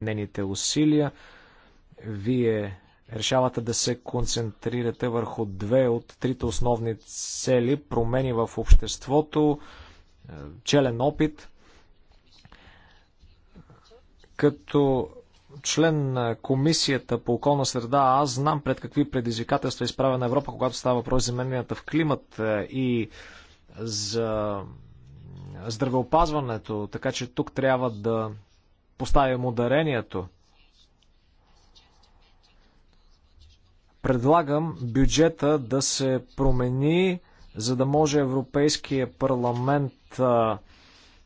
нените усилия. Вие решавате да се концентрирате върху две от трите основни цели промени в обществото, е, челен опит. Като член на Комисията по околна среда, аз знам пред какви предизвикателства изправя е изправена Европа, когато става въпрос за мененията в климат е, и за здравеопазването, така че тук трябва да поставим ударението. Предлагам бюджета да се промени, за да може Европейския парламент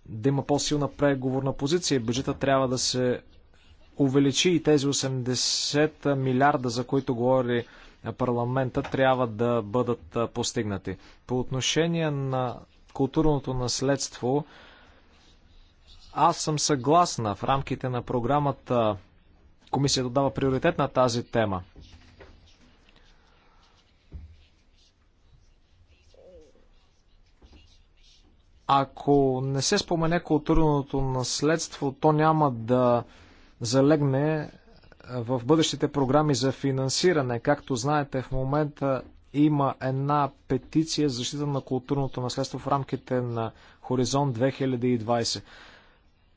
да има по-силна преговорна позиция. Бюджета трябва да се увеличи и тези 80 милиарда, за които говори парламента, трябва да бъдат постигнати. По отношение на културното наследство, аз съм съгласна. В рамките на програмата комисията дава приоритет на тази тема. Ако не се спомене културното наследство, то няма да залегне в бъдещите програми за финансиране. Както знаете, в момента има една петиция за защита на културното наследство в рамките на Хоризонт 2020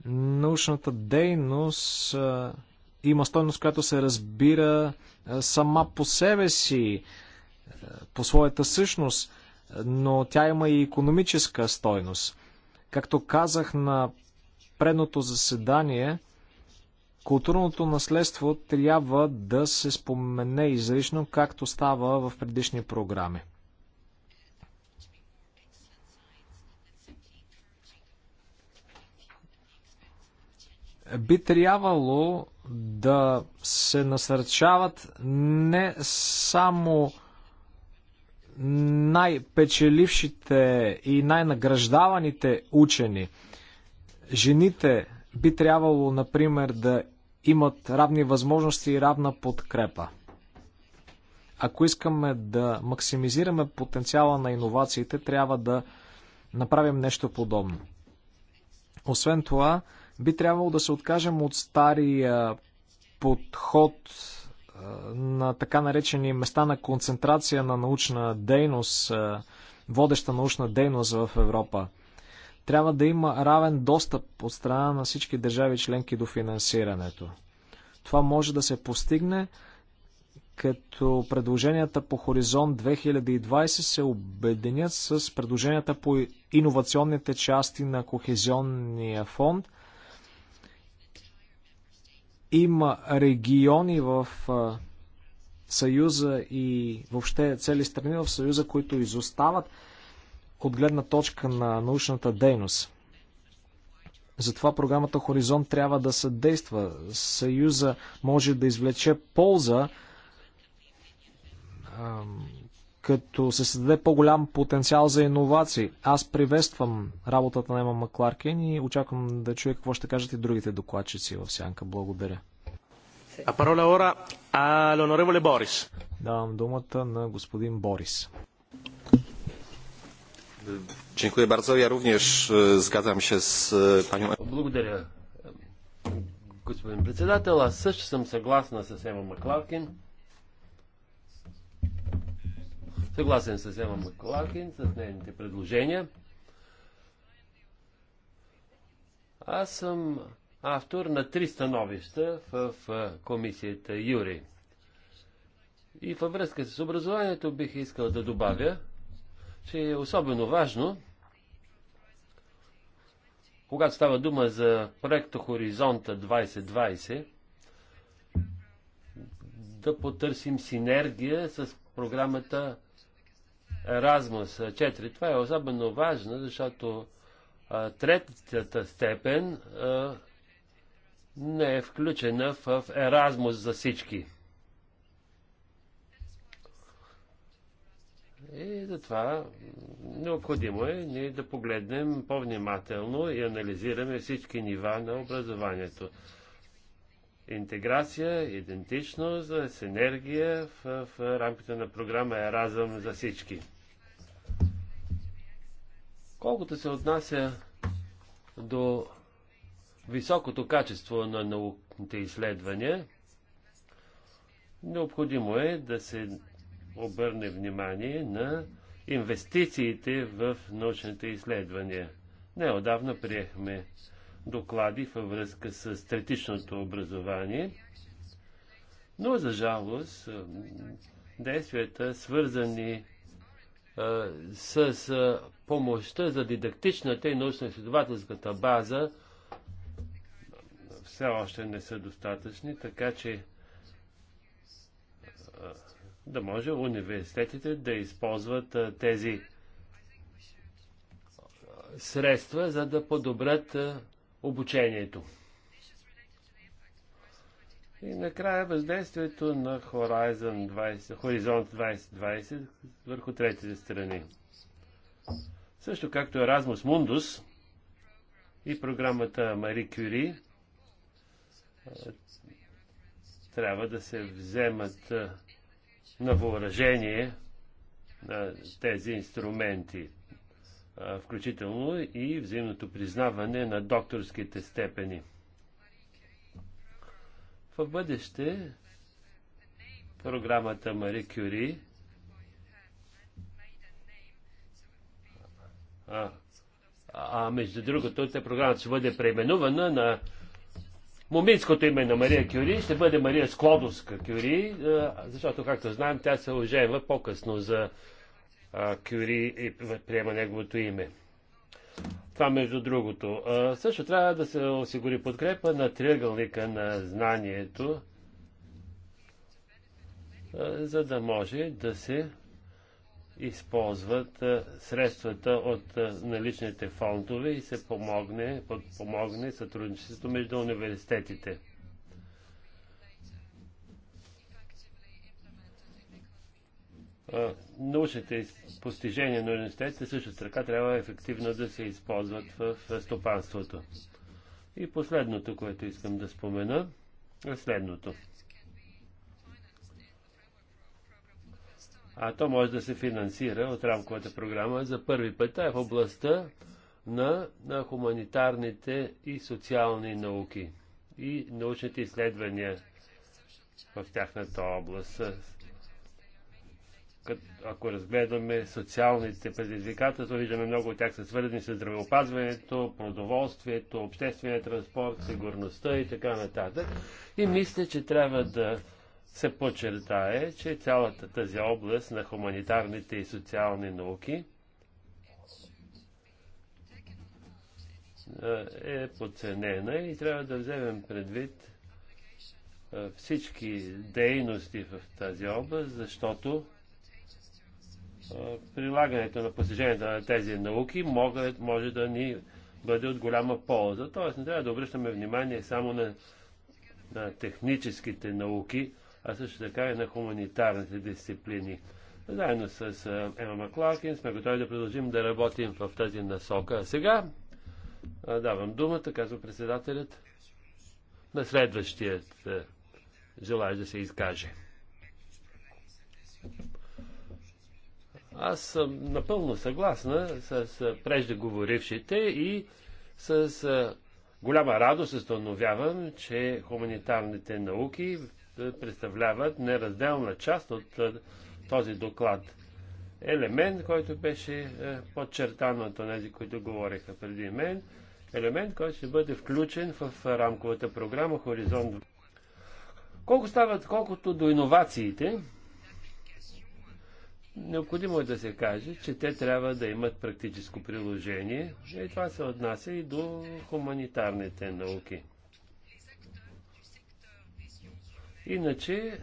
научната дейност има стойност, която се разбира сама по себе си, по своята същност, но тя има и економическа стойност. Както казах на предното заседание, културното наследство трябва да се спомене изрично, както става в предишни програми. би трябвало да се насърчават не само най-печелившите и най-награждаваните учени. Жените би трябвало, например, да имат равни възможности и равна подкрепа. Ако искаме да максимизираме потенциала на иновациите, трябва да направим нещо подобно. Освен това, би трябвало да се откажем от стария подход на така наречени места на концентрация на научна дейност, водеща научна дейност в Европа. Трябва да има равен достъп от страна на всички държави членки до финансирането. Това може да се постигне, като предложенията по Хоризонт 2020 се обединят с предложенията по иновационните части на Кохезионния фонд има региони в Съюза и въобще цели страни в Съюза, които изостават от гледна точка на научната дейност. Затова програмата Хоризонт трябва да се действа. Съюза може да извлече полза като се създаде по-голям потенциал за иновации. Аз приветствам работата на Ема Макларкин и очаквам да чуя какво ще кажат и другите докладчици в Сянка. Благодаря. А парола ора ал Борис. Давам думата на господин Борис. również e, e, Благодаря. Господин председател, аз също съм съгласна с Ема Макларкин. Съгласен с Ема Макларкин, с нейните предложения. Аз съм автор на три становища в комисията Юри. И във връзка с образованието бих искал да добавя, че е особено важно, когато става дума за проекта Хоризонта 2020, да потърсим синергия с програмата Еразмус 4. Това е особено важно, защото третата степен не е включена в, в Еразмус за всички. И затова необходимо е ние да погледнем по-внимателно и анализираме всички нива на образованието. Интеграция, идентичност, синергия в, в рамките на програма Еразъм за всички. Колкото се отнася до високото качество на науките изследвания, необходимо е да се обърне внимание на инвестициите в научните изследвания. Неодавна приехме доклади във връзка с стратичното образование, но за жалост действията, свързани с помощта за дидактичната и научно-изследователската база все още не са достатъчни, така че да може университетите да използват тези средства, за да подобрят обучението. И накрая въздействието на Horizon 20, Хоризонт 2020 върху третите страни. Също както Erasmus Mundus и програмата Мари Кюри трябва да се вземат на въоръжение на тези инструменти, включително и взаимното признаване на докторските степени. В бъдеще програмата Мари Кюри а, а между другото, тази програмата ще бъде преименувана на моминското име на Мария Кюри, ще бъде Мария Склодовска Кюри, защото, както знаем, тя се оженва по-късно за Кюри и приема неговото име. Това между другото. също трябва да се осигури подкрепа на триъгълника на знанието, за да може да се използват средствата от наличните фондове и се помогне, подпомогне сътрудничеството между университетите. научните постижения на университетите също така трябва ефективно да се използват в стопанството. И последното, което искам да спомена, е следното. А то може да се финансира от рамковата програма за първи път е в областта на, на хуманитарните и социални науки и научните изследвания в тяхната област ако разгледаме социалните предизвикателства, виждаме много от тях са свързани с здравеопазването, продоволствието, обществения транспорт, сигурността и така нататък. И мисля, че трябва да се подчертае, че цялата тази област на хуманитарните и социални науки е подценена и трябва да вземем предвид всички дейности в тази област, защото прилагането на постижението на тези науки може да ни бъде от голяма полза. Тоест не трябва да обръщаме внимание само на, на техническите науки, а също така и на хуманитарните дисциплини. Заедно с Ема Маклакин, сме готови да продължим да работим в тази насока. А сега давам думата, казва председателят, на следващият желая да се изкаже. Аз съм напълно съгласна с преждеговорившите и с голяма радост установявам, че хуманитарните науки представляват неразделна част от този доклад. Елемент, който беше подчертан от тези, които говориха преди мен, елемент, който ще бъде включен в рамковата програма Хоризонт. Колко стават, колкото до иновациите, Необходимо е да се каже, че те трябва да имат практическо приложение и това се отнася и до хуманитарните науки. Иначе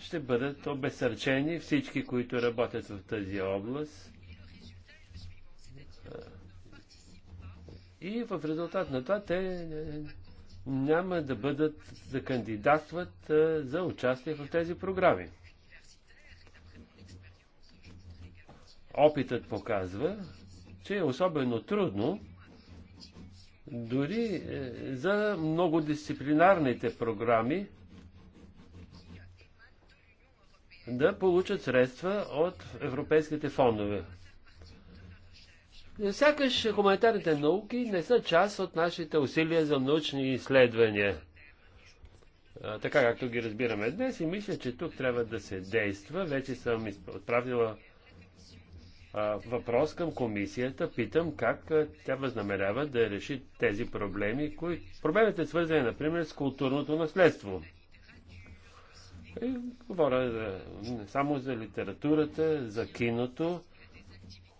ще бъдат обесърчени всички, които работят в тази област. И в резултат на това те няма да бъдат да кандидатстват за участие в тези програми. опитът показва, че е особено трудно дори е, за многодисциплинарните програми да получат средства от европейските фондове. Сякаш хуманитарните науки не са част от нашите усилия за научни изследвания. така както ги разбираме днес и мисля, че тук трябва да се действа. Вече съм отправила въпрос към комисията. Питам как тя възнамерява да реши тези проблеми, кои... проблемите свързани, например, с културното наследство. И говоря за, не само за литературата, за киното,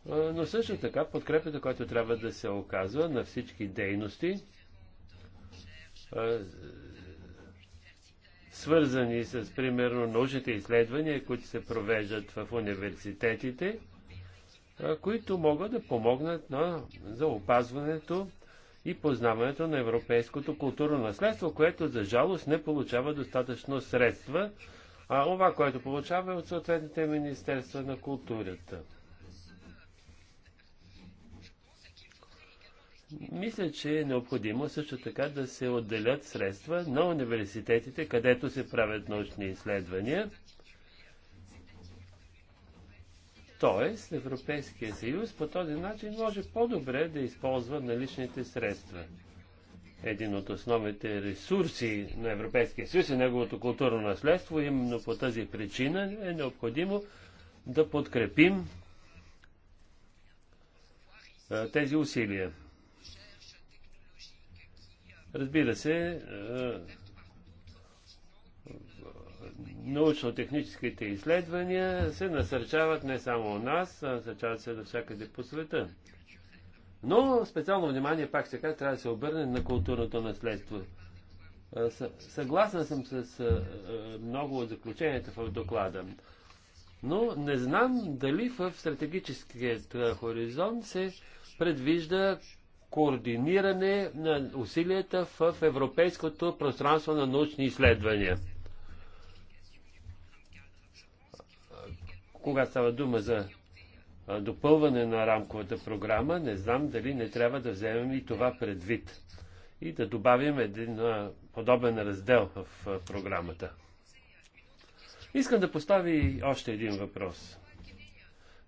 но също така подкрепата, която трябва да се оказва на всички дейности, свързани с, примерно, научните изследвания, които се провеждат в университетите – които могат да помогнат на, за опазването и познаването на европейското културно наследство, което за жалост не получава достатъчно средства, а това, което получава е от съответните Министерства на културата. Мисля, че е необходимо също така да се отделят средства на университетите, където се правят научни изследвания Тоест, Европейския съюз по този начин може по-добре да използва наличните средства. Един от основните ресурси на Европейския съюз е неговото културно наследство. Именно по тази причина е необходимо да подкрепим тези усилия. Разбира се, научно-техническите изследвания се насърчават не само у нас, а насърчават се навсякъде по света. Но специално внимание, пак сега, трябва да се обърне на културното наследство. Съгласен съм с много от заключенията в доклада. Но не знам дали в стратегическият хоризонт се предвижда координиране на усилията в европейското пространство на научни изследвания. Кога става дума за допълване на рамковата програма, не знам дали не трябва да вземем и това предвид и да добавим един подобен раздел в програмата. Искам да постави още един въпрос.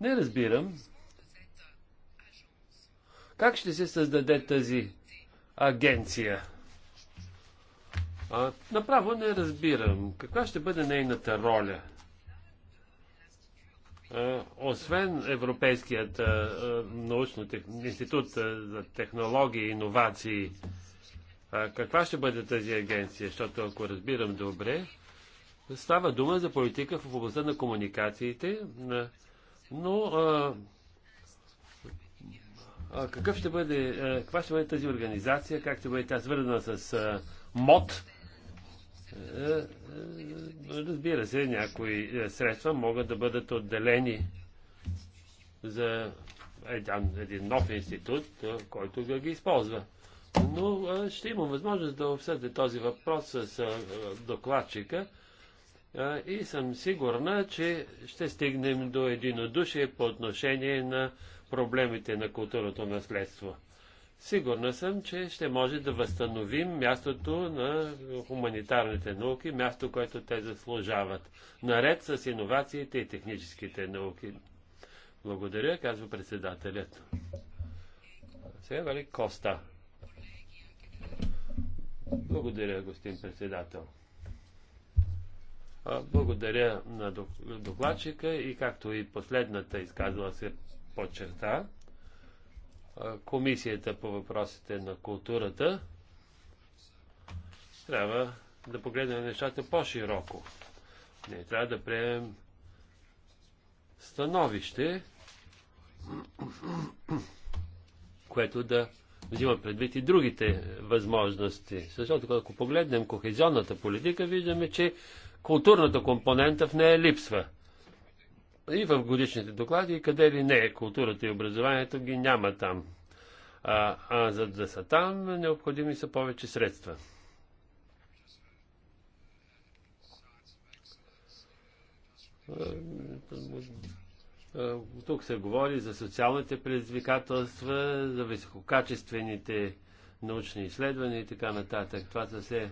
Не разбирам как ще се създаде тази агенция. А, направо не разбирам каква ще бъде нейната роля – е, освен Европейският е, е, научно институт за технологии и иновации, каква ще бъде тази агенция? Защото ако разбирам добре, става дума за политика в областта на комуникациите, но а, какъв ще бъде, каква ще бъде тази организация, как ще бъде тя свързана с МОД, Разбира се, някои е, средства могат да бъдат отделени за един, един нов институт, е, който да ги използва. Но е, ще имам възможност да обсъдя този въпрос с докладчика и съм сигурна, че ще стигнем до единодушие по отношение на проблемите на културното наследство. Сигурна съм, че ще може да възстановим мястото на хуманитарните науки, място, което те заслужават, наред с иновациите и техническите науки. Благодаря, казва председателят. Сега вали Коста. Благодаря, господин председател. Благодаря на докладчика и както и последната изказала се подчерта, Комисията по въпросите на културата, трябва да погледнем нещата по-широко. Не, трябва да приемем становище, което да взима предвид и другите възможности. Защото ако погледнем кохезионната политика, виждаме, че културната компонента в нея липсва и в годишните доклади, къде ли не, културата и образованието ги няма там. А, а за да са там, необходими са повече средства. Тук се говори за социалните предизвикателства, за висококачествените научни изследвания и така нататък. Това са се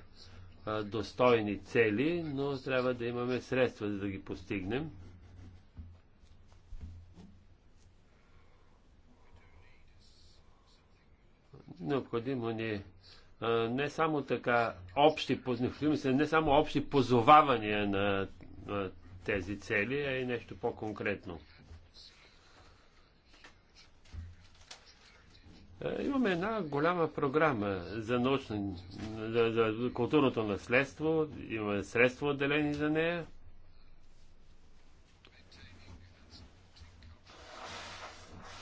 достойни цели, но трябва да имаме средства, за да ги постигнем. Необходимо ни не само така общи, не само общи позовавания на тези цели, а и нещо по-конкретно. Имаме една голяма програма за, научно, за, за културното наследство. Имаме средства отделени за нея.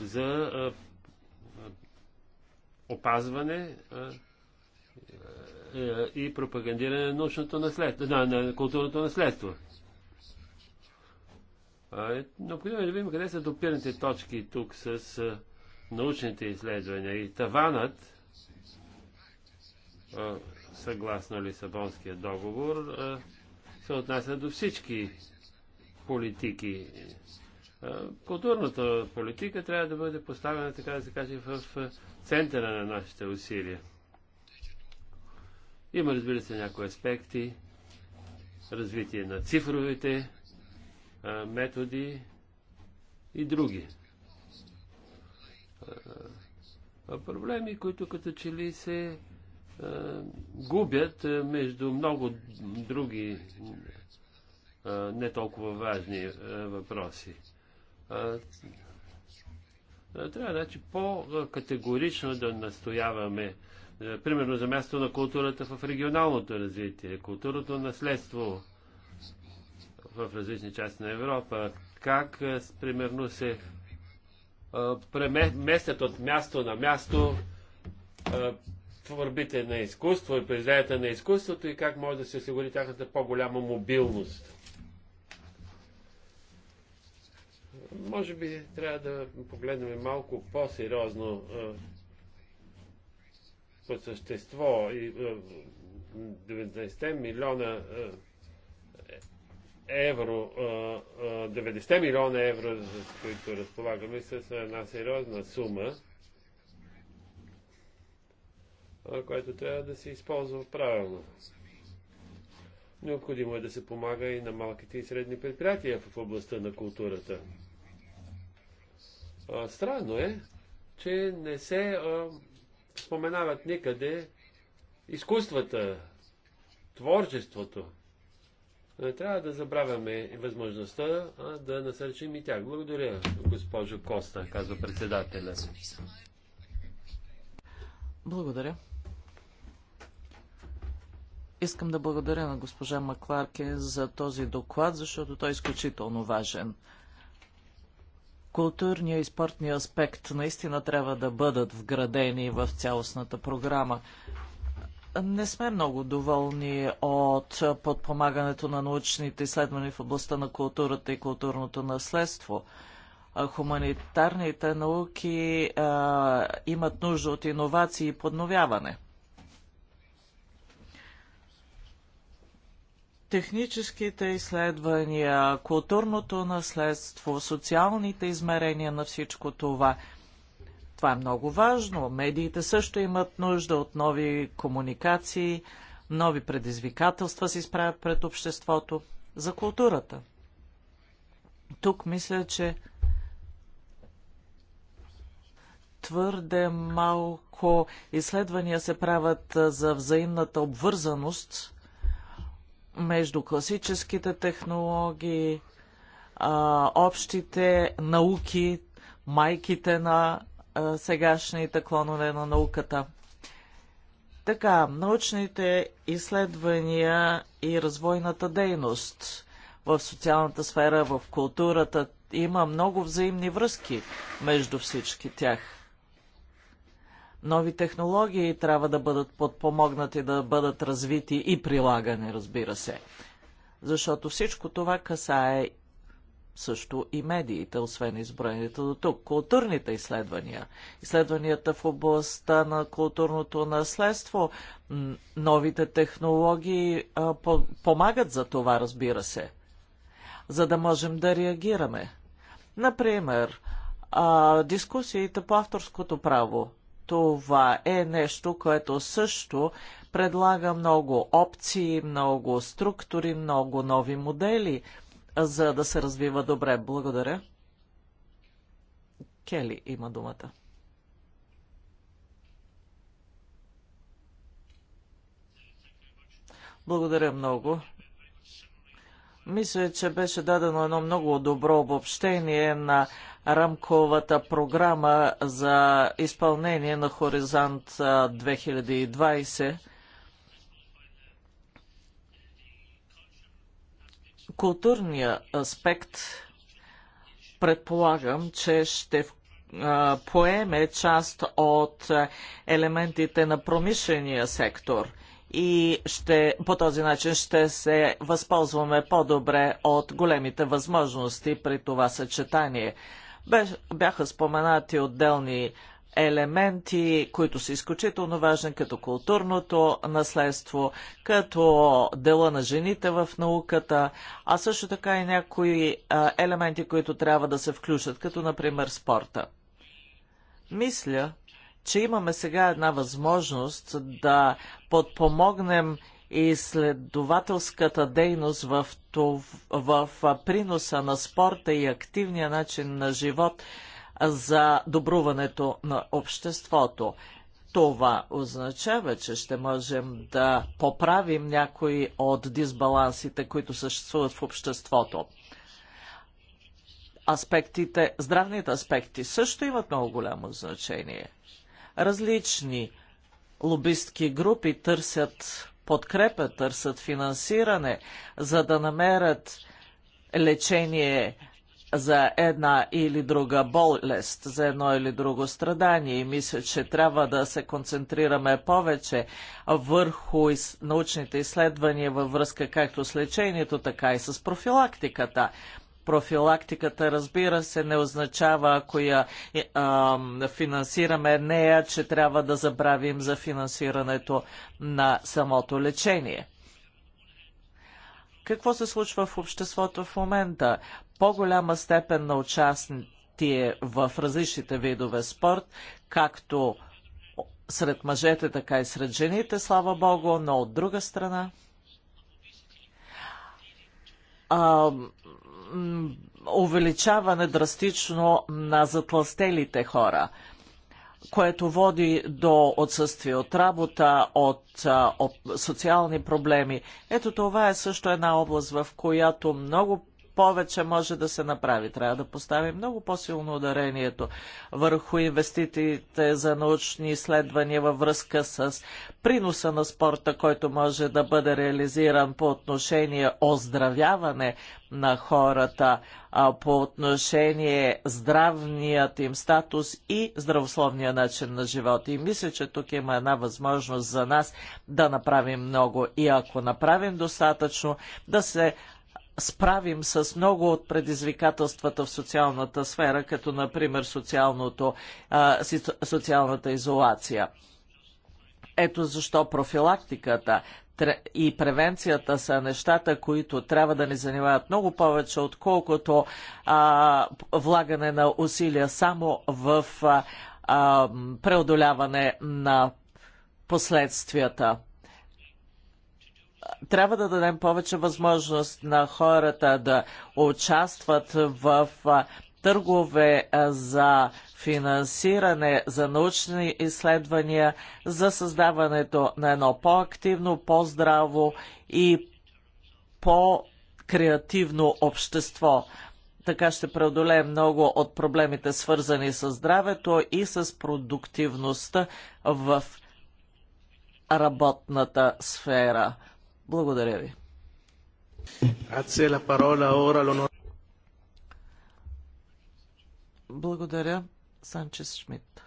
За опазване и пропагандиране на научното наследство, на, на културното наследство. Е, необходимо е да видим къде са допирните точки тук с научните изследвания и таванът, съгласно Лисабонския договор, се отнася до всички политики е, културната политика трябва да бъде поставена, така да се каже, в центъра на нашите усилия. Има, разбира се, някои аспекти, развитие на цифровите е, методи и други. Е, проблеми, които като че ли се губят между много други не толкова важни въпроси. Трябва значи по-категорично да настояваме, примерно за място на културата в регионалното развитие, културното наследство в различни части на Европа, как примерно се преместят от място на място творбите на изкуство и произведенията на изкуството и как може да се осигури тяхната по-голяма мобилност. Може би трябва да погледнем малко по-сериозно по същество и 90 милиона евро, 90 милиона евро, с които разполагаме, с една сериозна сума, която трябва да се използва правилно. Необходимо е да се помага и на малките и средни предприятия в областта на културата странно е, че не се споменават никъде изкуствата, творчеството. Не трябва да забравяме възможността а, да насърчим и тях. Благодаря, госпожо Коста, казва председателя. Благодаря. Искам да благодаря на госпожа Макларке за този доклад, защото той е изключително важен културния и спортния аспект наистина трябва да бъдат вградени в цялостната програма. Не сме много доволни от подпомагането на научните изследвания в областта на културата и културното наследство. Хуманитарните науки а, имат нужда от иновации и подновяване. техническите изследвания, културното наследство, социалните измерения на всичко това. Това е много важно. Медиите също имат нужда от нови комуникации, нови предизвикателства се изправят пред обществото за културата. Тук мисля, че твърде малко изследвания се правят за взаимната обвързаност между класическите технологии, общите науки, майките на сегашните клонове на науката. Така, научните изследвания и развойната дейност в социалната сфера, в културата има много взаимни връзки между всички тях нови технологии трябва да бъдат подпомогнати, да бъдат развити и прилагани, разбира се. Защото всичко това касае също и медиите, освен изброените до тук. Културните изследвания, изследванията в областта на културното наследство, новите технологии а, по помагат за това, разбира се, за да можем да реагираме. Например, а, дискусиите по авторското право това е нещо, което също предлага много опции, много структури, много нови модели, за да се развива добре. Благодаря. Кели има думата. Благодаря много. Мисля, че беше дадено едно много добро обобщение на рамковата програма за изпълнение на Хоризонт 2020 културния аспект предполагам, че ще поеме част от елементите на промишления сектор и ще, по този начин ще се възползваме по-добре от големите възможности при това съчетание. Бяха споменати отделни елементи, които са изключително важни, като културното наследство, като дела на жените в науката, а също така и някои елементи, които трябва да се включат, като например спорта. Мисля, че имаме сега една възможност да подпомогнем изследователската дейност в, в, в приноса на спорта и активния начин на живот за добруването на обществото. Това означава, че ще можем да поправим някои от дисбалансите, които съществуват в обществото. Аспектите, здравните аспекти също имат много голямо значение. Различни лобистки групи търсят подкрепа, търсят финансиране, за да намерят лечение за една или друга болест, за едно или друго страдание. И мисля, че трябва да се концентрираме повече върху научните изследвания във връзка както с лечението, така и с профилактиката профилактиката, разбира се, не означава, ако я е, а, финансираме нея, че трябва да забравим за финансирането на самото лечение. Какво се случва в обществото в момента? По-голяма степен на участие в различните видове спорт, както сред мъжете, така и сред жените, слава Богу, но от друга страна а, увеличаване драстично на затластелите хора, което води до отсъствие от работа, от, от социални проблеми. Ето това е също една област, в която много повече може да се направи. Трябва да постави много по-силно ударението върху инвестициите за научни изследвания във връзка с приноса на спорта, който може да бъде реализиран по отношение оздравяване на хората, по отношение здравният им статус и здравословния начин на живота. И мисля, че тук има една възможност за нас да направим много. И ако направим достатъчно, да се справим с много от предизвикателствата в социалната сфера, като например социалното, а, социалната изолация. Ето защо профилактиката и превенцията са нещата, които трябва да ни занимават много повече, отколкото а, влагане на усилия само в а, а, преодоляване на последствията трябва да дадем повече възможност на хората да участват в търгове за финансиране за научни изследвания, за създаването на едно по-активно, по-здраво и по-креативно общество. Така ще преодолеем много от проблемите, свързани с здравето и с продуктивността в работната сфера. Благодаря ви. Благодаря, Санчес Шмидт.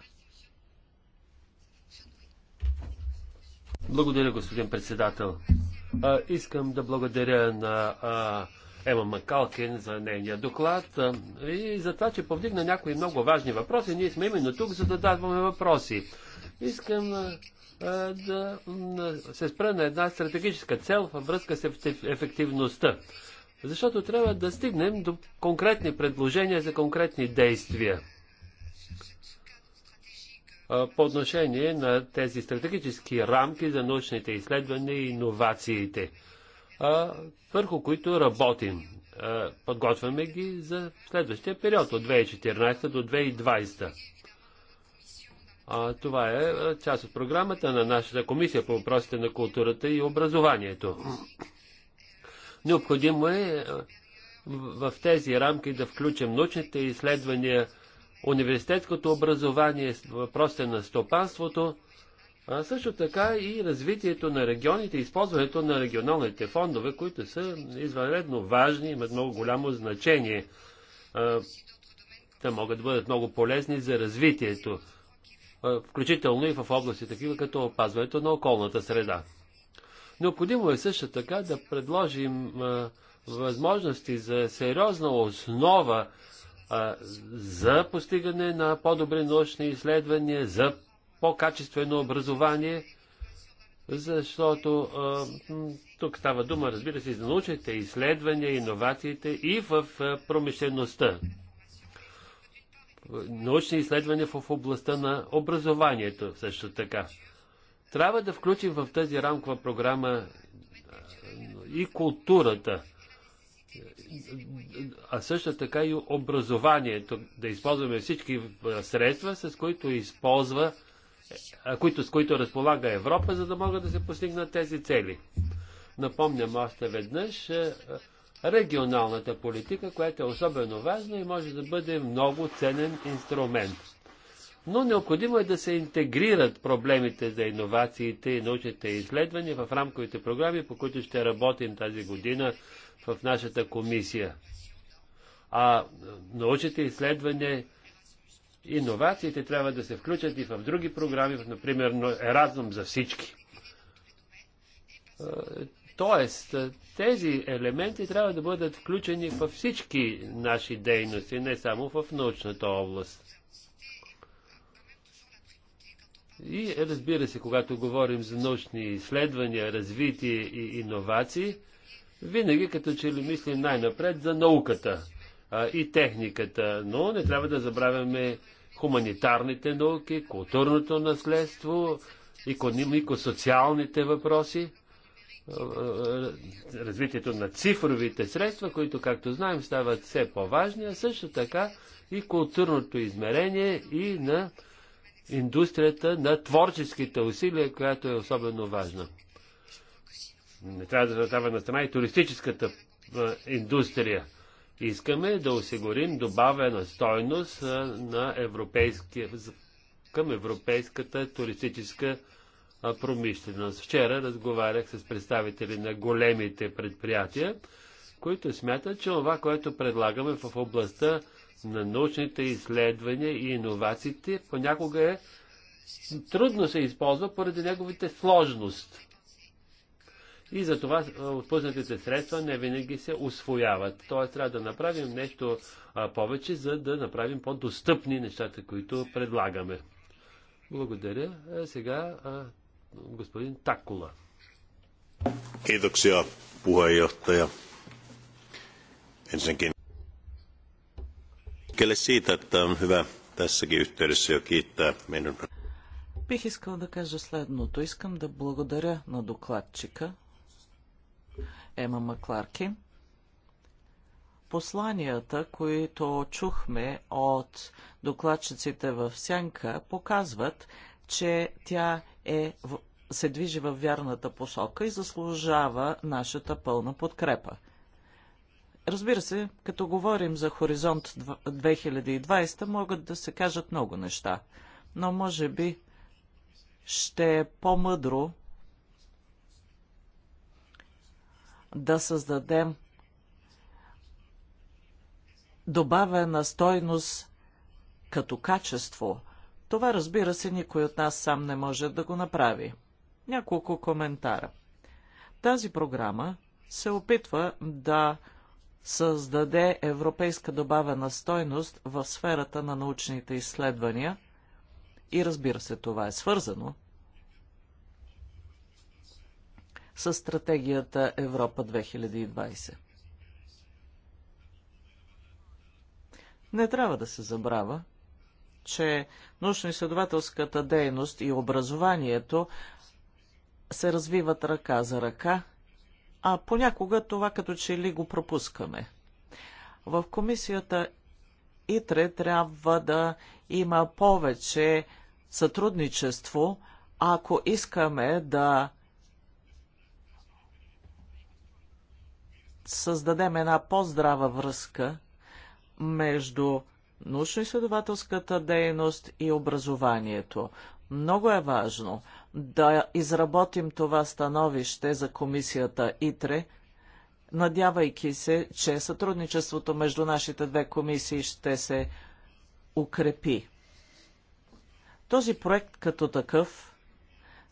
Благодаря, господин председател. А, искам да благодаря на а, Ема Макалкин за нейния доклад а, и за това, че повдигна някои много важни въпроси. Ние сме именно тук, за да даваме въпроси. Искам а, да се спра на една стратегическа цел във връзка с ефективността. Защото трябва да стигнем до конкретни предложения за конкретни действия по отношение на тези стратегически рамки за научните изследвания и иновациите, върху които работим. Подготвяме ги за следващия период от 2014 до 2020. А, това е част от програмата на нашата комисия по въпросите на културата и образованието. Необходимо е в тези рамки да включим научните изследвания, университетското образование, въпросите на стопанството, а също така и развитието на регионите, използването на регионалните фондове, които са извънредно важни, имат много голямо значение. Те могат да бъдат много полезни за развитието включително и в области такива като опазването на околната среда. Необходимо е също така да предложим възможности за сериозна основа за постигане на по-добри научни изследвания, за по-качествено образование, защото тук става дума, разбира се, за научните изследвания, иновациите и в промишлеността научни изследвания в областта на образованието също така. Трябва да включим в тази рамкова програма и културата, а също така и образованието, да използваме всички средства, с които използва, които, с които разполага Европа, за да могат да се постигнат тези цели. Напомням още веднъж, регионалната политика, която е особено важна и може да бъде много ценен инструмент. Но необходимо е да се интегрират проблемите за иновациите и научните изследвания в рамковите програми, по които ще работим тази година в нашата комисия. А научните изследвания иновациите трябва да се включат и в други програми, например Еразъм за всички. Тоест, е, тези елементи трябва да бъдат включени във всички наши дейности, не само в научната област. И разбира се, когато говорим за научни изследвания, развитие и иновации, винаги като че ли мислим най-напред за науката а, и техниката, но не трябва да забравяме хуманитарните науки, културното наследство, економико-социалните въпроси. Е, е, е, развитието на цифровите средства, които, както знаем, стават все по-важни, а също така и културното измерение и на индустрията на творческите усилия, която е особено важна. Не трябва да задава на страна и туристическата индустрия. Искаме да осигурим добавена стойност на европейския, към европейската туристическа индустрия промишленост. Вчера разговарях с представители на големите предприятия, които смятат, че това, което предлагаме в областта на научните изследвания и иновациите, понякога е трудно се използва поради неговите сложност. И затова отпуснатите средства не винаги се освояват. Тоест трябва да направим нещо повече, за да направим по-достъпни нещата, които предлагаме. Благодаря. сега господин Такула. Kiitoksia puheenjohtaja. Ensinnäkin liikkeelle siitä, että on hyvä tässäkin yhteydessä jo kiittää meidän... Бих искал да кажа следното. Искам да благодаря на докладчика Ема Макларкин посланията, които чухме от докладчиците в Сянка, показват, че тя е се движи във вярната посока и заслужава нашата пълна подкрепа. Разбира се, като говорим за Хоризонт 2020, могат да се кажат много неща, но може би ще е по-мъдро да създадем добавена стойност като качество. Това, разбира се, никой от нас сам не може да го направи. Няколко коментара. Тази програма се опитва да създаде европейска добавена стойност в сферата на научните изследвания и разбира се, това е свързано с стратегията Европа 2020. Не трябва да се забравя, че научно-изследователската дейност и образованието се развиват ръка за ръка, а понякога това като че ли го пропускаме. В комисията ИТРЕ трябва да има повече сътрудничество, ако искаме да създадем една по-здрава връзка между научно-изследователската дейност и образованието. Много е важно – да изработим това становище за комисията ИТРЕ, надявайки се, че сътрудничеството между нашите две комисии ще се укрепи. Този проект като такъв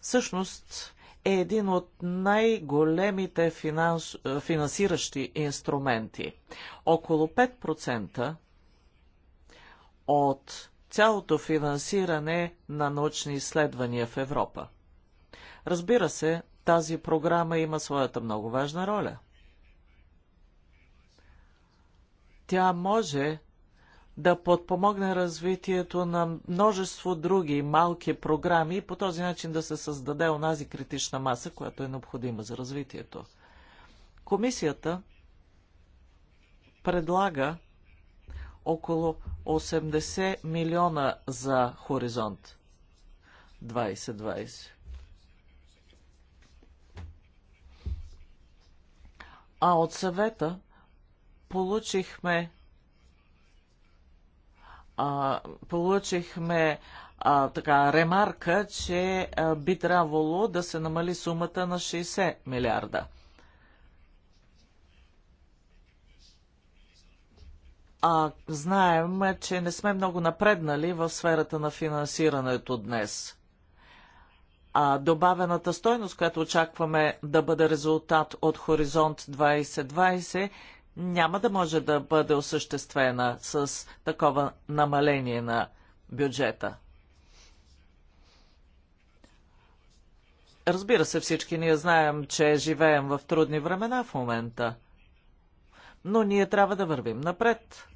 всъщност е един от най-големите финанс... финансиращи инструменти. Около 5% от цялото финансиране на научни изследвания в Европа. Разбира се, тази програма има своята много важна роля. Тя може да подпомогне развитието на множество други малки програми и по този начин да се създаде онази критична маса, която е необходима за развитието. Комисията предлага около 80 милиона за хоризонт 2020. А от съвета получихме а, получихме а, така ремарка, че а, би трябвало да се намали сумата на 60 милиарда. А, знаем, че не сме много напреднали в сферата на финансирането днес а, добавената стойност, която очакваме да бъде резултат от Хоризонт 2020, няма да може да бъде осъществена с такова намаление на бюджета. Разбира се, всички ние знаем, че живеем в трудни времена в момента. Но ние трябва да вървим напред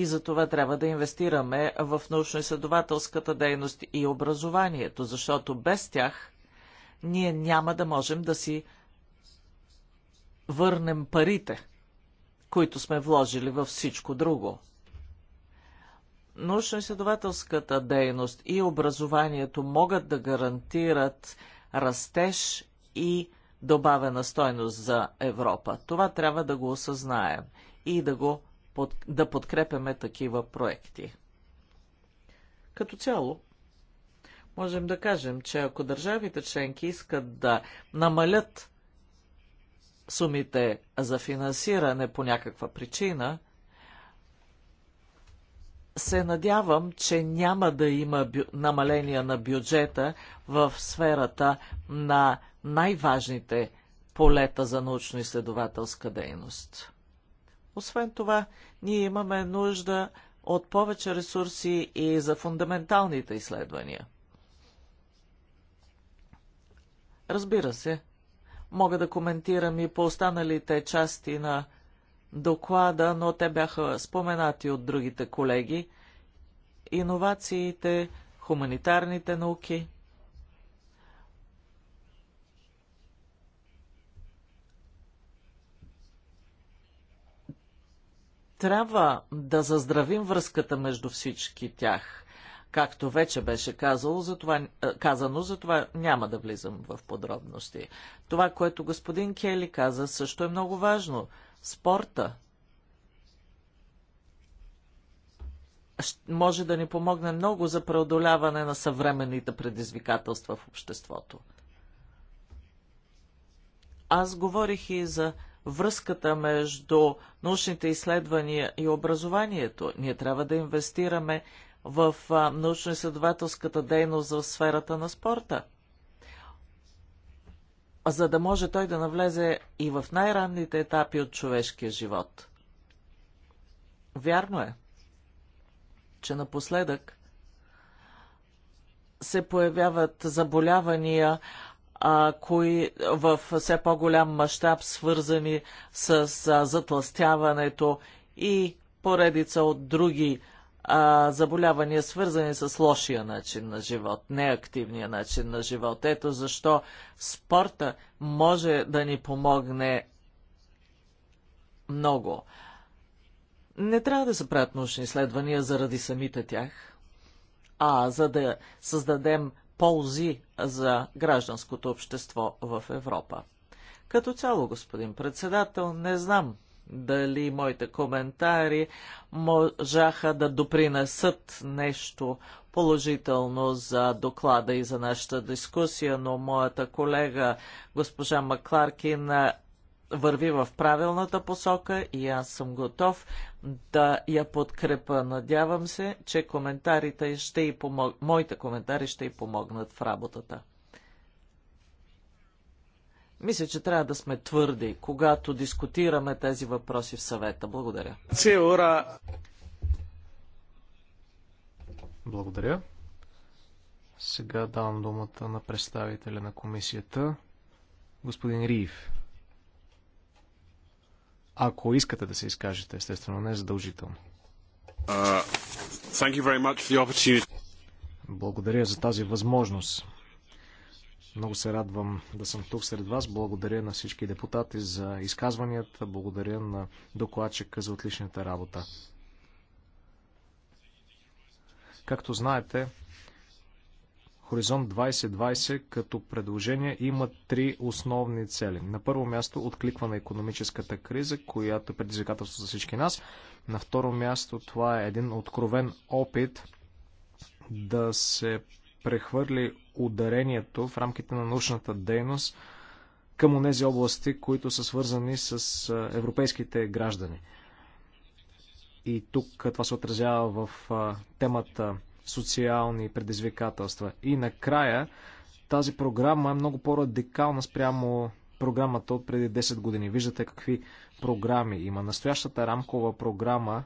и за това трябва да инвестираме в научно-изследователската дейност и образованието, защото без тях ние няма да можем да си върнем парите, които сме вложили във всичко друго. Научно-изследователската дейност и образованието могат да гарантират растеж и добавена стойност за Европа. Това трябва да го осъзнаем и да го под, да подкрепяме такива проекти. Като цяло, можем да кажем, че ако държавите членки искат да намалят сумите за финансиране по някаква причина, се надявам, че няма да има бю... намаления на бюджета в сферата на най-важните полета за научно-изследователска дейност. Освен това, ние имаме нужда от повече ресурси и за фундаменталните изследвания. Разбира се, мога да коментирам и по останалите части на доклада, но те бяха споменати от другите колеги. Иновациите, хуманитарните науки – трябва да заздравим връзката между всички тях. Както вече беше казало, за това, е, казано, за това няма да влизам в подробности. Това, което господин Кели каза, също е много важно. Спорта може да ни помогне много за преодоляване на съвременните предизвикателства в обществото. Аз говорих и за връзката между научните изследвания и образованието. Ние трябва да инвестираме в научно-изследователската дейност в сферата на спорта, за да може той да навлезе и в най-ранните етапи от човешкия живот. Вярно е, че напоследък се появяват заболявания, а, кои в все по-голям мащаб свързани с а, затластяването и поредица от други а, заболявания, свързани с лошия начин на живот, неактивния начин на живот. Ето защо спорта може да ни помогне много. Не трябва да се правят научни изследвания заради самите тях, а за да създадем ползи за гражданското общество в Европа. Като цяло, господин председател, не знам дали моите коментари можаха да допринесат нещо положително за доклада и за нашата дискусия, но моята колега госпожа Макларкин върви в правилната посока и аз съм готов да я подкрепа. Надявам се, че коментарите ще и помог... моите коментари ще и помогнат в работата. Мисля, че трябва да сме твърди, когато дискутираме тези въпроси в съвета. Благодаря. Цеура! Благодаря. Сега давам думата на представителя на комисията, господин Риев. Ако искате да се изкажете, естествено, не е задължително. Uh, Благодаря за тази възможност. Много се радвам да съм тук сред вас. Благодаря на всички депутати за изказванията. Благодаря на докладчика за отличната работа. Както знаете, Хоризонт 2020 като предложение има три основни цели. На първо място откликва на економическата криза, която е предизвикателство за всички нас. На второ място това е един откровен опит да се прехвърли ударението в рамките на научната дейност към тези области, които са свързани с европейските граждани. И тук това се отразява в темата социални предизвикателства. И накрая тази програма е много по-радикална спрямо програмата от преди 10 години. Виждате какви програми има. Настоящата рамкова програма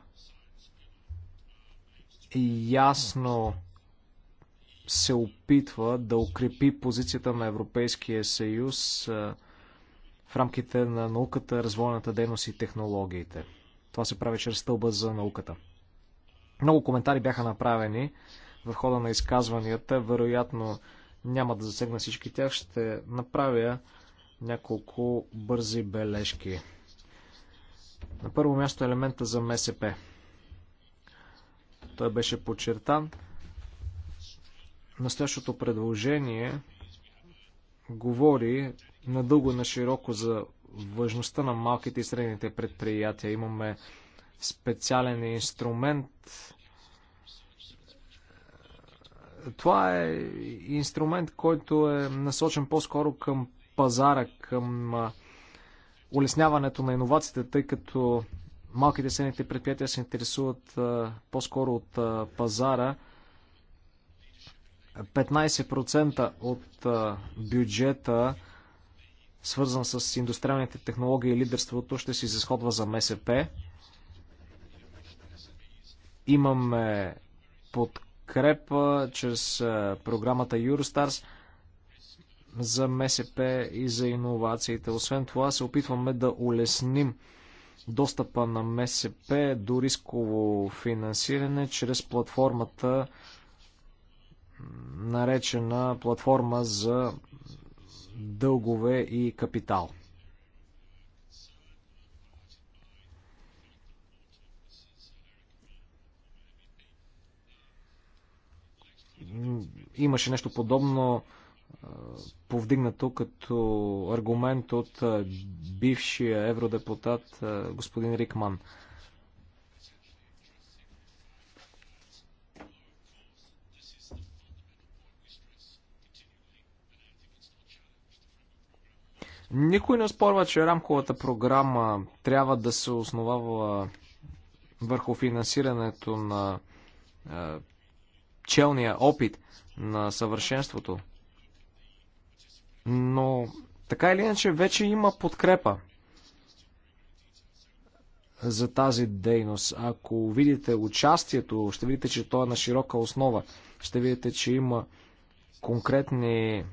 ясно се опитва да укрепи позицията на Европейския съюз в рамките на науката, развойната дейност и технологиите. Това се прави чрез стълба за науката. Много коментари бяха направени в хода на изказванията. Вероятно няма да засегна всички тях. Ще направя няколко бързи бележки. На първо място елемента за МСП. Той беше подчертан. Настоящото предложение говори надълго и на широко за важността на малките и средните предприятия. Имаме специален инструмент. Това е инструмент, който е насочен по-скоро към пазара, към улесняването на иновациите, тъй като малките седните предприятия се интересуват по-скоро от пазара. 15% от бюджета, свързан с индустриалните технологии и лидерството, ще се изразходва за МСП. Имаме подкрепа чрез е, програмата Eurostars за МСП и за иновациите. Освен това се опитваме да улесним достъпа на МСП до рисково финансиране чрез платформата наречена платформа за дългове и капитал. Имаше нещо подобно повдигнато като аргумент от бившия евродепутат господин Рикман. Никой не спорва, че рамковата програма трябва да се основава върху финансирането на челния опит на съвършенството. Но така или иначе вече има подкрепа за тази дейност. Ако видите участието, ще видите, че то е на широка основа. Ще видите, че има конкретни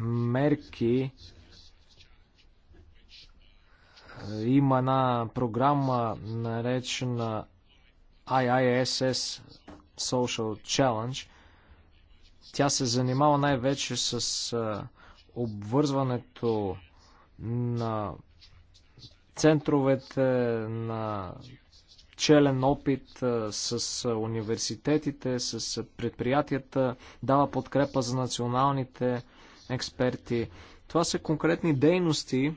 мерки. Има една програма, наречена IISS Social Challenge. Тя се занимава най-вече с обвързването на центровете на челен опит с университетите, с предприятията, дава подкрепа за националните експерти. Това са конкретни дейности,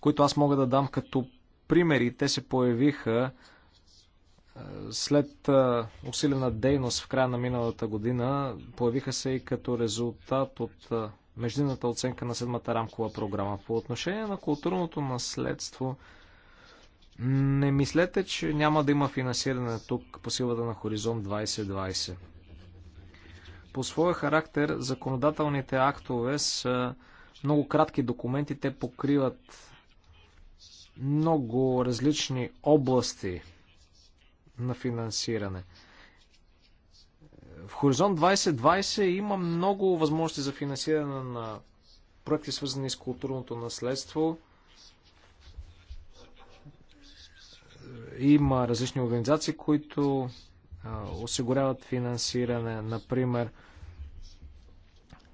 които аз мога да дам като примери. Те се появиха след усилена дейност в края на миналата година появиха се и като резултат от междинната оценка на седмата рамкова програма. По отношение на културното наследство, не мислете, че няма да има финансиране тук по силата на Хоризонт 2020. По своя характер, законодателните актове са много кратки документи, те покриват много различни области на финансиране. В Хоризонт 2020 има много възможности за финансиране на проекти, свързани с културното наследство. Има различни организации, които осигуряват финансиране, например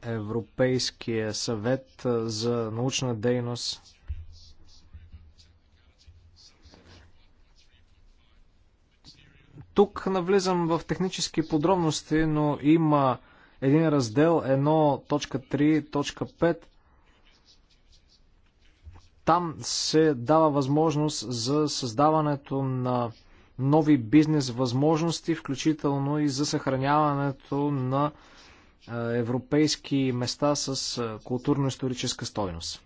Европейския съвет за научна дейност. Тук навлизам в технически подробности, но има един раздел 1.3.5. Там се дава възможност за създаването на нови бизнес възможности, включително и за съхраняването на е, европейски места с е, културно-историческа стойност.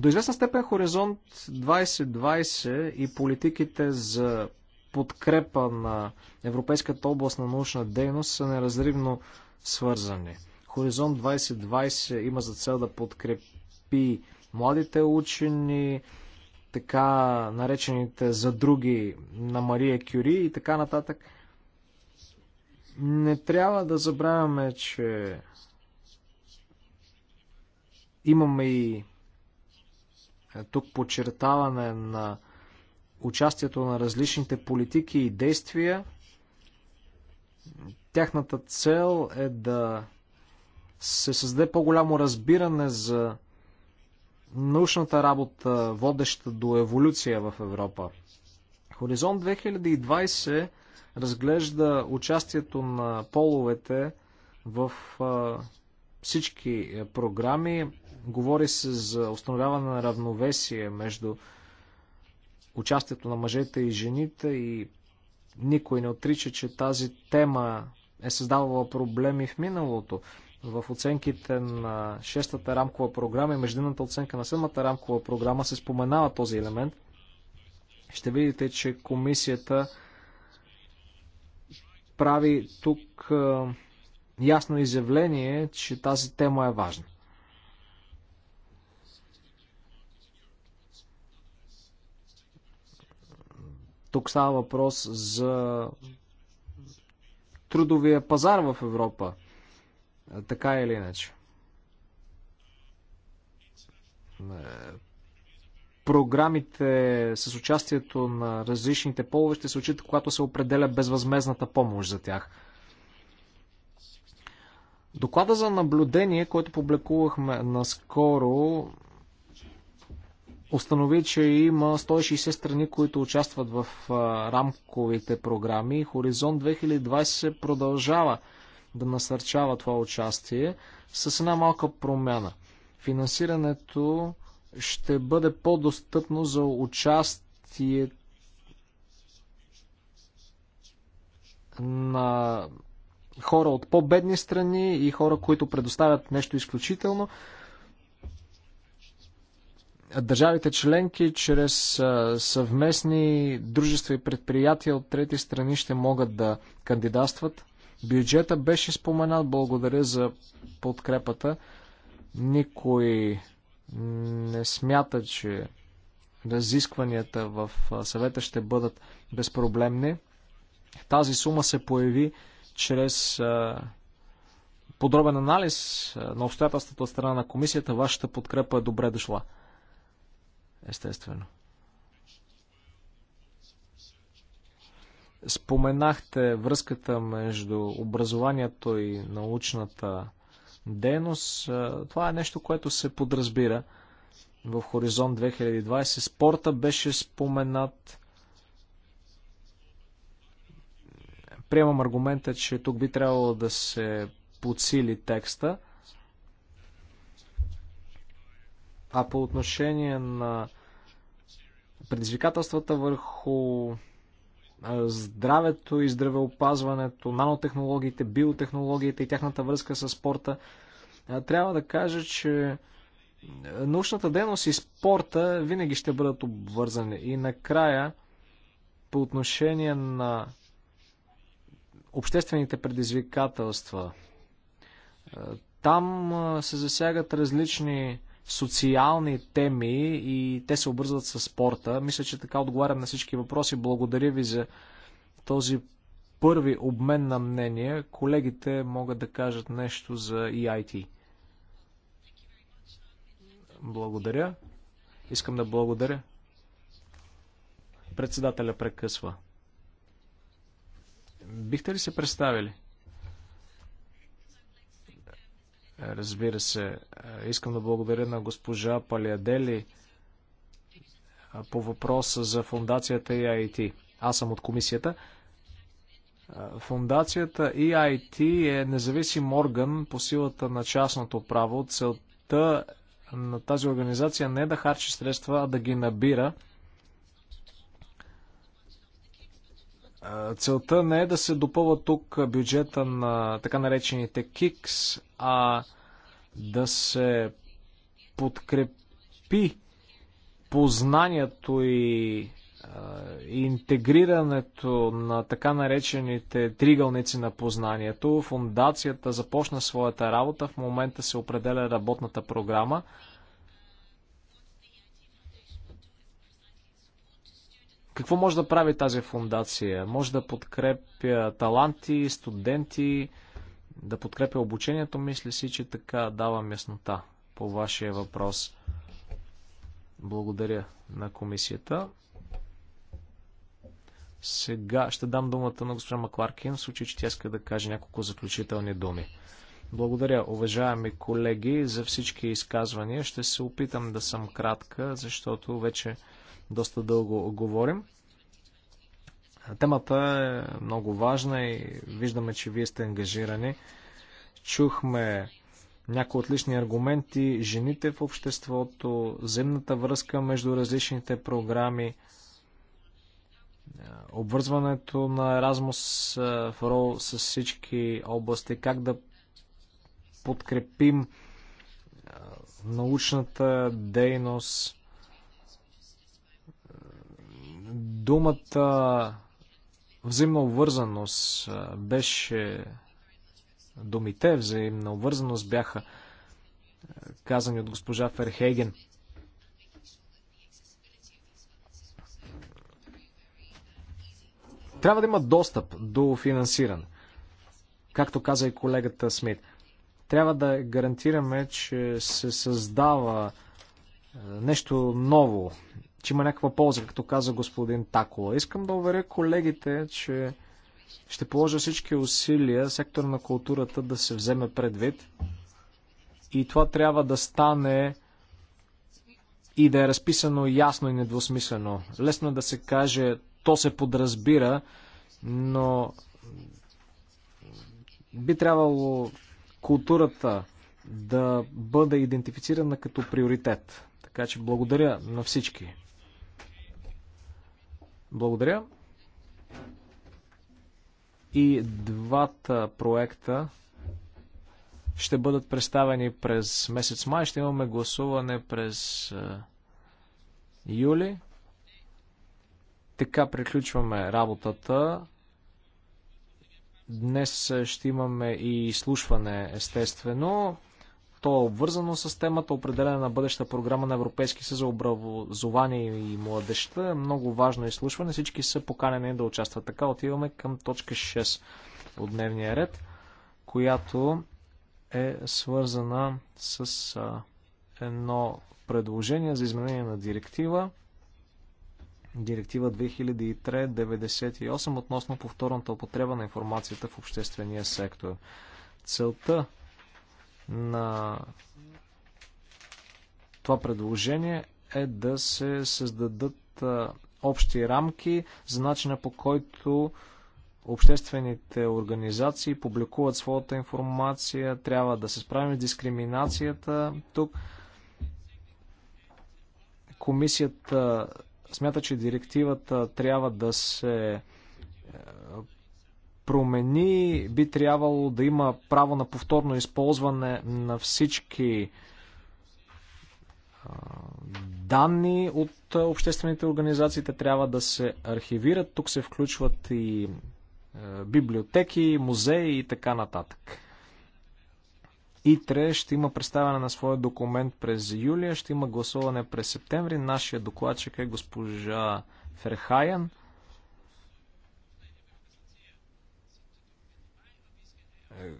До известна степен Хоризонт 2020 и политиките за подкрепа на Европейската област на научна дейност са неразривно свързани. Хоризонт 2020 има за цел да подкрепи младите учени, така наречените за други на Мария Кюри и така нататък. Не трябва да забравяме, че имаме и тук подчертаване на участието на различните политики и действия. Тяхната цел е да се създаде по-голямо разбиране за научната работа, водеща до еволюция в Европа. Хоризонт 2020 разглежда участието на половете в всички програми. Говори се за установяване на равновесие между участието на мъжете и жените и никой не отрича, че тази тема е създавала проблеми в миналото. В оценките на шестата рамкова програма и междинната оценка на седмата рамкова програма се споменава този елемент. Ще видите, че комисията прави тук ясно изявление, че тази тема е важна. Тук става въпрос за трудовия пазар в Европа. Така или иначе. Е, програмите с участието на различните полове ще се учат, когато се определя безвъзмезната помощ за тях. Доклада за наблюдение, който публикувахме наскоро, установи, че има 160 страни, които участват в рамковите програми. Хоризонт 2020 продължава да насърчава това участие с една малка промяна. Финансирането ще бъде по-достъпно за участие на хора от по-бедни страни и хора, които предоставят нещо изключително държавите членки чрез съвместни дружества и предприятия от трети страни ще могат да кандидатстват. Бюджета беше споменат, благодаря за подкрепата. Никой не смята, че разискванията в съвета ще бъдат безпроблемни. Тази сума се появи чрез подробен анализ на обстоятелствата от страна на комисията. Вашата подкрепа е добре дошла. Естествено. Споменахте връзката между образованието и научната дейност. Е, това е нещо, което се подразбира в Хоризонт 2020. Спорта беше споменат. Приемам аргумента, че тук би трябвало да се подсили текста. А по отношение на предизвикателствата върху здравето и здравеопазването, нанотехнологиите, биотехнологиите и тяхната връзка с спорта, трябва да кажа, че научната дейност и спорта винаги ще бъдат обвързани. И накрая, по отношение на обществените предизвикателства, там се засягат различни социални теми и те се обързват с спорта. Мисля, че така отговарям на всички въпроси. Благодаря ви за този първи обмен на мнение. Колегите могат да кажат нещо за EIT. Благодаря. Искам да благодаря. Председателя прекъсва. Бихте ли се представили? Разбира се, искам да благодаря на госпожа Палиадели по въпроса за фундацията EIT. Аз съм от комисията. Фундацията EIT е независим орган по силата на частното право. Целта на тази организация не е да харчи средства, а да ги набира – Целта не е да се допълва тук бюджета на така наречените КИКС, а да се подкрепи познанието и интегрирането на така наречените тригълници на познанието. Фундацията започна своята работа, в момента се определя работната програма – Какво може да прави тази фундация? Може да подкрепя таланти, студенти, да подкрепя обучението. Мисля си, че така давам яснота по вашия въпрос. Благодаря на комисията. Сега ще дам думата на госпожа Макларкин, в случай, че тя иска да каже няколко заключителни думи. Благодаря, уважаеми колеги, за всички изказвания. Ще се опитам да съм кратка, защото вече доста дълго говорим. Темата е много важна и виждаме, че вие сте ангажирани. Чухме някои отлични аргументи, жените в обществото, земната връзка между различните програми, е, обвързването на Erasmus е, в рол с всички области, как да подкрепим е, научната дейност, Думата взаимна обвързаност беше думите взаимна обвързаност бяха казани от госпожа Ферхеген. Трябва да има достъп до финансиране. Както каза и колегата Смит. Трябва да гарантираме, че се създава нещо ново, че има някаква полза, както каза господин Такола. Искам да уверя колегите, че ще положа всички усилия сектор на културата да се вземе предвид и това трябва да стане и да е разписано ясно и недвусмислено. Лесно е да се каже, то се подразбира, но би трябвало културата да бъде идентифицирана като приоритет. Така че благодаря на всички. Благодаря. И двата проекта ще бъдат представени през месец май. Ще имаме гласуване през е, юли. Така приключваме работата. Днес ще имаме и изслушване, естествено. То е обвързано с темата определена на бъдеща програма на Европейски съюз за образование и младеща. Много важно изслушване. Всички са поканени да участват. Така отиваме към точка 6 от дневния ред, която е свързана с а, едно предложение за изменение на директива. Директива 2003-98 относно повторната употреба на информацията в обществения сектор. Целта на това предложение е да се създадат общи рамки за начина по който обществените организации публикуват своята информация, трябва да се справим с дискриминацията. Тук комисията смята, че директивата трябва да се промени, би трябвало да има право на повторно използване на всички данни от обществените организации. Те трябва да се архивират. Тук се включват и библиотеки, музеи и така нататък. ИТРЕ ще има представяне на своя документ през юлия, ще има гласуване през септември. Нашия докладчик е госпожа Ферхаян. Е,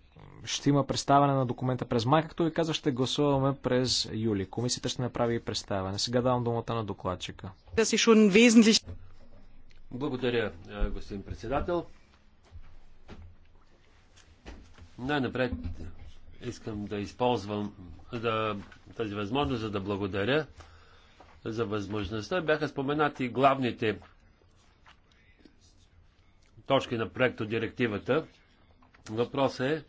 ще има представяне на документа през май, както ви казах, ще гласуваме през юли. Комисията ще направи и представяне. Сега давам думата на докладчика. Благодаря, е, господин председател. Най-напред искам да използвам да, тази възможност, за да благодаря за възможността. Бяха споменати главните точки на проекто директивата. Въпрос е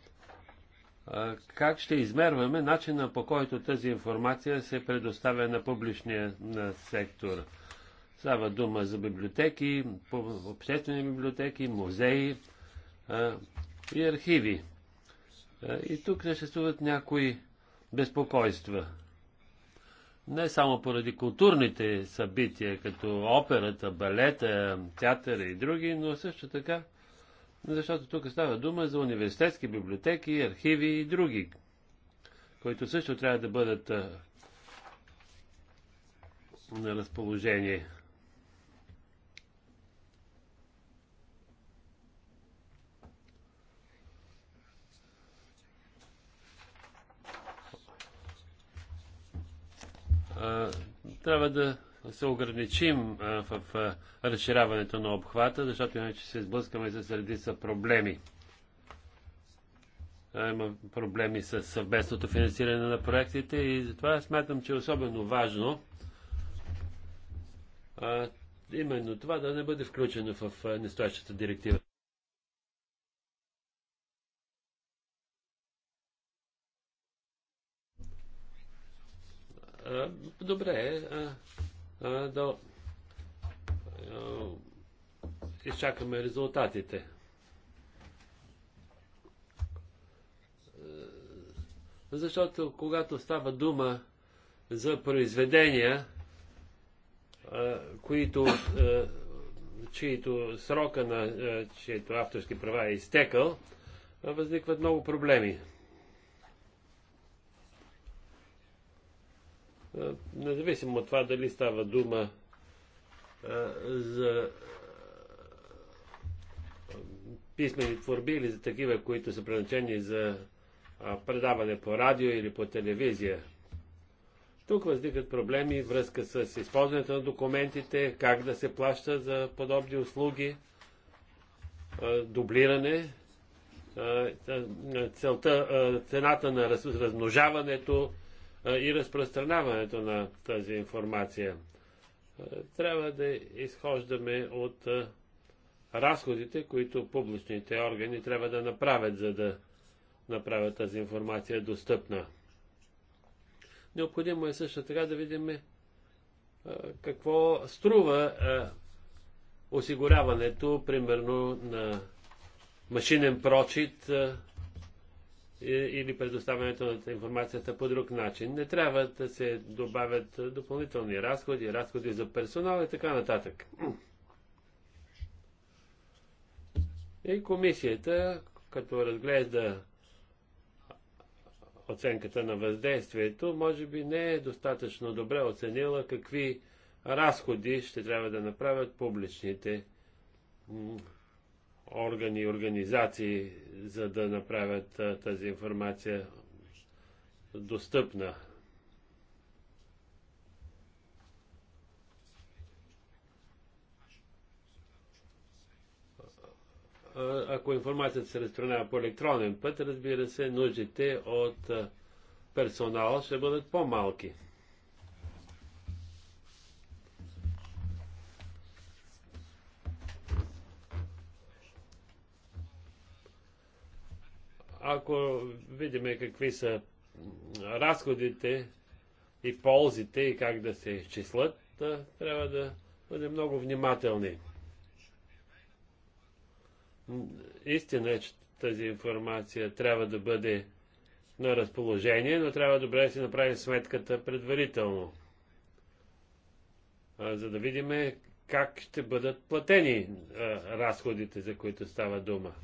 как ще измерваме начина по който тази информация се предоставя на публичния на сектор. Става дума за библиотеки, обществени библиотеки, музеи а, и архиви. А, и тук съществуват някои безпокойства. Не само поради културните събития, като операта, балета, театъра и други, но също така защото тук става дума за университетски библиотеки, архиви и други, които също трябва да бъдат на разположение. трябва да се ограничим в разширяването на обхвата, защото иначе се сблъскаме с редица проблеми. Има проблеми с съвместното финансиране на проектите и затова смятам, че е особено важно именно това да не бъде включено в нестоящата директива. Добре, да изчакаме резултатите. Защото когато става дума за произведения, които, чието срока на чието авторски права е изтекал, възникват много проблеми. независимо от това дали става дума за писмени творби или за такива, които са предначени за предаване по радио или по телевизия. Тук възникат проблеми връзка с използването на документите, как да се плаща за подобни услуги, дублиране, целта, цената на размножаването, и разпространяването на тази информация. Трябва да изхождаме от разходите, които публичните органи трябва да направят, за да направят тази информация достъпна. Необходимо е също така да видим какво струва осигуряването, примерно, на машинен прочит е, или предоставянето на информацията по друг начин. Не трябва да се добавят допълнителни разходи, разходи за персонал и така нататък. И комисията, като разглежда оценката на въздействието, може би не е достатъчно добре оценила какви разходи ще трябва да направят публичните органи и организации, за да направят тази информация достъпна. ако информацията се разпространява по електронен път, разбира се, нуждите от персонала ще бъдат по-малки. ако видим какви са разходите и ползите и как да се изчислят, да, трябва да бъдем много внимателни. Истина е, че тази информация трябва да бъде на разположение, но трябва добре да си направим сметката предварително, за да видим как ще бъдат платени разходите, за които става дума.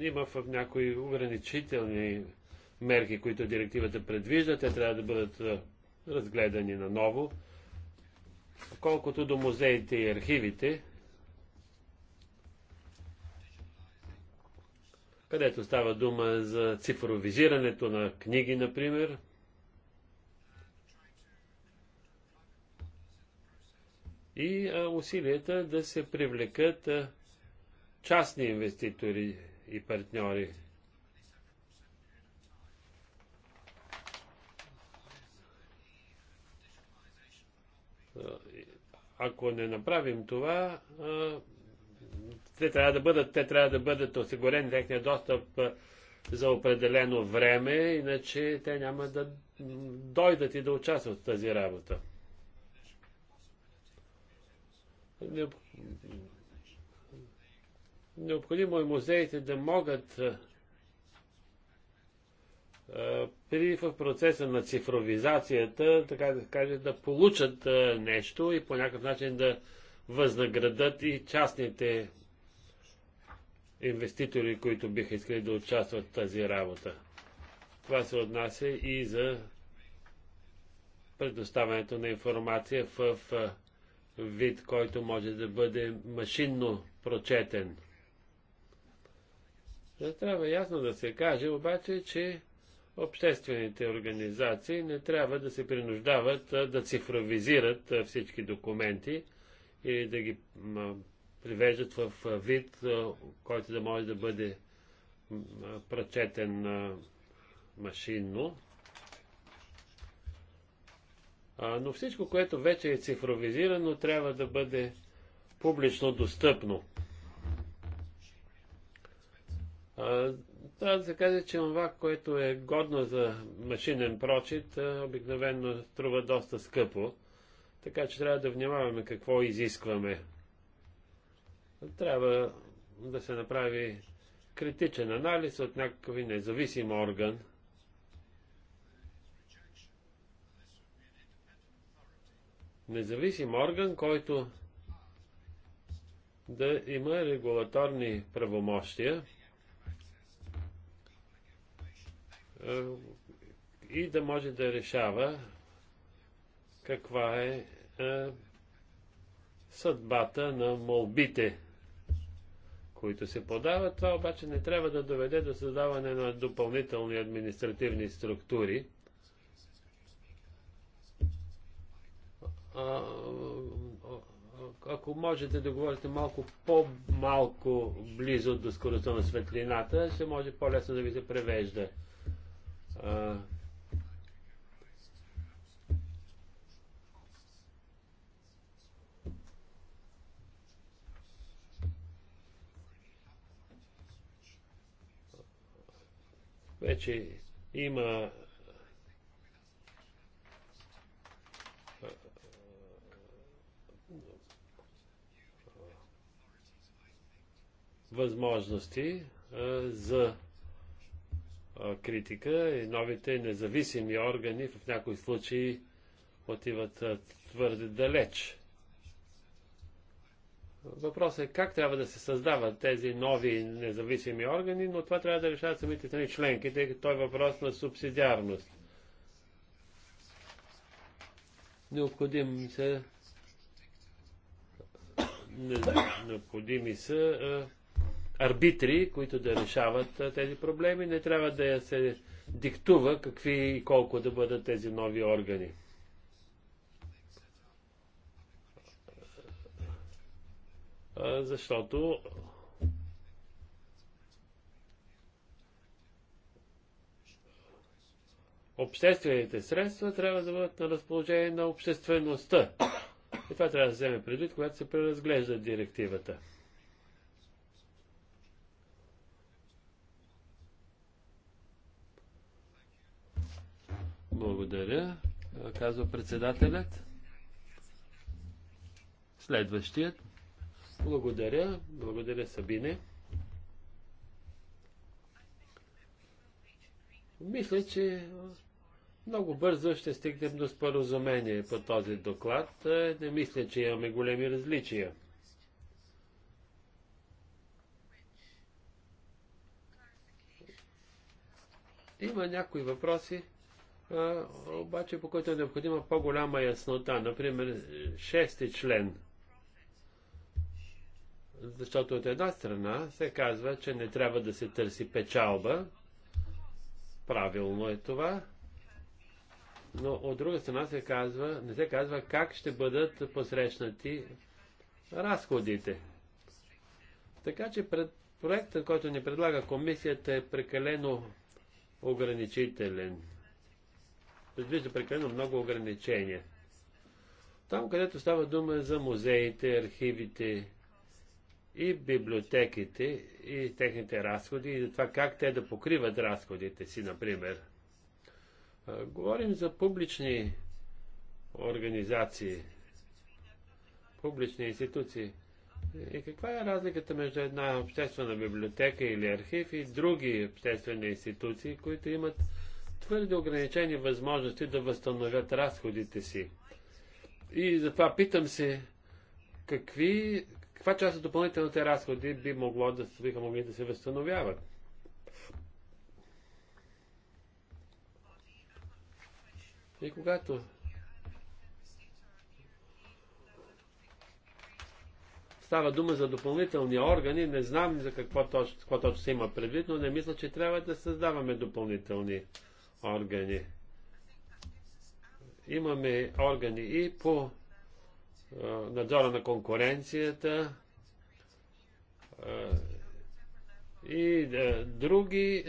Има в някои ограничителни мерки, които директивата предвижда. Те трябва да бъдат е, разгледани наново. Колкото до музеите и архивите, където става дума за цифровизирането на книги, например, и усилията да се привлекат частни инвеститори и партньори. Ако не направим това, те трябва да бъдат, те трябва да бъдат осигурени техния достъп за определено време, иначе те няма да дойдат и да участват в тази работа. Необходимо е музеите да могат при в процеса на цифровизацията, така да кажа, да получат нещо и по някакъв начин да възнаградат и частните инвеститори, които биха искали да участват в тази работа. Това се отнася и за предоставянето на информация в вид, който може да бъде машинно прочетен. Трябва ясно да се каже обаче, че обществените организации не трябва да се принуждават да цифровизират всички документи или да ги привеждат в вид, който да може да бъде прочетен машинно. Но всичко, което вече е цифровизирано, трябва да бъде публично достъпно. Трябва да се каже, че това, което е годно за машинен прочит, обикновено струва доста скъпо. Така че трябва да внимаваме какво изискваме. Трябва да се направи критичен анализ от някакъв независим орган. Независим орган, който да има регулаторни правомощия. Е, и да може да решава каква е, е съдбата на молбите, които се подават. Това обаче не трябва да доведе до създаване на допълнителни административни структури. А, ако можете да говорите малко по-малко близо до скоростта на светлината, ще може по-лесно да ви се превежда вече има възможности за критика и новите независими органи в някои случаи отиват твърде далеч. Въпросът е как трябва да се създават тези нови независими органи, но това трябва да решават самите страни членки, тъй като той е въпрос на субсидиарност. Необходим се необходими са арбитри, които да решават тези проблеми. Не трябва да се диктува какви и колко да бъдат тези нови органи. защото обществените средства трябва да бъдат на разположение на обществеността. И това трябва да се вземе предвид, когато се преразглежда директивата. Благодаря, казва председателят. Следващият. Благодаря. Благодаря, Сабине. Мисля, че много бързо ще стигнем до споразумение по този доклад. Не мисля, че имаме големи различия. Има някои въпроси, обаче по който е необходима по-голяма яснота. Например, шести член. Защото от една страна се казва, че не трябва да се търси печалба. Правилно е това. Но от друга страна се казва, не се казва как ще бъдат посрещнати разходите. Така че пред проектът, който ни предлага комисията е прекалено ограничителен предвижда прекалено много ограничения. Там, където става дума за музеите, архивите и библиотеките и техните разходи и за това как те да покриват разходите си, например. Говорим за публични организации, публични институции. И каква е разликата между една обществена библиотека или архив и други обществени институции, които имат твърде ограничени възможности да възстановят разходите си. И затова питам се, какви, каква част от допълнителните разходи би могло да, биха могли да се възстановяват? И когато става дума за допълнителни органи, не знам за какво точно, какво точно се има предвид, но не мисля, че трябва да създаваме допълнителни органи органи. Имаме органи и по надзора на конкуренцията и други,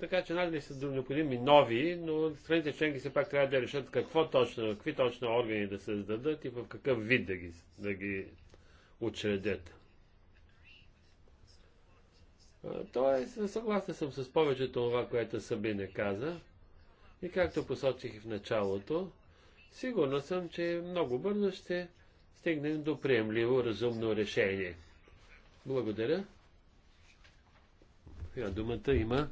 така че нали са необходими нови, но страните членки се пак трябва да решат какво точно, какви точно органи да създадат и в какъв вид да ги, да ги учредят. Тоест, съгласен съм с повечето това, което Сабине каза. И както посочих в началото, сигурно съм, че много бързо ще стигнем до приемливо, разумно решение. Благодаря. Сега думата има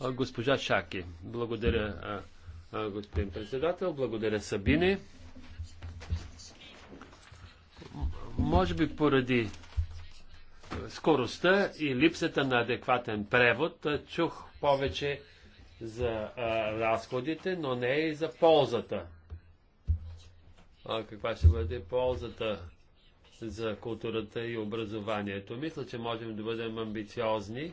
а, госпожа Шаки. Благодаря, а, а, господин председател. Благодаря, Сабине. Може би поради скоростта и липсата на адекватен превод. Е, чух повече за а, разходите, но не и за ползата. А, каква ще бъде ползата за културата и образованието? Мисля, че можем да бъдем амбициозни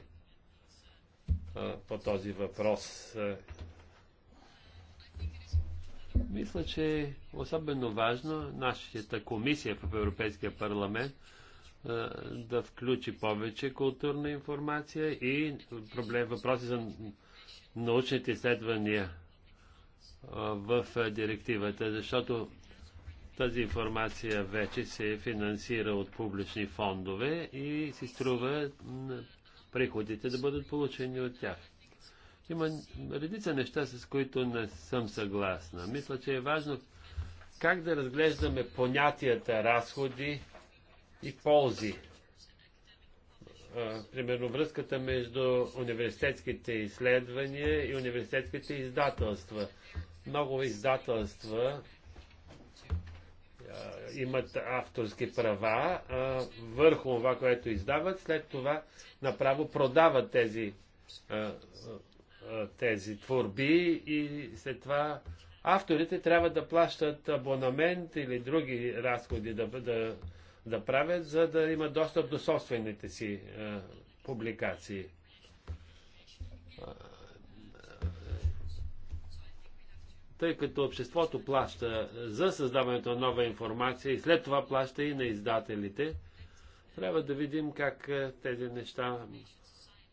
а, по този въпрос. Е, мисля, че е особено важно нашата комисия в Европейския парламент е, да включи повече културна информация и проблем, въпроси за научните изследвания е, в е, директивата, защото тази информация вече се финансира от публични фондове и си струва приходите да бъдат получени от тях. Има редица неща, с които не съм съгласна. Мисля, че е важно как да разглеждаме понятията разходи и ползи. Примерно връзката между университетските изследвания и университетските издателства. Много издателства имат авторски права върху това, което издават, след това направо продават тези, тези творби и след това авторите трябва да плащат абонамент или други разходи да, да да правят, за да имат достъп до собствените си а, е, публикации. Тъй като обществото плаща за създаването на нова информация и след това плаща и на издателите, трябва да видим как е, тези неща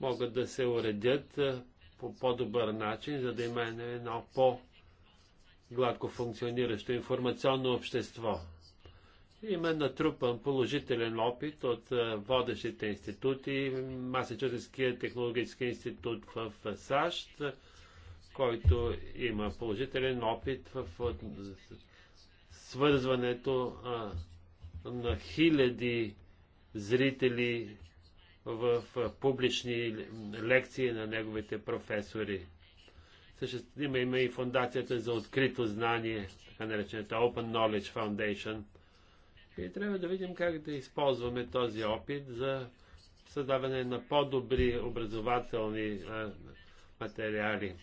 могат да се уредят е, по по-добър начин, за да има едно по-гладко функциониращо информационно общество. Има натрупан положителен опит от е, водещите институти, Масачусетския технологически институт в САЩ, който има положителен опит в свързването на хиляди зрители в публични лекции на неговите професори. Също има, има и фундацията за открито знание, така наречената Open Knowledge Foundation – и трябва да видим как да използваме този опит за създаване на по-добри образователни а, материали.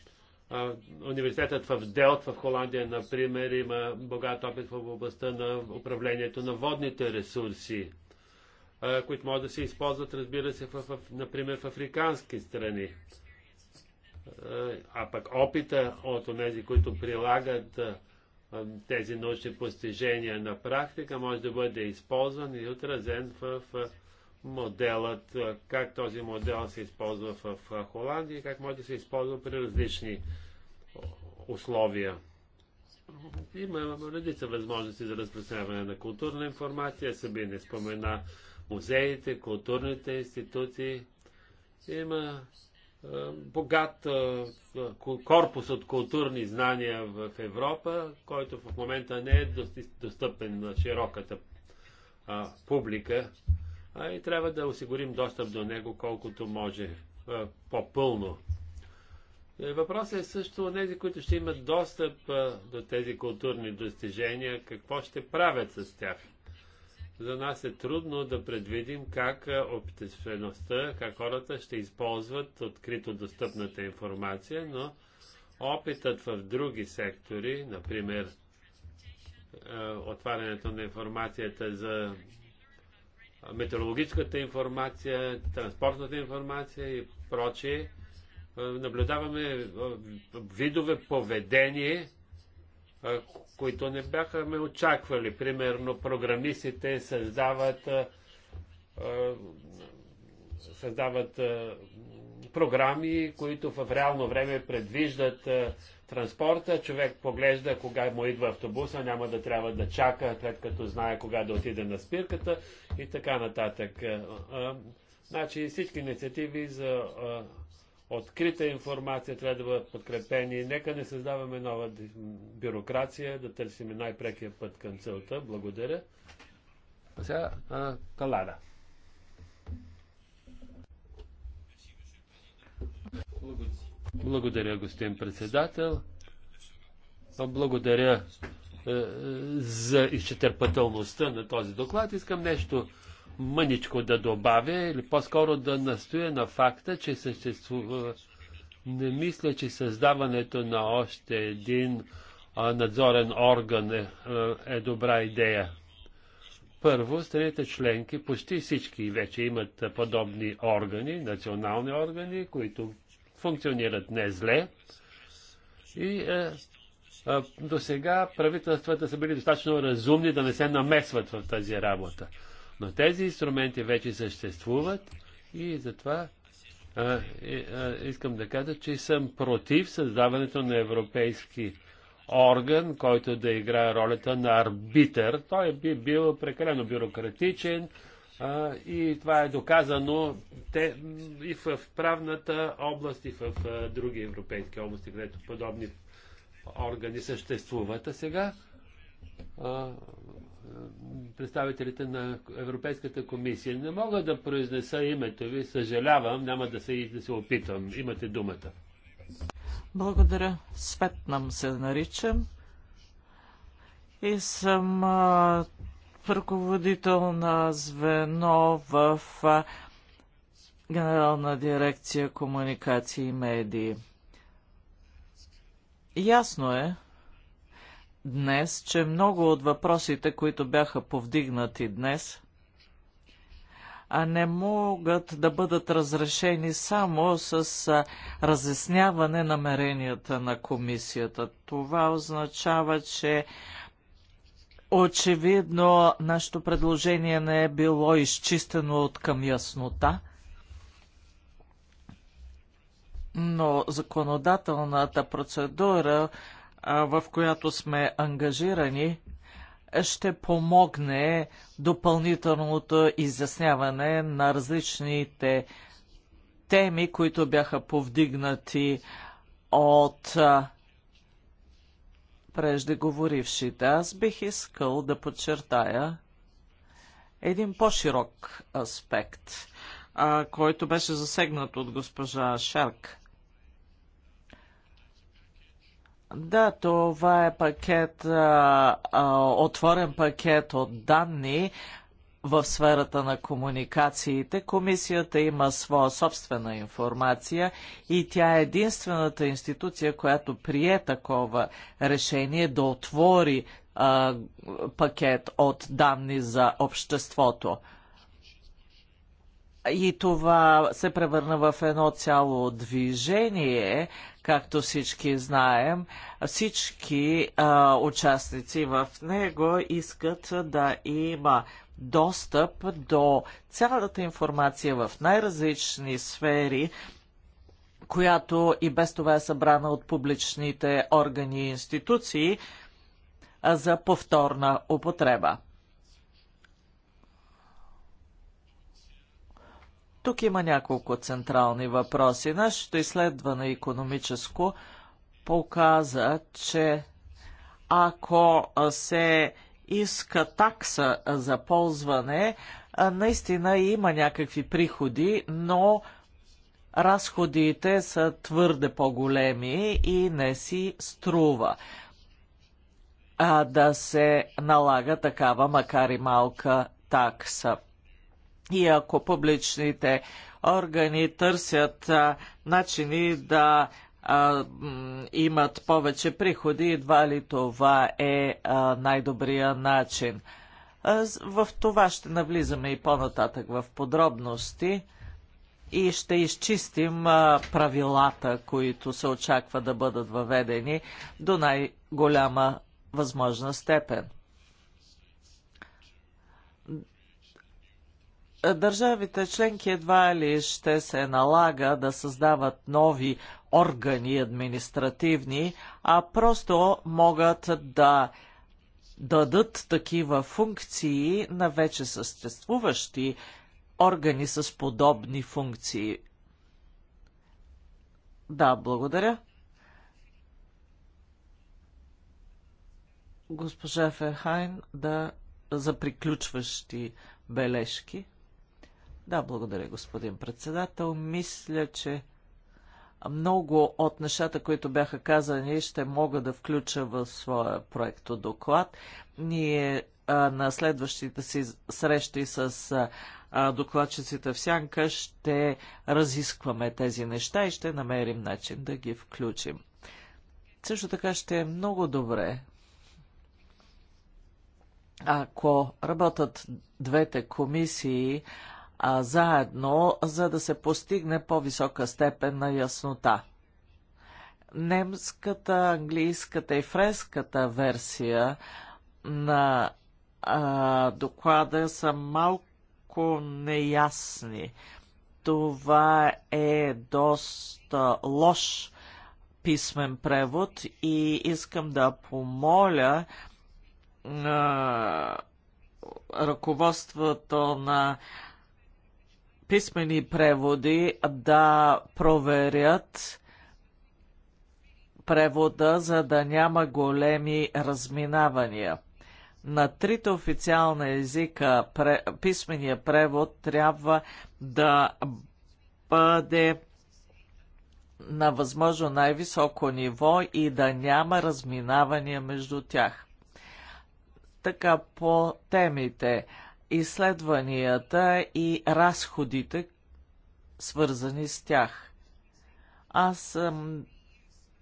А, университетът в Делт в Холандия, например, има богат опит в областта на управлението на водните ресурси, а, които могат да се използват, разбира се, в, в, например, в африкански страни. А пък опита от тези, които прилагат тези научни постижения на практика може да бъде използван и отразен в моделът, как този модел се използва в Холандия и как може да се използва при различни условия. Има редица възможности за разпространяване на културна информация. Съби не спомена музеите, културните институции. Има богат корпус от културни знания в Европа, който в момента не е достъпен на широката публика и трябва да осигурим достъп до него колкото може по-пълно. Е, въпросът е също тези, които ще имат достъп до тези културни достижения, какво ще правят с тях за нас е трудно да предвидим как обществеността, как хората ще използват открито достъпната информация, но опитът в други сектори, например отварянето на информацията за метеорологическата информация, транспортната информация и прочие, наблюдаваме видове поведение, които не бяхме очаквали. Примерно, програмистите създават създават програми, които в реално време предвиждат транспорта. Човек поглежда кога му идва автобуса, няма да трябва да чака, след като знае кога да отиде на спирката и така нататък. Значи всички инициативи за открита информация трябва да бъдат подкрепени. Нека не създаваме нова бюрокрация, да търсим най-прекия път към целта. Благодаря. А сега а, Калада. Благодаря, господин председател. Благодаря за изчетърпателността на този доклад. Искам нещо мъничко да добавя или по-скоро да настоя на факта, че съществува. Не мисля, че създаването на още един а, надзорен орган е, е добра идея. Първо, страните членки, почти всички вече имат подобни органи, национални органи, които функционират не зле. И е, е до сега правителствата са били достатъчно разумни да не се намесват в тази работа. Но тези инструменти вече съществуват и затова а, а, искам да кажа, че съм против създаването на европейски орган, който да играе ролята на арбитър. Той би бил прекалено бюрократичен а, и това е доказано те, и в правната област, и в а, други европейски области, където подобни органи съществуват. А сега а, представителите на Европейската комисия. Не мога да произнеса името ви, съжалявам, няма да се, да се опитвам. Имате думата. Благодаря. Светнам се наричам и съм а, ръководител на звено в а, Генерална дирекция комуникации и медии. Ясно е, днес, че много от въпросите, които бяха повдигнати днес, а не могат да бъдат разрешени само с разясняване намеренията на комисията. Това означава, че очевидно нашето предложение не е било изчистено от към яснота, но законодателната процедура в която сме ангажирани, ще помогне допълнителното изясняване на различните теми, които бяха повдигнати от преждеговорившите. Аз бих искал да подчертая един по-широк аспект, който беше засегнат от госпожа Шарк да, това е пакет, а, а, отворен пакет от данни в сферата на комуникациите. Комисията има своя собствена информация и тя е единствената институция, която прие такова решение да отвори а, пакет от данни за обществото. И това се превърна в едно цяло движение, както всички знаем. Всички а, участници в него искат да има достъп до цялата информация в най-различни сфери, която и без това е събрана от публичните органи и институции за повторна употреба. Тук има няколко централни въпроси. Нашето изследване економическо показа, че ако се иска такса за ползване, наистина има някакви приходи, но разходите са твърде по-големи и не си струва а да се налага такава, макар и малка такса. И ако публичните органи търсят а, начини да а, имат повече приходи, едва ли това е най-добрия начин. А, в това ще навлизаме и по-нататък в подробности и ще изчистим правилата, които се очаква да бъдат въведени до най-голяма възможна степен. държавите членки едва ли ще се налага да създават нови органи административни, а просто могат да дадат такива функции на вече съществуващи органи с подобни функции. Да, благодаря. Госпожа Ферхайн, да, за приключващи бележки. Да, благодаря, господин председател. Мисля, че много от нещата, които бяха казани, ще мога да включа в своя проекто доклад. Ние а, на следващите си срещи с а, докладчиците в Сянка ще разискваме тези неща и ще намерим начин да ги включим. Също така ще е много добре, ако работят двете комисии, а, заедно, за да се постигне по-висока степен на яснота. Немската, английската и френската версия на а, доклада са малко неясни. Това е доста лош писмен превод и искам да помоля а, ръководството на писмени преводи да проверят превода, за да няма големи разминавания. На трите официална езика пре, превод трябва да бъде на възможно най-високо ниво и да няма разминавания между тях. Така по темите изследванията и разходите, свързани с тях. Аз съм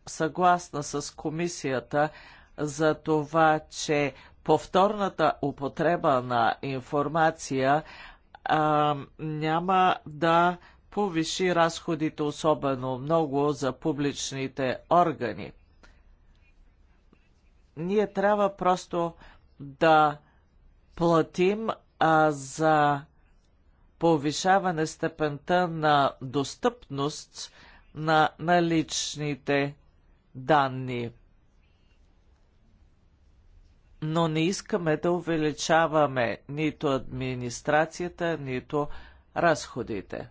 съгласна с комисията за това, че повторната употреба на информация а, няма да повиши разходите особено много за публичните органи. Ние трябва просто да платим а, за повишаване степента на достъпност на наличните данни. Но не искаме да увеличаваме нито администрацията, нито разходите.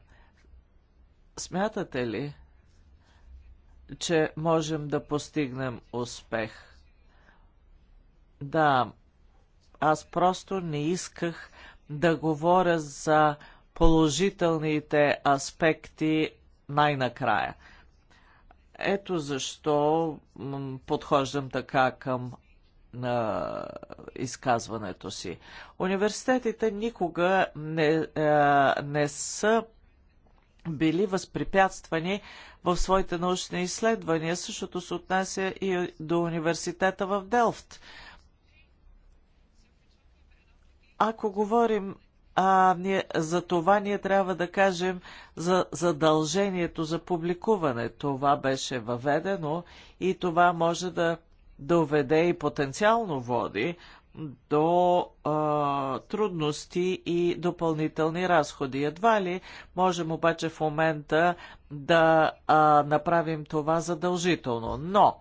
Смятате ли, че можем да постигнем успех? Да, аз просто не исках да говоря за положителните аспекти най-накрая. Ето защо подхождам така към на изказването си. Университетите никога не, не са били възпрепятствани в своите научни изследвания. Същото се отнася и до университета в Делфт. Ако говорим а, ние, за това, ние трябва да кажем за задължението за публикуване. Това беше въведено и това може да доведе и потенциално води до а, трудности и допълнителни разходи. Едва ли можем обаче в момента да а, направим това задължително, но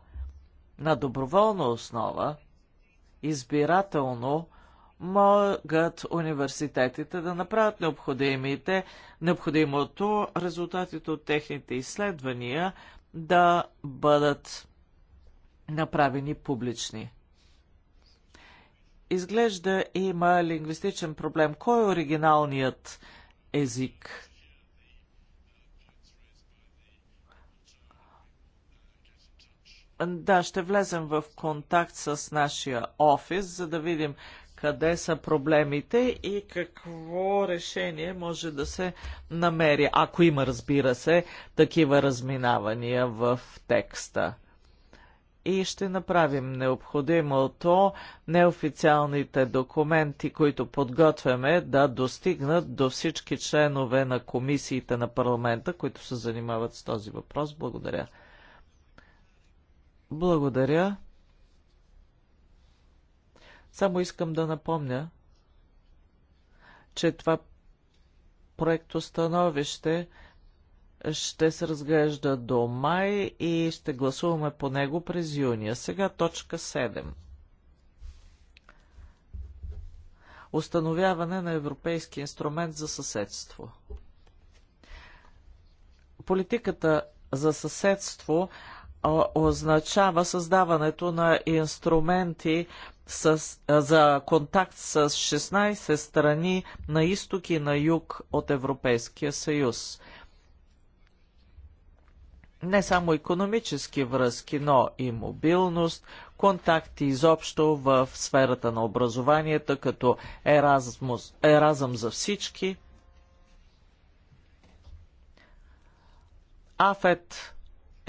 на доброволна основа, избирателно, могат университетите да направят необходимите, необходимото резултатите от техните изследвания да бъдат направени публични. Изглежда има лингвистичен проблем. Кой е оригиналният език? Да, ще влезем в контакт с нашия офис, за да видим къде са проблемите и какво решение може да се намери, ако има, разбира се, такива разминавания в текста. И ще направим необходимото неофициалните документи, които подготвяме, да достигнат до всички членове на комисиите на парламента, които се занимават с този въпрос. Благодаря. Благодаря. Само искам да напомня, че това становище ще се разглежда до май и ще гласуваме по него през юния. Сега точка 7. Установяване на Европейски инструмент за съседство. Политиката за съседство означава създаването на инструменти с, за контакт с 16 страни на изток и на юг от Европейския съюз. Не само економически връзки, но и мобилност, контакти изобщо в сферата на образованието, като еразмус, еразъм за всички. АФЕТ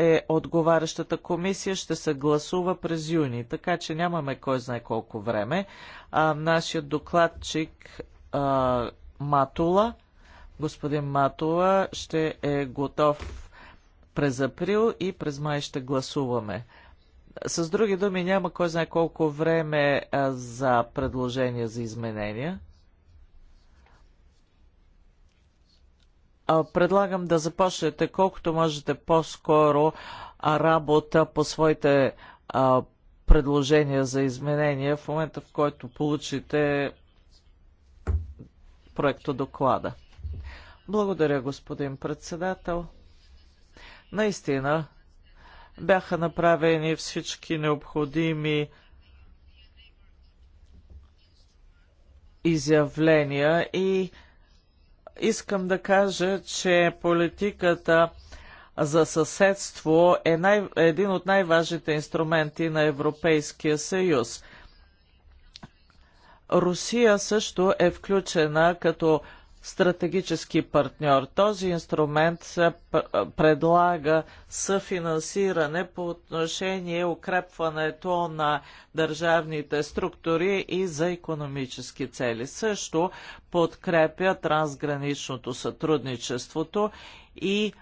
е отговарящата комисия, ще се гласува през юни, така че нямаме кой знае колко време. А, нашия докладчик а, Матула, господин Матула, ще е готов през април и през май ще гласуваме. С други думи, няма кой знае колко време а, за предложения за изменения. предлагам да започнете колкото можете по-скоро работа по своите а, предложения за изменения в момента, в който получите проекто доклада. Благодаря, господин председател. Наистина, бяха направени всички необходими изявления и искам да кажа, че политиката за съседство е най- един от най-важните инструменти на Европейския съюз. Русия също е включена като стратегически партньор. Този инструмент се предлага съфинансиране по отношение укрепването на държавните структури и за економически цели. Също подкрепя трансграничното сътрудничеството и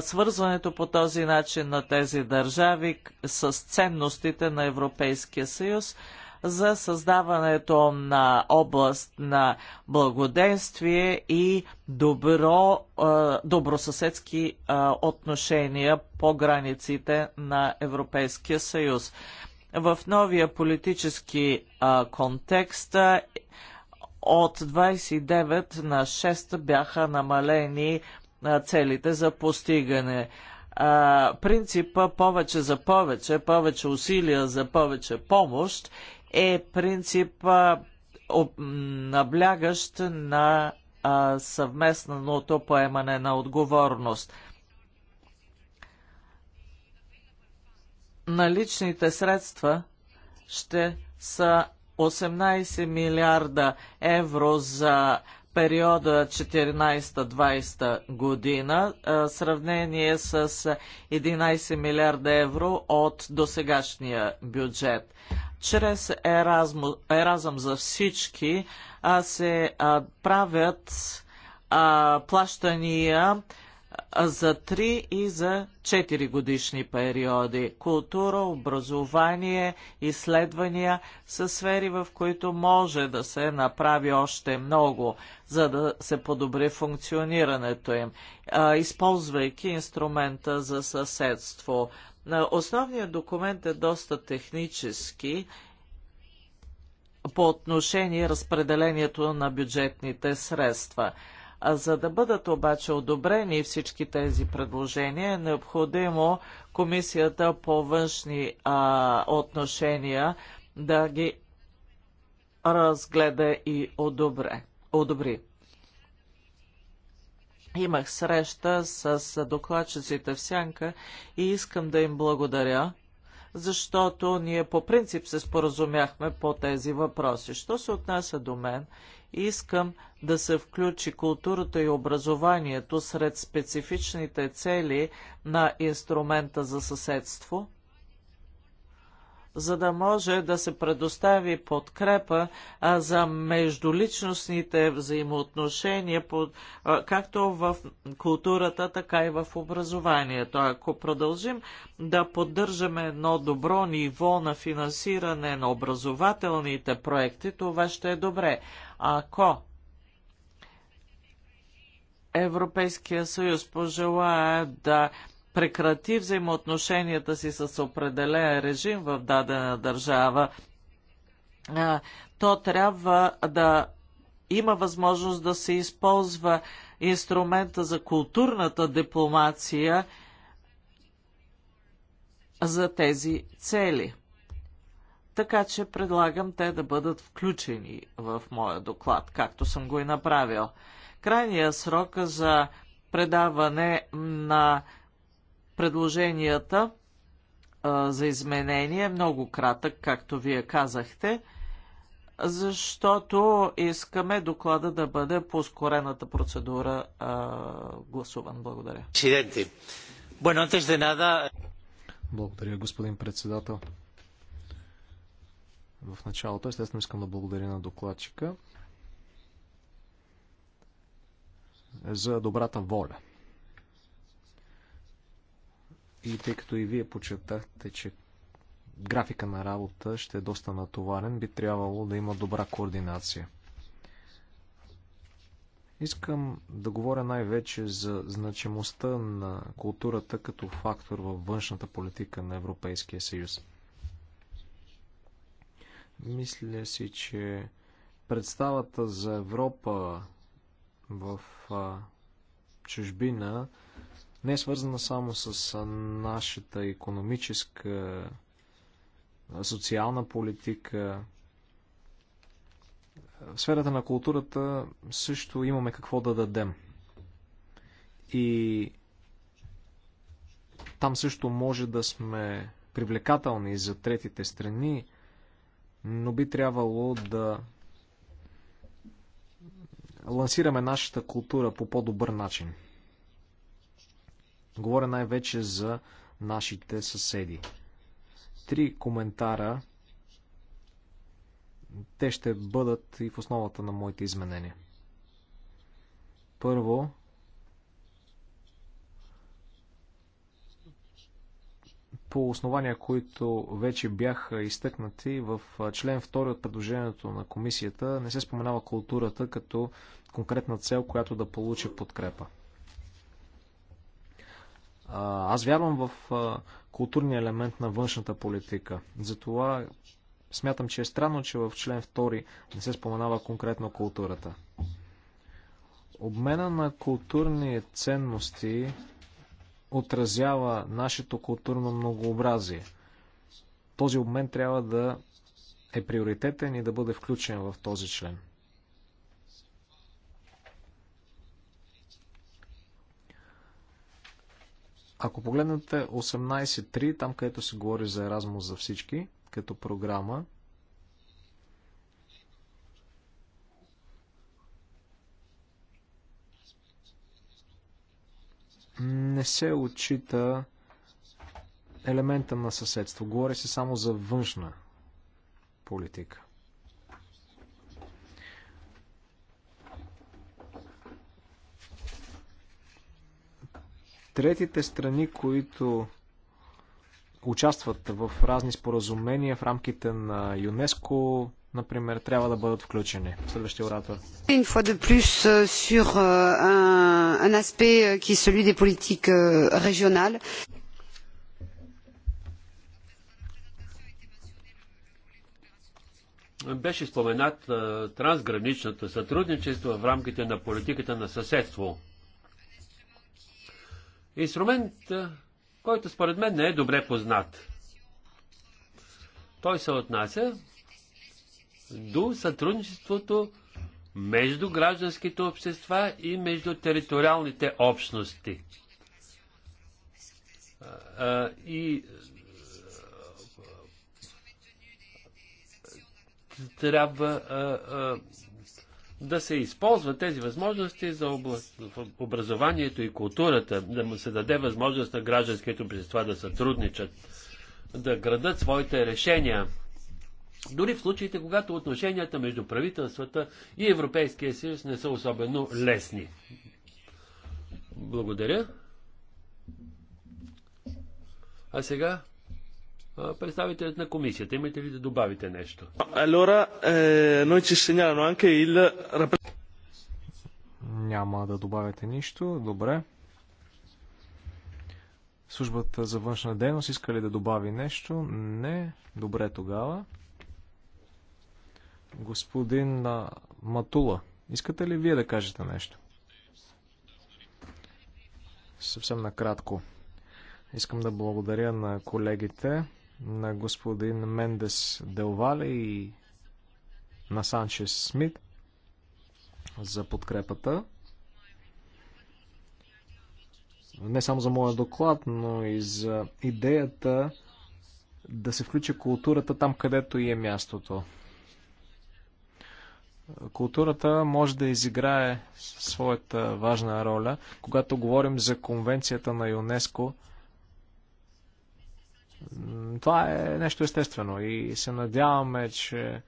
свързването по този начин на тези държави с ценностите на Европейския съюз – за създаването на област на благоденствие и добро, добросъседски отношения по границите на Европейския съюз. В новия политически контекст от 29 на 6 бяха намалени целите за постигане. принципа повече за повече, повече усилия за повече помощ е принцип наблягащ на съвместното поемане на отговорност. Наличните средства ще са 18 милиарда евро за периода 14-20 година, в сравнение с 11 милиарда евро от досегашния бюджет. Чрез Еразъм за всички се правят плащания за 3 и за 4 годишни периоди. Култура, образование, изследвания са сфери, в които може да се направи още много, за да се подобри функционирането им, използвайки инструмента за съседство. Основният документ е доста технически по отношение разпределението на бюджетните средства. А за да бъдат обаче одобрени всички тези предложения, е необходимо Комисията по външни а, отношения да ги разгледа и одобре, одобри. Имах среща с докладчиците в Сянка и искам да им благодаря, защото ние по принцип се споразумяхме по тези въпроси. Що се отнася до мен Искам да се включи културата и образованието сред специфичните цели на инструмента за съседство, за да може да се предостави подкрепа а, за междуличностните взаимоотношения, а, както в културата, така и в образованието. Ако продължим да поддържаме едно добро ниво на финансиране на образователните проекти, това ще е добре. Ако Европейския съюз пожелая да прекрати взаимоотношенията си с определен режим в дадена държава, то трябва да има възможност да се използва инструмента за културната дипломация за тези цели. Така че предлагам те да бъдат включени в моя доклад, както съм го и направил. Крайният срок за предаване на предложенията а, за изменение е много кратък, както вие казахте, защото искаме доклада да бъде по ускорената процедура а, гласуван. Благодаря. Благодаря, господин председател. В началото, естествено, искам да благодаря на докладчика за добрата воля. И тъй като и вие почетахте, че графика на работа ще е доста натоварен, би трябвало да има добра координация. Искам да говоря най-вече за значимостта на културата като фактор във външната политика на Европейския съюз. Мисля си, че представата за Европа в чужбина не е свързана само с нашата економическа, социална политика. В сферата на културата също имаме какво да дадем. И там също може да сме привлекателни за третите страни но би трябвало да лансираме нашата култура по по-добър начин. Говоря най-вече за нашите съседи. Три коментара. Те ще бъдат и в основата на моите изменения. Първо, по основания, които вече бяха изтъкнати в член 2 от предложението на комисията, не се споменава културата като конкретна цел, която да получи подкрепа. Аз вярвам в културния елемент на външната политика. Затова смятам, че е странно, че в член 2 не се споменава конкретно културата. Обмена на културни ценности отразява нашето културно многообразие. Този обмен трябва да е приоритетен и да бъде включен в този член. Ако погледнете 18.3, там където се говори за Еразмус за всички, като програма, не се отчита елемента на съседство. Говори се само за външна политика. Третите страни, които участват в разни споразумения в рамките на ЮНЕСКО, например, трябва да бъдат включени. Следващия оратор. Une fois de plus euh, sur euh, un, aspect euh, qui est celui des politiques régionales. Беше споменат трансграничното сътрудничество в рамките на политиката на съседство. Инструмент, който според мен не е добре познат. Той се отнася до сътрудничеството между гражданските общества и между териториалните общности. И трябва да се използват тези възможности за образованието и културата, да му се даде възможност на гражданските общества да сътрудничат, да градат своите решения дори в случаите, когато отношенията между правителствата и Европейския съюз не са особено лесни. Благодаря. А сега представителят на комисията. Имате ли да добавите нещо? Allora, eh, noi ci segnalano anche Няма да добавяте нищо. Добре. Службата за външна дейност иска ли да добави нещо? Не. Добре тогава. Господин Матула, искате ли вие да кажете нещо? Съвсем накратко. Искам да благодаря на колегите, на господин Мендес Делвали и на Санчес Смит за подкрепата. Не само за моя доклад, но и за идеята да се включи културата там, където и е мястото. Културата може да изиграе своята важна роля. Когато говорим за конвенцията на ЮНЕСКО, това е нещо естествено и се надяваме, че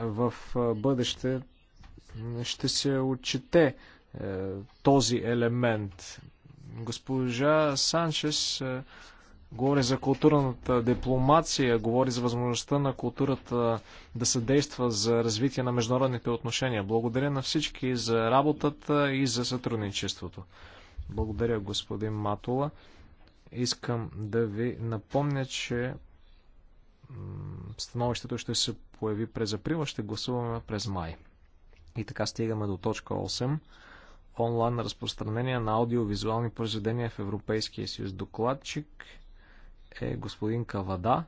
в бъдеще ще се отчете е, този елемент. Госпожа Санчес е, Говори за културната дипломация, говори за възможността на културата да съдейства за развитие на международните отношения. Благодаря на всички за работата и за сътрудничеството. Благодаря, господин Матула. Искам да ви напомня, че становището ще се появи през април, ще гласуваме през май. И така стигаме до точка 8. Онлайн разпространение на аудиовизуални произведения в Европейския съюз. Докладчик е господин Кавада.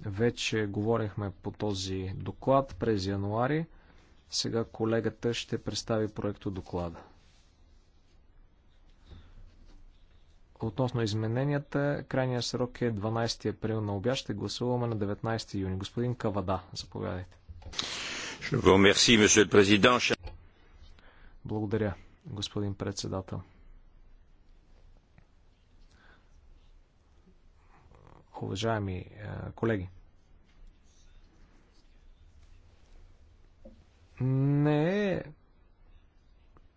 Вече говорихме по този доклад през януари. Сега колегата ще представи проекто доклада. Относно измененията, крайния срок е 12 април на обяд. Ще гласуваме на 19 юни. Господин Кавада, заповядайте. Благодаря, господин председател. Уважаеми е, колеги, не е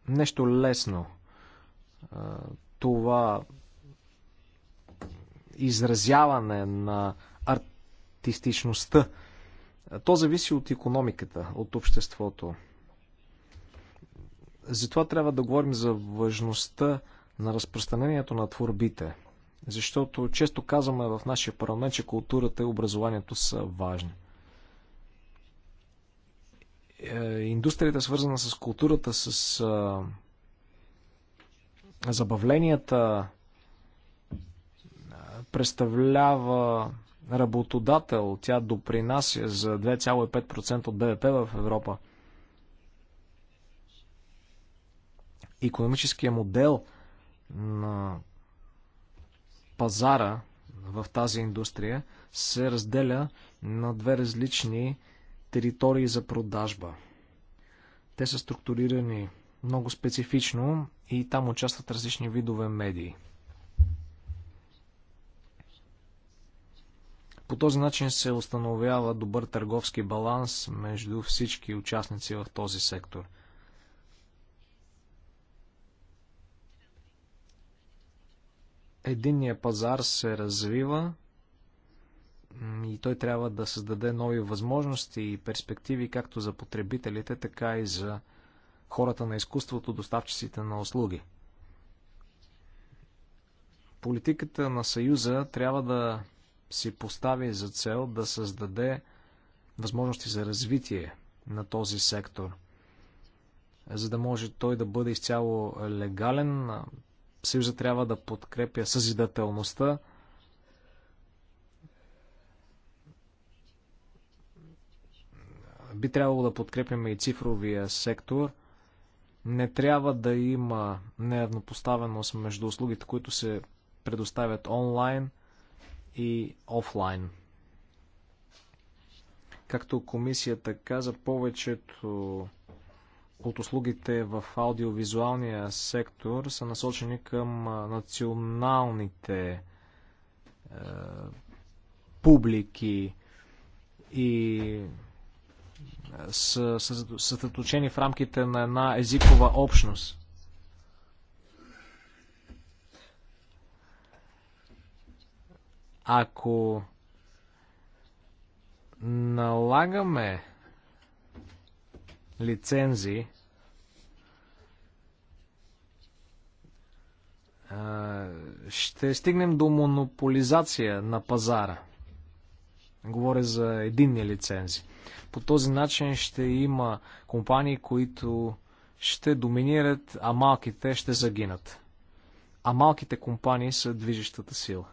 нещо лесно е, това изразяване на артистичността. То зависи от економиката, от обществото. Затова трябва да говорим за важността на разпространението на творбите – защото често казваме в нашия парламент, че културата и образованието са важни. Е, индустрията, свързана с културата, с забавленията, представлява работодател. Тя допринася за 2,5% от БВП в Европа. Економическия модел на пазара в тази индустрия се разделя на две различни територии за продажба. Те са структурирани много специфично и там участват различни видове медии. По този начин се установява добър търговски баланс между всички участници в този сектор – Единния пазар се развива и той трябва да създаде нови възможности и перспективи както за потребителите, така и за хората на изкуството, доставчиците на услуги. Политиката на Съюза трябва да си постави за цел да създаде възможности за развитие на този сектор, за да може той да бъде изцяло легален, Съюза трябва да подкрепя съзидателността. Би трябвало да подкрепяме и цифровия сектор. Не трябва да има неравнопоставеност между услугите, които се предоставят онлайн и офлайн. Както комисията каза, повечето от услугите в аудиовизуалния сектор са насочени към националните е, публики и е, са съсредоточени в рамките на една езикова общност. Ако налагаме лицензии. Ще стигнем до монополизация на пазара. Говоря за единни лицензи. По този начин ще има компании, които ще доминират, а малките ще загинат. А малките компании са движещата сила.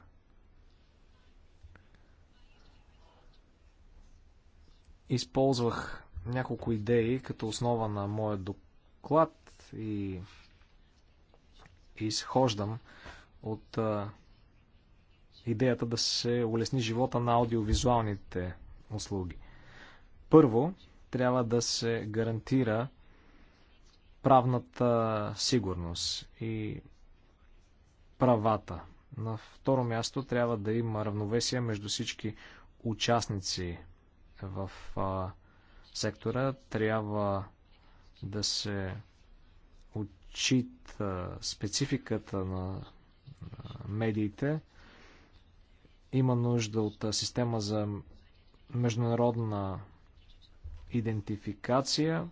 Използвах няколко идеи като основа на моят доклад и изхождам от а, идеята да се улесни живота на аудиовизуалните услуги. Първо, трябва да се гарантира правната сигурност и правата. На второ място трябва да има равновесие между всички участници в а, сектора трябва да се отчита спецификата на медиите. Има нужда от система за международна идентификация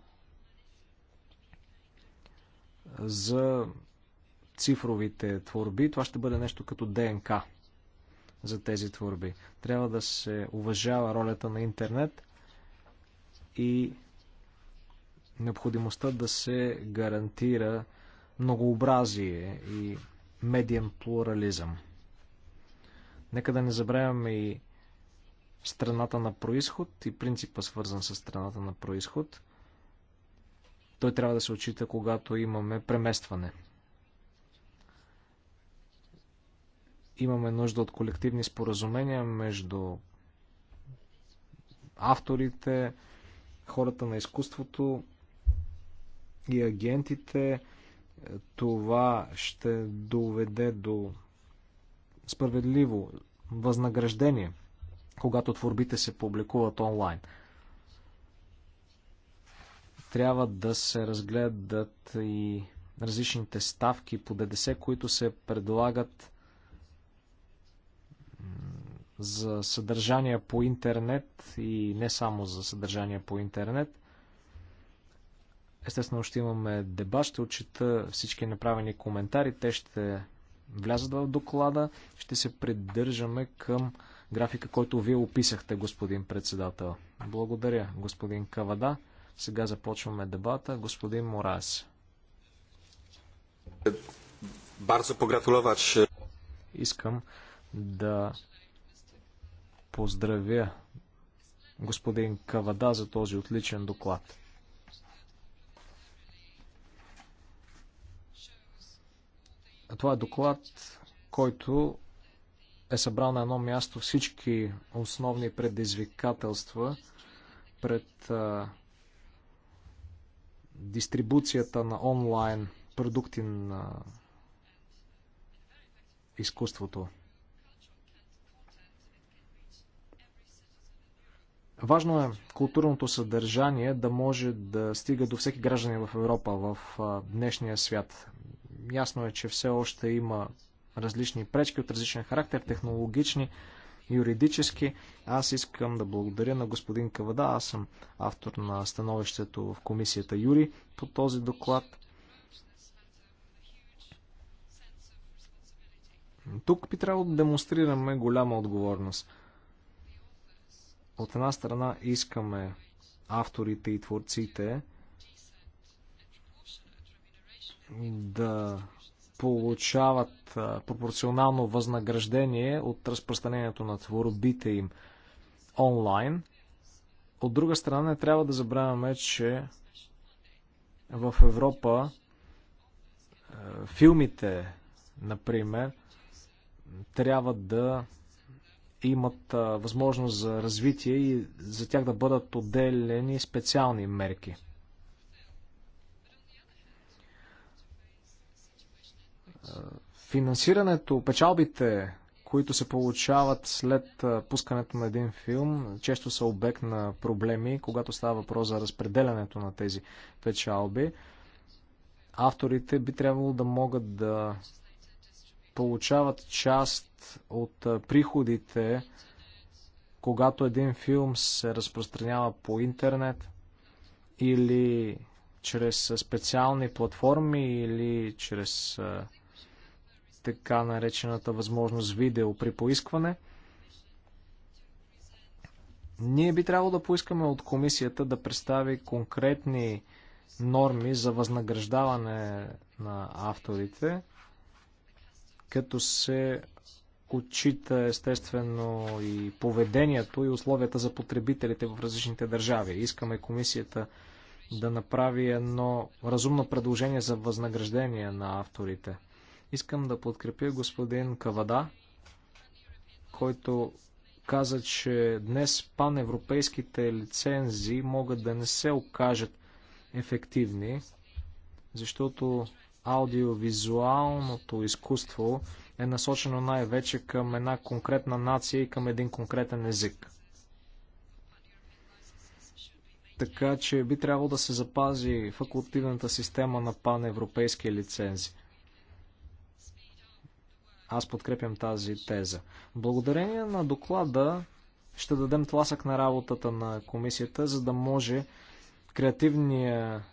за цифровите творби. Това ще бъде нещо като ДНК за тези творби. Трябва да се уважава ролята на интернет – и необходимостта да се гарантира многообразие и медиен плурализъм. Нека да не забравяме и страната на происход и принципа свързан с страната на происход. Той трябва да се отчита, когато имаме преместване. Имаме нужда от колективни споразумения между авторите, хората на изкуството и агентите. Е, това ще доведе до справедливо възнаграждение, когато творбите се публикуват онлайн. Трябва да се разгледат и различните ставки по ДДС, които се предлагат за съдържание по интернет и не само за съдържание по интернет. Естествено ще имаме дебат, ще отчита всички направени коментари, те ще влязат в доклада, ще се придържаме към графика, който вие описахте, господин председател. Благодаря, господин Кавада. Сега започваме дебата. Господин Морас. Барзо погратуловач. Искам да поздравя господин Кавада за този отличен доклад. Това е доклад, който е събрал на едно място всички основни предизвикателства пред а, дистрибуцията на онлайн продукти на изкуството. Важно е културното съдържание да може да стига до всеки гражданин в Европа в днешния свят. Ясно е, че все още има различни пречки от различен характер, технологични, юридически. Аз искам да благодаря на господин Кавада. Аз съм автор на становището в комисията Юри по този доклад. Тук би трябвало да демонстрираме голяма отговорност. От една страна искаме авторите и творците да получават пропорционално възнаграждение от разпространението на творбите им онлайн. От друга страна, не трябва да забравяме, че в Европа филмите, например, трябва да имат възможност за развитие и за тях да бъдат отделени специални мерки. Финансирането, печалбите, които се получават след пускането на един филм, често са обект на проблеми, когато става въпрос за разпределянето на тези печалби. Авторите би трябвало да могат да получават част от приходите, когато един филм се разпространява по интернет или чрез специални платформи или чрез така наречената възможност видео при поискване. Ние би трябвало да поискаме от комисията да представи конкретни норми за възнаграждаване на авторите като се отчита естествено и поведението и условията за потребителите в различните държави. Искаме комисията да направи едно разумно предложение за възнаграждение на авторите. Искам да подкрепя господин Кавада, който каза, че днес паневропейските лицензии могат да не се окажат ефективни, защото аудиовизуалното изкуство е насочено най-вече към една конкретна нация и към един конкретен език. Така че би трябвало да се запази факултивната система на паневропейски лицензи. Аз подкрепям тази теза. Благодарение на доклада ще дадем тласък на работата на комисията, за да може креативния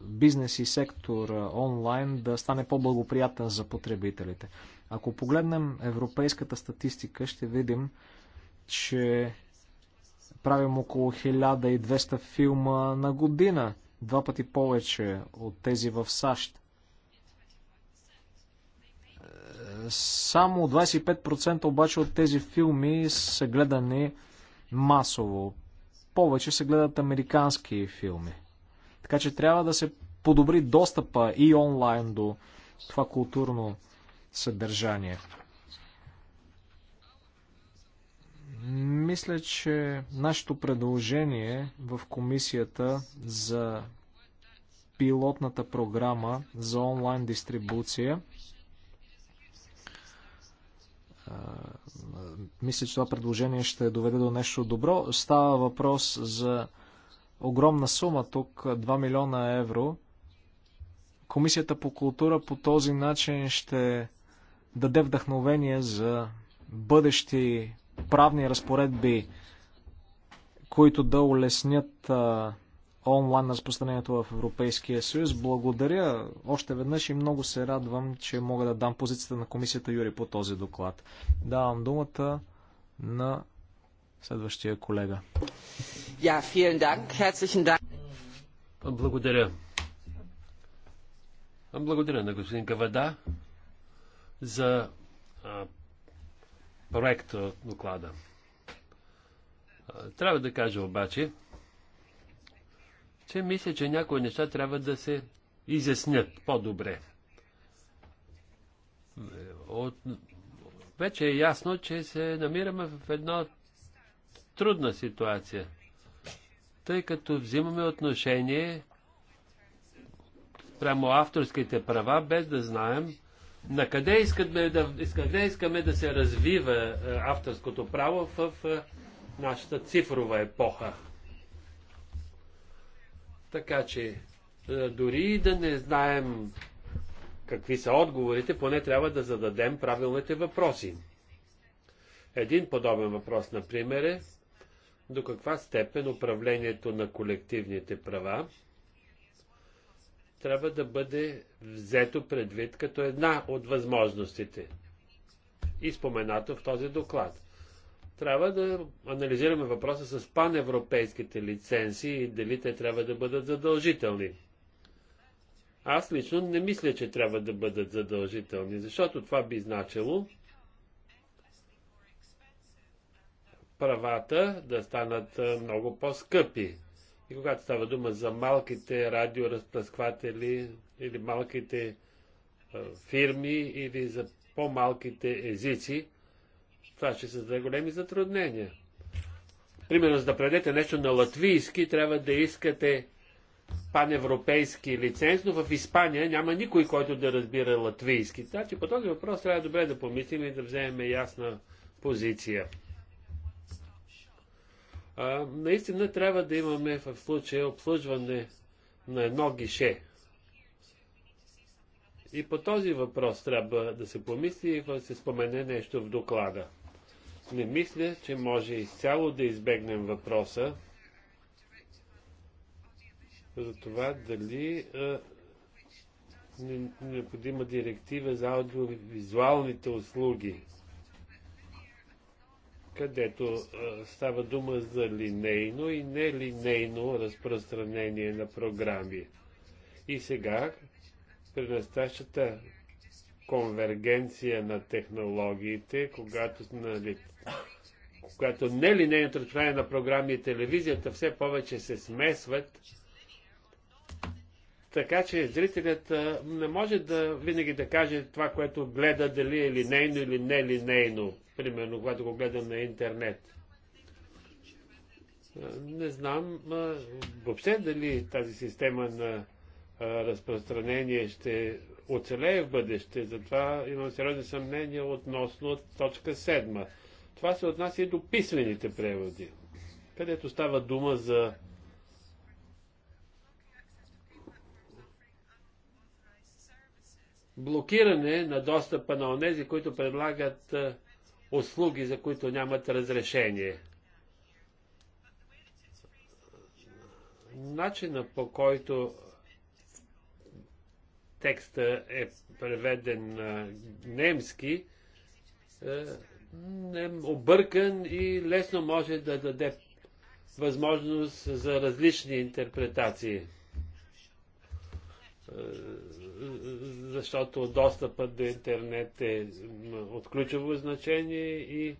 бизнес и сектор онлайн да стане по-благоприятен за потребителите. Ако погледнем европейската статистика, ще видим, че правим около 1200 филма на година, два пъти повече от тези в САЩ. Само 25% обаче от тези филми са гледани масово. Повече се гледат американски филми. Така че трябва да се подобри достъпа и онлайн до това културно съдържание. Мисля, че нашето предложение в комисията за пилотната програма за онлайн дистрибуция мисля, че това предложение ще доведе до нещо добро. Става въпрос за огромна сума тук, 2 милиона евро. Комисията по култура по този начин ще даде вдъхновение за бъдещи правни разпоредби, които да улеснят а, онлайн разпространението в Европейския съюз. Благодаря още веднъж и много се радвам, че мога да дам позицията на комисията Юри по този доклад. Давам думата на Следващия колега. Ja, vielen Dank. Herzlichen Dank. Благодаря. Благодаря на господин Кавада за а, проекта доклада. Трябва да кажа обаче, че мисля, че някои неща трябва да се изяснят по-добре. От... Вече е ясно, че се намираме в едно трудна ситуация, тъй като взимаме отношение прямо авторските права, без да знаем на къде искаме да, къде искаме да се развива е, авторското право в е, нашата цифрова епоха. Така че, е, дори да не знаем какви са отговорите, поне трябва да зададем правилните въпроси. Един подобен въпрос, например, е до каква степен управлението на колективните права трябва да бъде взето предвид като една от възможностите и споменато в този доклад. Трябва да анализираме въпроса с паневропейските лицензии и дали те трябва да бъдат задължителни. Аз лично не мисля, че трябва да бъдат задължителни, защото това би значило, правата да станат много по-скъпи. И когато става дума за малките радиоразпръскватели или малките фирми или за по-малките езици, това ще създаде големи затруднения. Примерно, за да предете нещо на латвийски, трябва да искате паневропейски лиценз, но в Испания няма никой, който да разбира латвийски. Значи по този въпрос трябва добре да помислим и да вземем ясна позиция. А, наистина трябва да имаме в случая обслужване на едно гише. И по този въпрос трябва да се помисли и да се спомене нещо в доклада. Не мисля, че може изцяло да избегнем въпроса за това дали е необходима директива за аудиовизуалните услуги където става дума за линейно и нелинейно разпространение на програми. И сега, при настащата конвергенция на технологиите, когато, нали, когато нелинейното разпространение на програми и телевизията все повече се смесват, така че зрителят не може да винаги да каже това, което гледа, дали е линейно или нелинейно примерно когато го гледам на интернет. Не знам въобще дали тази система на разпространение ще оцелее в бъдеще, затова имам сериозни съмнения относно точка 7. Това се отнася и до писмените преводи, където става дума за блокиране на достъпа на онези, които предлагат услуги, за които нямат разрешение. Начина по който текста е преведен на немски, е объркан и лесно може да даде възможност за различни интерпретации. Е, защото достъпът до интернет е от ключово значение и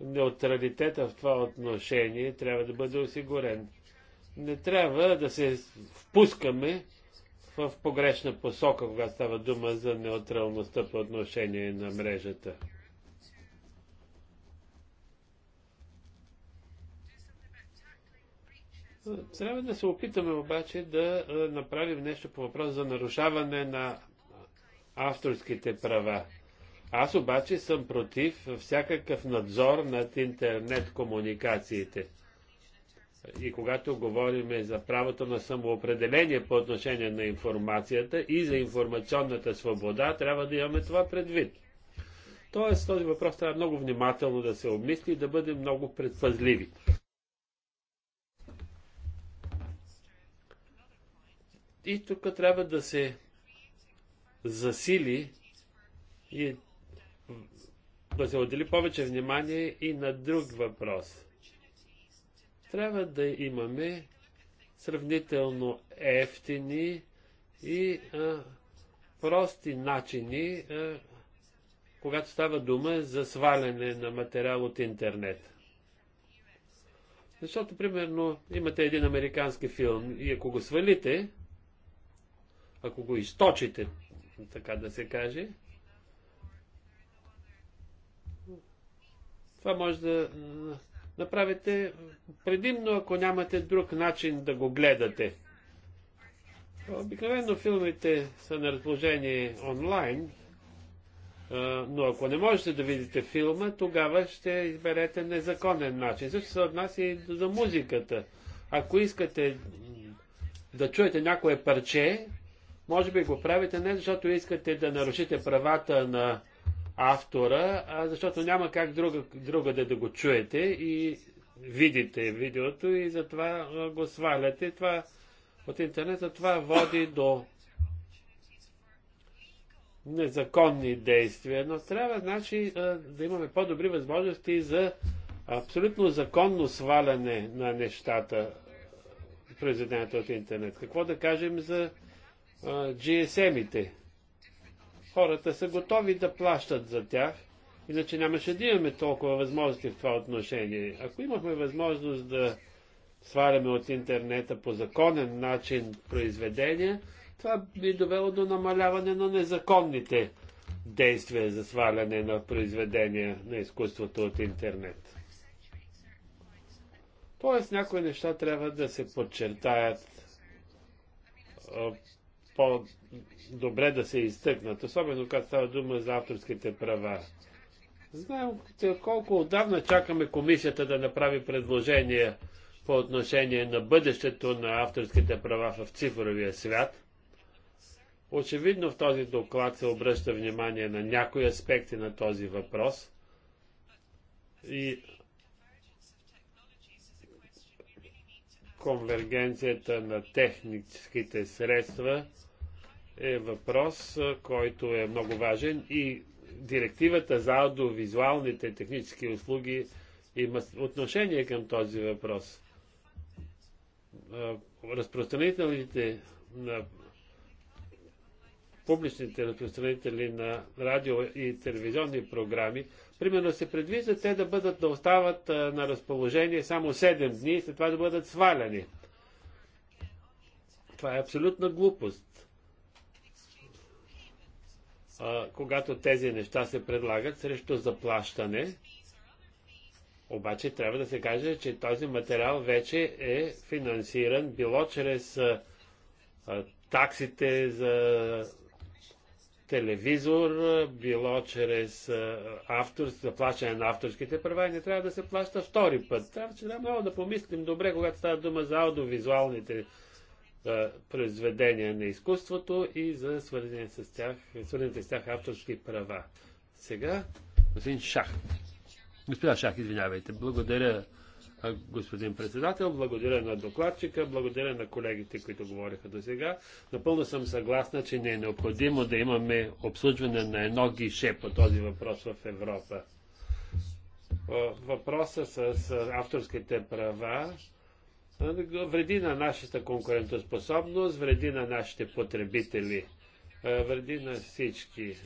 неутралитета в това отношение трябва да бъде осигурен. Не трябва да се впускаме в погрешна посока, когато става дума за неутралността по отношение на мрежата. Трябва да се опитаме обаче да направим нещо по въпрос за нарушаване на авторските права. Аз обаче съм против всякакъв надзор над интернет комуникациите. И когато говорим за правото на самоопределение по отношение на информацията и за информационната свобода, трябва да имаме това предвид. Тоест, този въпрос трябва много внимателно да се обмисли и да бъдем много предпазливи. И тук трябва да се засили и да се отдели повече внимание и на друг въпрос. Трябва да имаме сравнително ефтини и а, прости начини, а, когато става дума за сваляне на материал от интернет. Защото, примерно, имате един американски филм и ако го свалите, ако го източите, така да се каже, това може да направите предимно, ако нямате друг начин да го гледате. Обикновено филмите са на разположение онлайн, но ако не можете да видите филма, тогава ще изберете незаконен начин. Също се отнася и за музиката. Ако искате да чуете някое парче, може би го правите не защото искате да нарушите правата на автора, а защото няма как друга, друга да го чуете и видите видеото и затова го сваляте. Това от интернета това води до незаконни действия, но трябва, значи, да имаме по-добри възможности за абсолютно законно сваляне на нещата, произведената от интернет. Какво да кажем за GSM-ите. Хората са готови да плащат за тях, иначе нямаше да имаме толкова възможности в това отношение. Ако имахме възможност да сваляме от интернета по законен начин произведения, това би довело до намаляване на незаконните действия за сваляне на произведения на изкуството от интернет. Тоест някои неща трябва да се подчертаят по-добре да се изтъкнат, особено когато става дума за авторските права. Знаем колко отдавна чакаме комисията да направи предложение по отношение на бъдещето на авторските права в цифровия свят. Очевидно в този доклад се обръща внимание на някои аспекти на този въпрос. И конвергенцията на техническите средства е въпрос, който е много важен и директивата за аудиовизуалните технически услуги има отношение към този въпрос. Разпространителите на публичните разпространители на радио и телевизионни програми, примерно се предвижда те да бъдат да остават на разположение само 7 дни и след това да бъдат сваляни. Това е абсолютна глупост а, когато тези неща се предлагат срещу заплащане. Обаче трябва да се каже, че този материал вече е финансиран било чрез а, таксите за телевизор, било чрез автор, заплащане на авторските права и не трябва да се плаща втори път. Трябва, че трябва много да помислим добре, когато става дума за аудиовизуалните произведения на изкуството и за свързаните с тях, свързаните с тях авторски права. Сега, господин Шах. Господин Шах, извинявайте. Благодаря, господин председател, благодаря на докладчика, благодаря на колегите, които говориха до сега. Напълно съм съгласна, че не е необходимо да имаме обслужване на едно гише по този въпрос в Европа. Въпроса с авторските права вреди на нашата конкурентоспособност, вреди на нашите потребители, вреди на всички.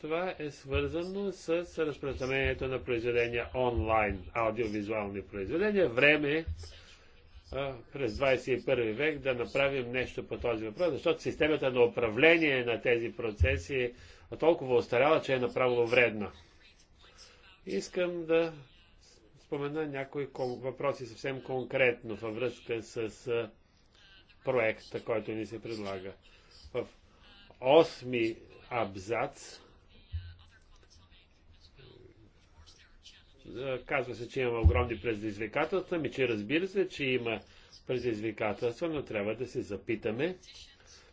Това е свързано с разпространението на произведения онлайн, аудиовизуални произведения. Време е през 21 век да направим нещо по този въпрос, защото системата на управление на тези процеси е толкова остаряла, че е направо вредна. Искам да спомена някои въпроси съвсем конкретно във връзка с проекта, който ни се предлага. В осми абзац казва се, че има огромни предизвикателства, ми че разбира се, че има предизвикателства, но трябва да се запитаме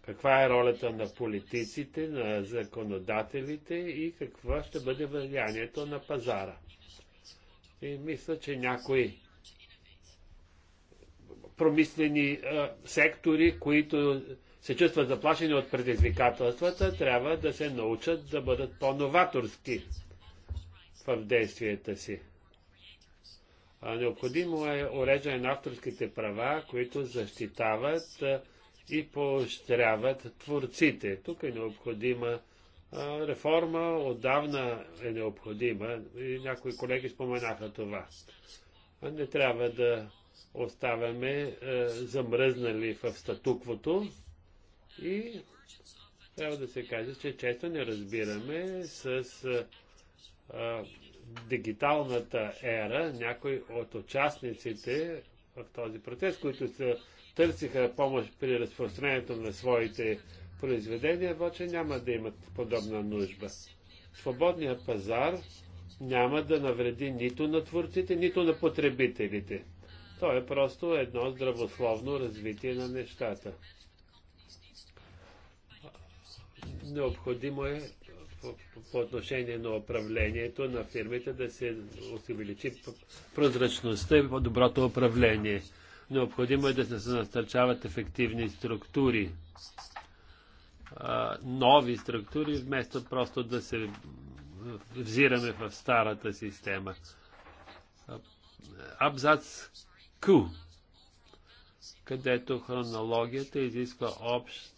каква е ролята на политиците, на законодателите и какво ще бъде влиянието на пазара. И мисля, че някои промислени а, сектори, които се чувстват заплашени от предизвикателствата, трябва да се научат да бъдат по-новаторски в действията си. А, необходимо е уреждане на авторските права, които защитават и поощряват творците. Тук е необходима реформа отдавна е необходима и някои колеги споменаха това. Не трябва да оставяме е, замръзнали в статуквото и трябва да се каже, че често не разбираме с е, а, дигиталната ера някои от участниците в този процес, които се търсиха помощ при разпространението на своите произведения обаче няма да имат подобна нужда. Свободният пазар няма да навреди нито на творците, нито на потребителите. То е просто едно здравословно развитие на нещата. Необходимо е по, отношение на управлението на фирмите да се увеличи прозрачността и по-доброто управление. Необходимо е да се насърчават ефективни структури нови структури, вместо просто да се взираме в старата система. Абзац Q, където хронологията изисква общ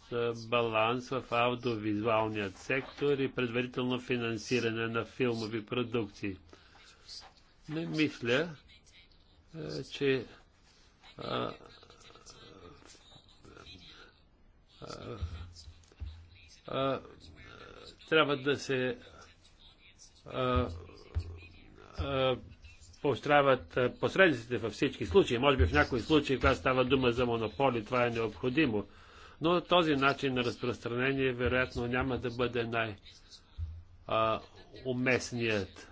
баланс в аудиовизуалният сектор и предварително финансиране на филмови продукции. Не мисля, че а, а, а, трябва да се поощряват посредниците във всички случаи. Може би в някои случаи, когато става дума за монополи, това е необходимо. Но този начин на разпространение вероятно няма да бъде най-уместният.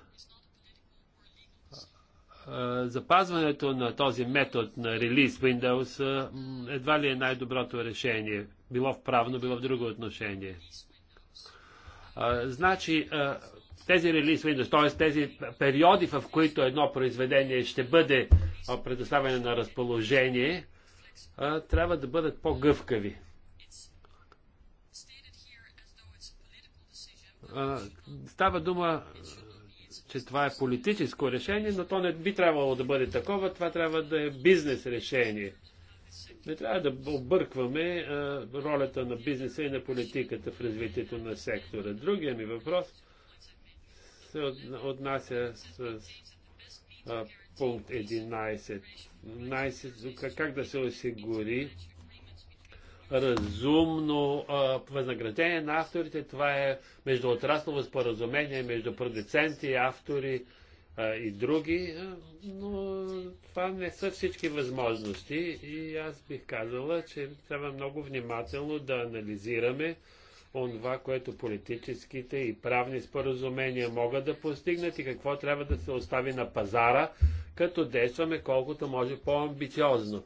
Запазването на този метод на релиз Windows едва ли е най-доброто решение било в правно, било в друго отношение. значи, тези релиз windows, т.е. тези периоди, в които едно произведение ще бъде предоставено на разположение, трябва да бъдат по-гъвкави. Става дума, че това е политическо решение, но то не би трябвало да бъде такова, това трябва да е бизнес решение. Не трябва да объркваме ролята на бизнеса и на политиката в развитието на сектора. Другия ми въпрос се отнася с пункт 11. как да се осигури разумно а, възнаграждение на авторите. Това е междуотраслово споразумение между продуценти и автори а, и други, но това не са всички възможности и аз бих казала, че трябва много внимателно да анализираме онова, което политическите и правни споразумения могат да постигнат и какво трябва да се остави на пазара, като действаме колкото може по-амбициозно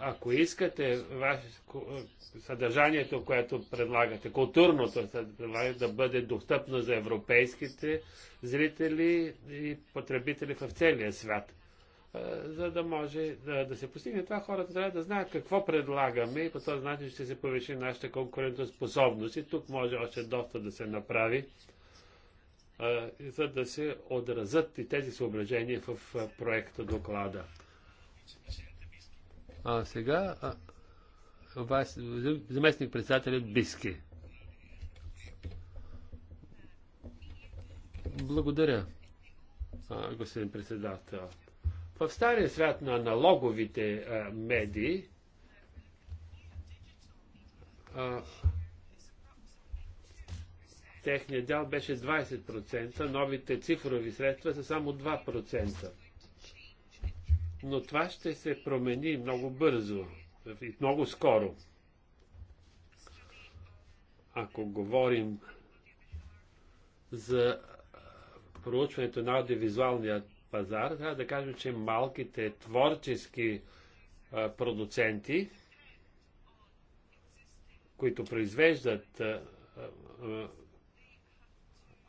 ако искате ваше, съдържанието, което предлагате, културното предлагате да бъде достъпно за европейските зрители и потребители в целия свят. За да може да, да се постигне това, хората трябва да знаят какво предлагаме и по този начин ще се повиши нашата конкурентоспособност. И тук може още доста да се направи, за да се отразят и тези съображения в проекта доклада. А сега вас, заместник председателят Биски. Благодаря, а, господин председател. В стария свят на аналоговите а, медии а, техният дял беше 20%, новите цифрови средства са само 2% но това ще се промени много бързо и много скоро. Ако говорим за проучването на аудиовизуалния пазар, трябва да кажем, че малките творчески продуценти, които произвеждат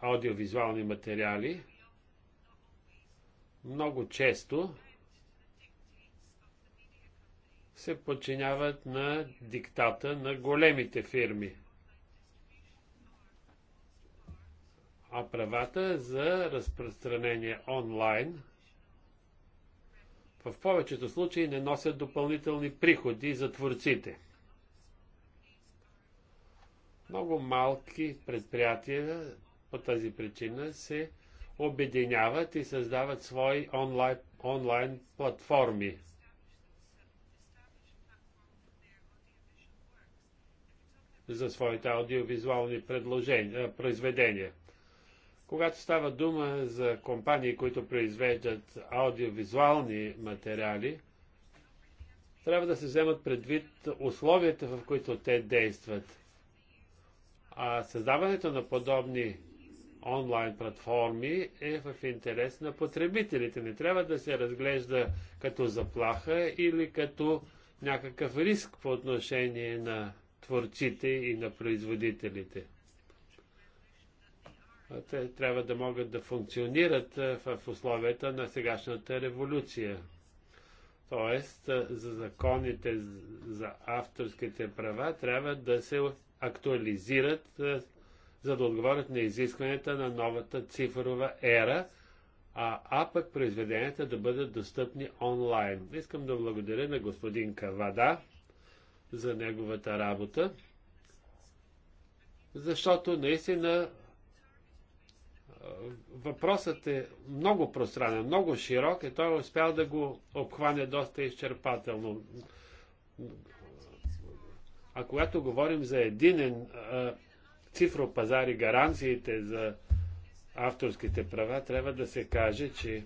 аудиовизуални материали, много често се подчиняват на диктата на големите фирми. А правата за разпространение онлайн в повечето случаи не носят допълнителни приходи за творците. Много малки предприятия по тази причина се обединяват и създават свои онлайн, онлайн платформи – за своите аудиовизуални произведения. Когато става дума за компании, които произвеждат аудиовизуални материали, трябва да се вземат предвид условията, в които те действат. А създаването на подобни онлайн платформи е в интерес на потребителите. Не трябва да се разглежда като заплаха или като някакъв риск по отношение на творците и на производителите. Те трябва да могат да функционират в условията на сегашната революция. Тоест, за законите за авторските права трябва да се актуализират, за да отговорят на изискванията на новата цифрова ера, а, а пък произведенията да бъдат достъпни онлайн. Искам да благодаря на господин Кавада за неговата работа, защото наистина въпросът е много пространен, много широк и той е успял да го обхване доста изчерпателно. А когато говорим за единен цифров пазар и гаранциите за авторските права, трябва да се каже, че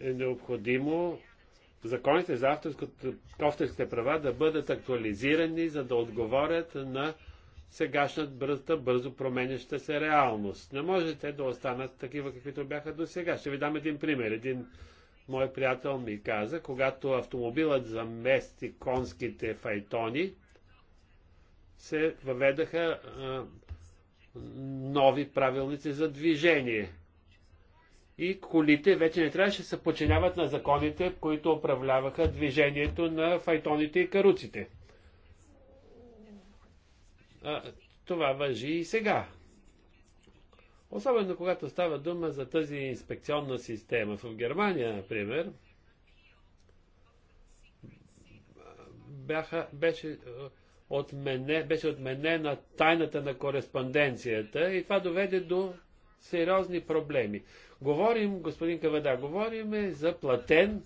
е необходимо законите за авторските права да бъдат актуализирани, за да отговорят на сегашната бързо променяща се реалност. Не можете да останат такива, каквито бяха до сега. Ще ви дам един пример. Един мой приятел ми каза, когато автомобилът замести конските файтони, се въведаха а, нови правилници за движение – и колите вече не трябваше да се подчиняват на законите, които управляваха движението на файтоните и каруците. А, това въжи и сега. Особено когато става дума за тази инспекционна система в Германия, например, бяха, беше, отмене, беше отменена тайната на кореспонденцията и това доведе до сериозни проблеми. Говорим, господин Кавада, говорим е за платен,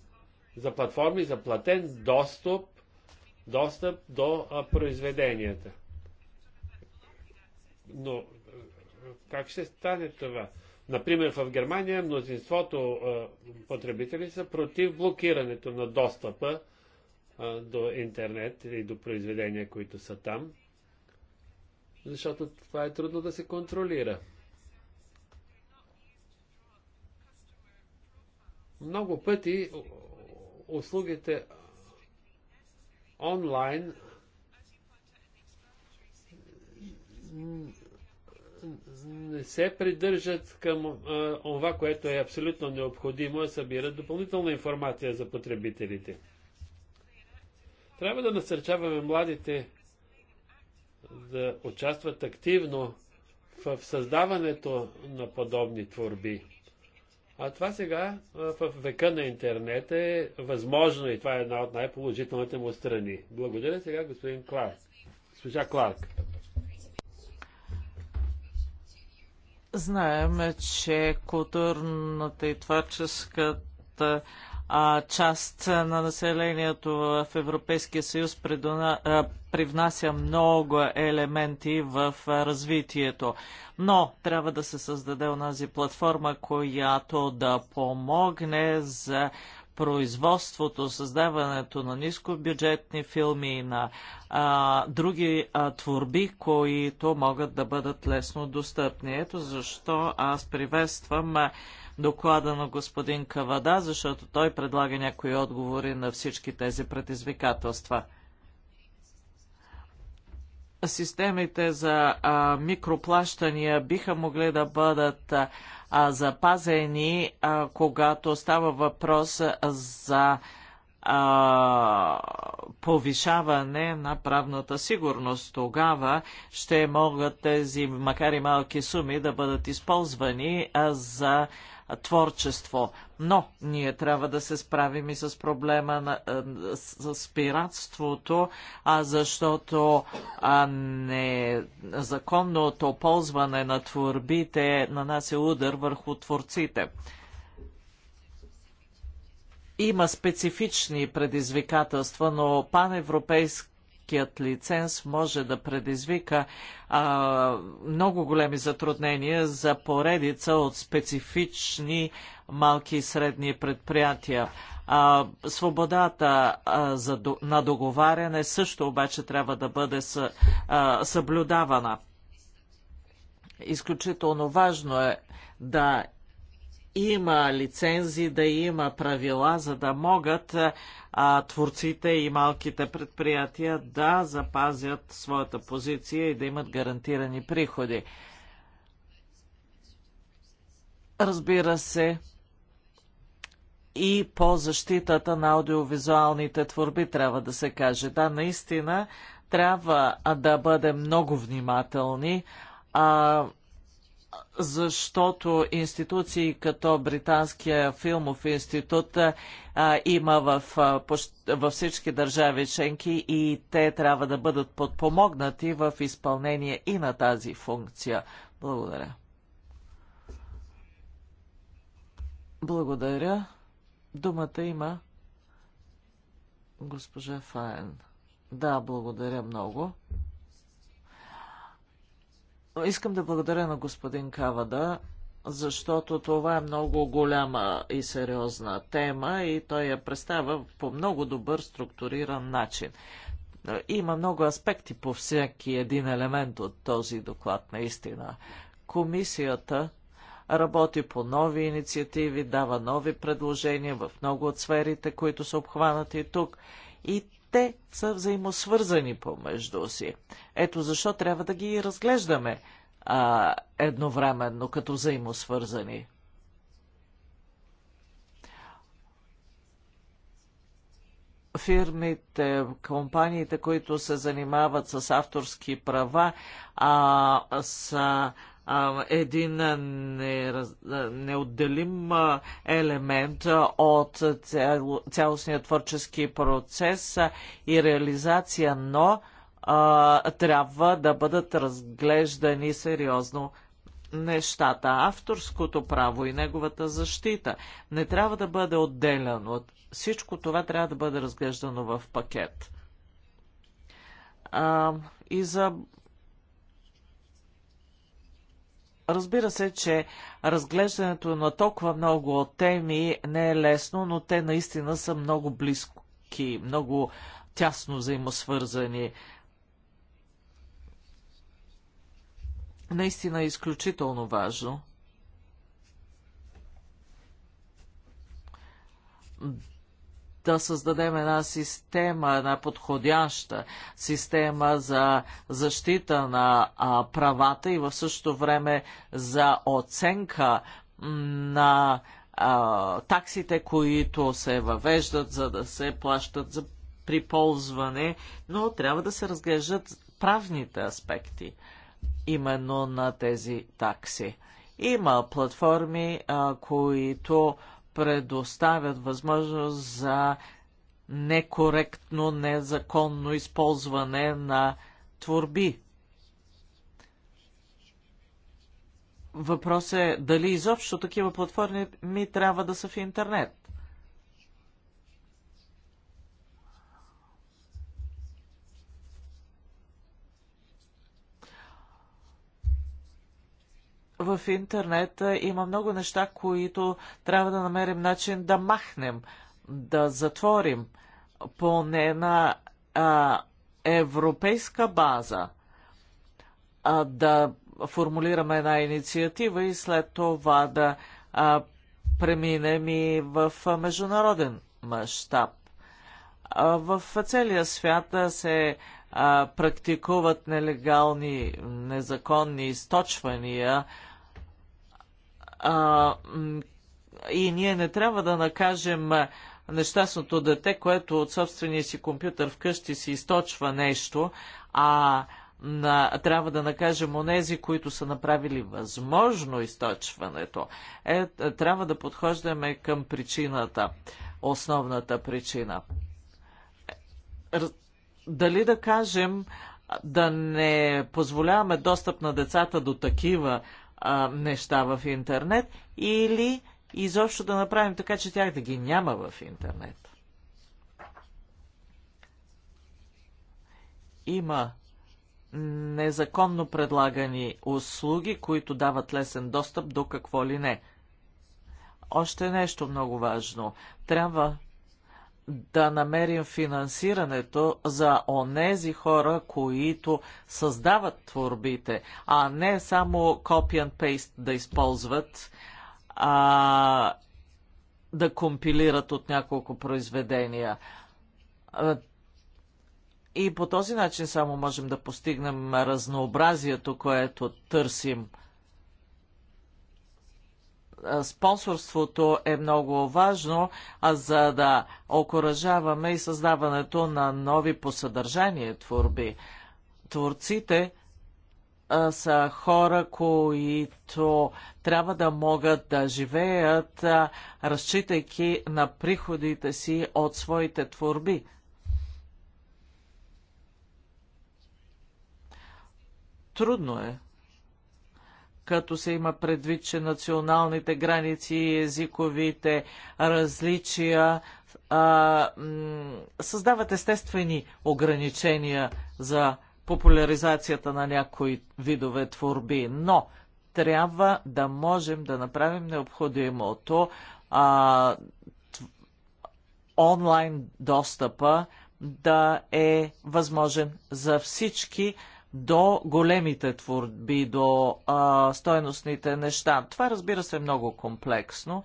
за платформи, за платен достъп, достъп до а, произведенията. Но как ще стане това? Например, в Германия мнозинството а, потребители са против блокирането на достъпа а, до интернет и до произведения, които са там, защото това е трудно да се контролира. Много пъти услугите онлайн не се придържат към това, което е абсолютно необходимо, а събират допълнителна информация за потребителите. Трябва да насърчаваме младите да участват активно в създаването на подобни творби. А това сега в века на интернет е възможно и това е една от най-положителните му страни. Благодаря сега господин Кларк. Госпожа Кларк. Знаеме, че културната и творческата част на населението в Европейския съюз привнася много елементи в развитието. Но трябва да се създаде онази платформа, която да помогне за производството, създаването на нискобюджетни филми и на а, други а, творби, които могат да бъдат лесно достъпни. Ето защо аз приветствам а, доклада на господин Кавада, защото той предлага някои отговори на всички тези предизвикателства. Системите за а, микроплащания биха могли да бъдат а, запазени, а, когато става въпрос за а, повишаване на правната сигурност. Тогава ще могат тези, макар и малки суми, да бъдат използвани а, за творчество. Но ние трябва да се справим и с проблема на, с, с пиратството, а защото а не законното ползване на творбите нанася удар върху творците. Има специфични предизвикателства, но паневропейски Европейският лиценз може да предизвика а, много големи затруднения за поредица от специфични малки и средни предприятия. А, свободата а, за, на договаряне също обаче трябва да бъде а, съблюдавана. Изключително важно е да има лицензи, да има правила, за да могат а, творците и малките предприятия да запазят своята позиция и да имат гарантирани приходи. Разбира се, и по защитата на аудиовизуалните творби трябва да се каже. Да, наистина трябва да бъдем много внимателни. А, защото институции като Британския филмов институт а, има в, а, във всички държави членки и те трябва да бъдат подпомогнати в изпълнение и на тази функция. Благодаря. Благодаря. Думата има госпожа Фаен. Да, благодаря много. Искам да благодаря на господин Кавада, защото това е много голяма и сериозна тема и той я представя по много добър структуриран начин. Има много аспекти по всеки един елемент от този доклад, наистина. Комисията работи по нови инициативи, дава нови предложения в много от сферите, които са обхванати тук. И те са взаимосвързани помежду си. Ето защо трябва да ги разглеждаме а, едновременно като взаимосвързани. фирмите, компаниите, които се занимават с авторски права, а, са един неотделим елемент от цялостния творчески процес и реализация, но трябва да бъдат разглеждани сериозно нещата. Авторското право и неговата защита не трябва да бъде отделено. Всичко това трябва да бъде разглеждано в пакет. и за Разбира се, че разглеждането на толкова много теми не е лесно, но те наистина са много близки, много тясно взаимосвързани. Наистина е изключително важно да създадем една система, една подходяща система за защита на а, правата и в същото време за оценка на а, таксите, които се въвеждат, за да се плащат за приползване. но трябва да се разглеждат правните аспекти именно на тези такси. Има платформи, а, които предоставят възможност за некоректно, незаконно използване на творби. Въпрос е дали изобщо такива платформи ми трябва да са в интернет. в интернет е, има много неща, които трябва да намерим начин да махнем, да затворим, поне на а, европейска база, а, да формулираме една инициатива и след това да а, преминем и в международен мащаб. В целия свят се а, практикуват нелегални, незаконни източвания а, и ние не трябва да накажем нещастното дете, което от собствения си компютър вкъщи си източва нещо, а на, трябва да накажем онези, които са направили възможно източването. Е, трябва да подхождаме към причината, основната причина. Дали да кажем да не позволяваме достъп на децата до такива а, неща в интернет или изобщо да направим така, че тях да ги няма в интернет. Има незаконно предлагани услуги, които дават лесен достъп до какво ли не. Още нещо много важно. Трябва да намерим финансирането за онези хора, които създават творбите, а не само copy and paste да използват, а да компилират от няколко произведения. И по този начин само можем да постигнем разнообразието, което търсим – спонсорството е много важно, а за да окоръжаваме и създаването на нови по съдържание творби. Творците а, са хора, които трябва да могат да живеят, а, разчитайки на приходите си от своите творби. Трудно е като се има предвид, че националните граници и езиковите различия а, създават естествени ограничения за популяризацията на някои видове творби, но трябва да можем да направим необходимото а, онлайн достъпа да е възможен за всички до големите творби, до а, стойностните неща. Това разбира се е много комплексно,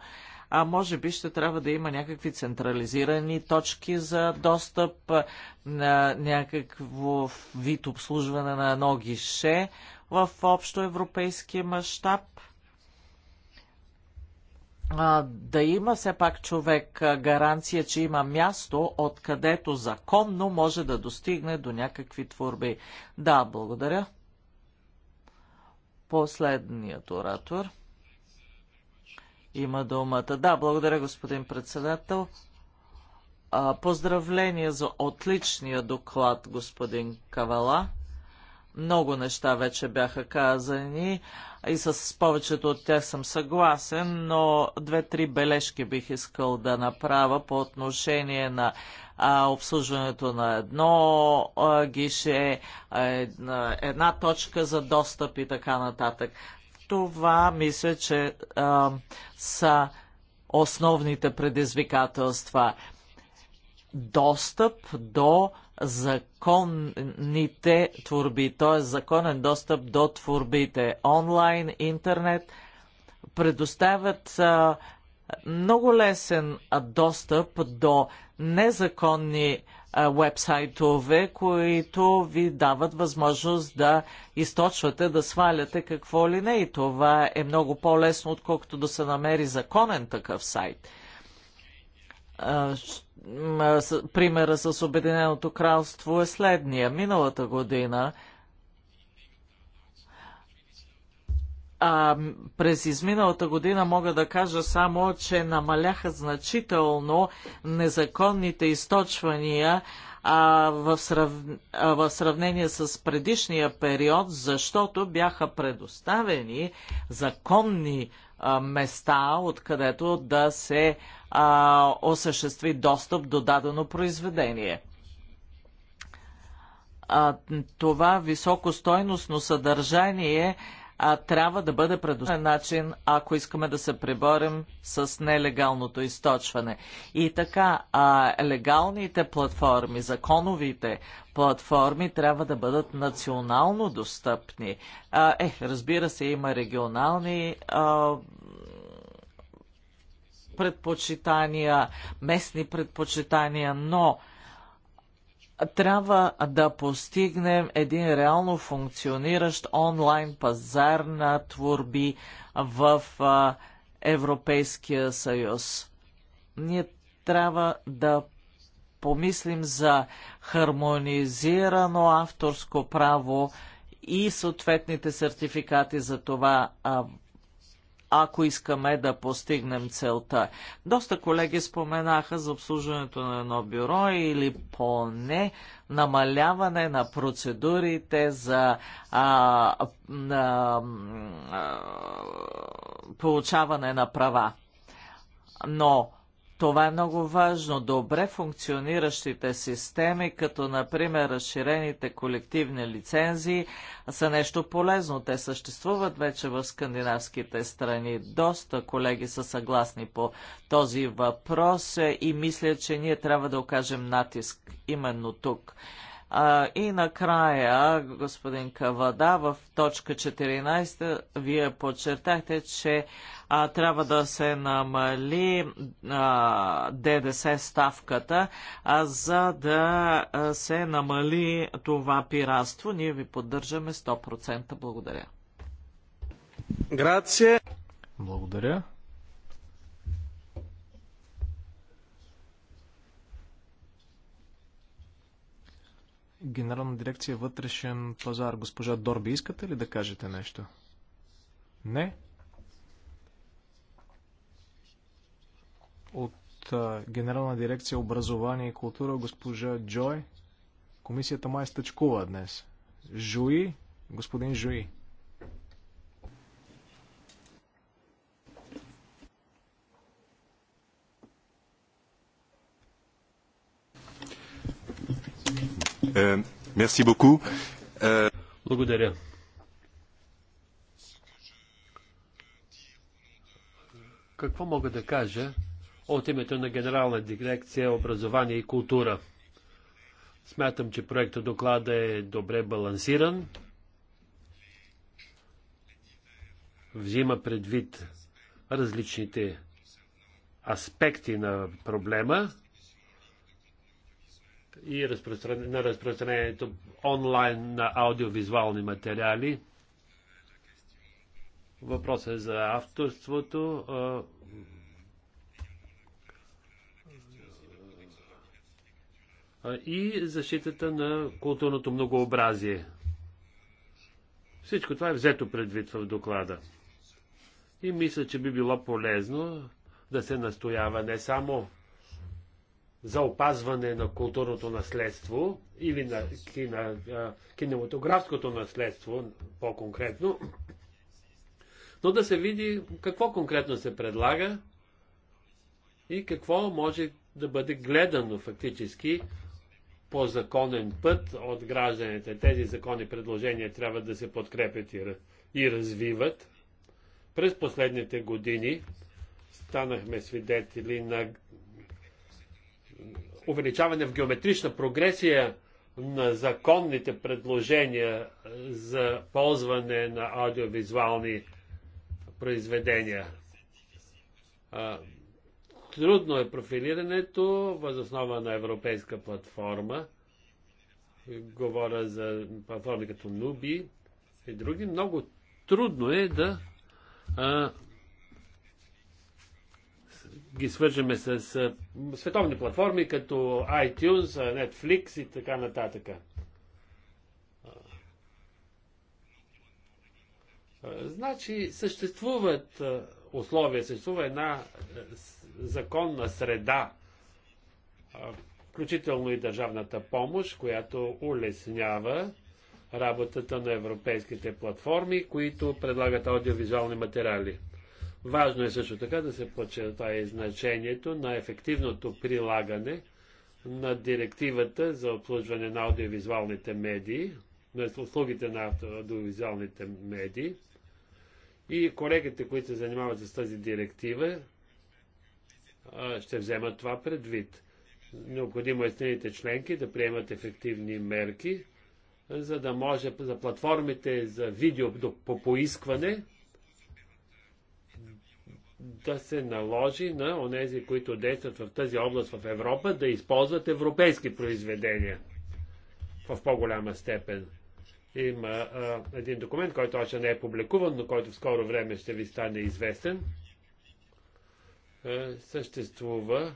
а може би ще трябва да има някакви централизирани точки за достъп, на някакво вид обслужване на едно гише в общо мащаб – да има все пак човек гаранция, че има място, откъдето законно може да достигне до някакви творби. Да, благодаря. Последният оратор има думата. Да, благодаря, господин председател. Поздравления за отличния доклад, господин Кавала. Много неща вече бяха казани и с повечето от тях съм съгласен, но две-три бележки бих искал да направя по отношение на а, обслужването на едно а, гише, а, една, една точка за достъп и така нататък. Това мисля, че а, са основните предизвикателства. Достъп до а, законните творби, т.е. законен достъп до творбите. Онлайн, интернет предоставят а, много лесен достъп до незаконни вебсайтове, които ви дават възможност да източвате, да сваляте какво ли не. И това е много по-лесно, отколкото да се намери законен такъв сайт примера с Обединеното кралство е следния. Миналата година а, през изминалата година мога да кажа само, че намаляха значително незаконните източвания а, в, срав... а, в сравнение с предишния период, защото бяха предоставени законни места, откъдето да се а, осъществи достъп до дадено произведение. А, това високостойностно съдържание а, трябва да бъде предоставен начин, ако искаме да се преборим с нелегалното източване. И така, а, легалните платформи, законовите платформи трябва да бъдат национално достъпни. А, е, разбира се, има регионални а, предпочитания, местни предпочитания, но трябва да постигнем един реално функциониращ онлайн пазар на творби в Европейския съюз. Ние трябва да помислим за хармонизирано авторско право и съответните сертификати за това ако искаме да постигнем целта. Доста колеги споменаха за обслужването на едно бюро или поне намаляване на процедурите за а, а, а, получаване на права. Но това е много важно. Добре функциониращите системи, като например разширените колективни лицензии, са нещо полезно. Те съществуват вече в скандинавските страни. Доста колеги са съгласни по този въпрос е, и мисля, че ние трябва да окажем натиск именно тук. А, и накрая, господин Кавада, в точка 14 вие подчертахте, че а, трябва да се намали а, ДДС ставката, а, за да а, се намали това пиратство. Ние ви поддържаме 100%. Благодаря. Грация. Благодаря. Генерална дирекция вътрешен пазар. Госпожа Дорби, искате ли да кажете нещо? Не? От а, Генерална дирекция образование и култура госпожа Джой. Комисията май стъчкува днес. Жуи, господин Жуи. Euh, euh, Благодаря. Какво мога да кажа от името на Генерална дирекция образование и култура? Смятам, че проектът доклада е добре балансиран. Взима предвид различните аспекти на проблема и разпростран... на разпространението онлайн на аудиовизуални материали. Въпросът е за авторството. и защитата на културното многообразие. Всичко това е взето предвид в доклада. И мисля, че би било полезно да се настоява не само за опазване на културното наследство или на кино, кинематографското наследство по-конкретно, но да се види какво конкретно се предлага и какво може да бъде гледано фактически по законен път от гражданите. Тези закони предложения трябва да се подкрепят и, и развиват. През последните години станахме свидетели на увеличаване в геометрична прогресия на законните предложения за ползване на аудиовизуални произведения. Трудно е профилирането възоснова на европейска платформа. Говоря за платформи като Nubi и други. Много трудно е да ги свържеме с световни платформи, като iTunes, Netflix и така нататък. Значи съществуват условия, съществува една законна среда, включително и държавната помощ, която улеснява работата на европейските платформи, които предлагат аудиовизуални материали. Важно е също така да се подчертае значението на ефективното прилагане на директивата за обслужване на аудиовизуалните медии, на услугите на аудиовизуалните медии. И колегите, които се занимават с тази директива, ще вземат това предвид. Необходимо е страните членки да приемат ефективни мерки, за да може за платформите за видео по поискване да се наложи на онези, които действат в тази област в Европа, да използват европейски произведения в по-голяма степен. Има а, един документ, който още не е публикуван, но който в скоро време ще ви стане известен. А, е, съществува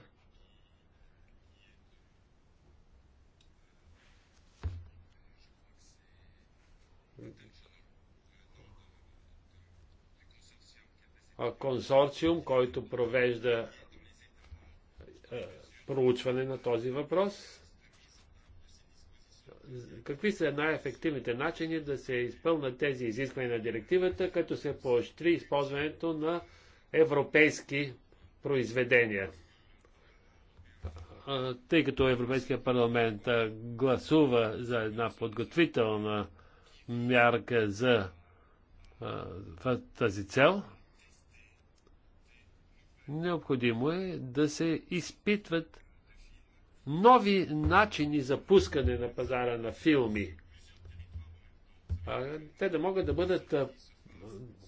консорциум, който провежда проучване на този въпрос. Какви са най-ефективните начини да се изпълнат тези изисквания на директивата, като се поощри използването на европейски произведения? Тъй като Европейския парламент гласува за една подготвителна мярка за тази цел, Необходимо е да се изпитват нови начини за пускане на пазара на филми. Те да могат да бъдат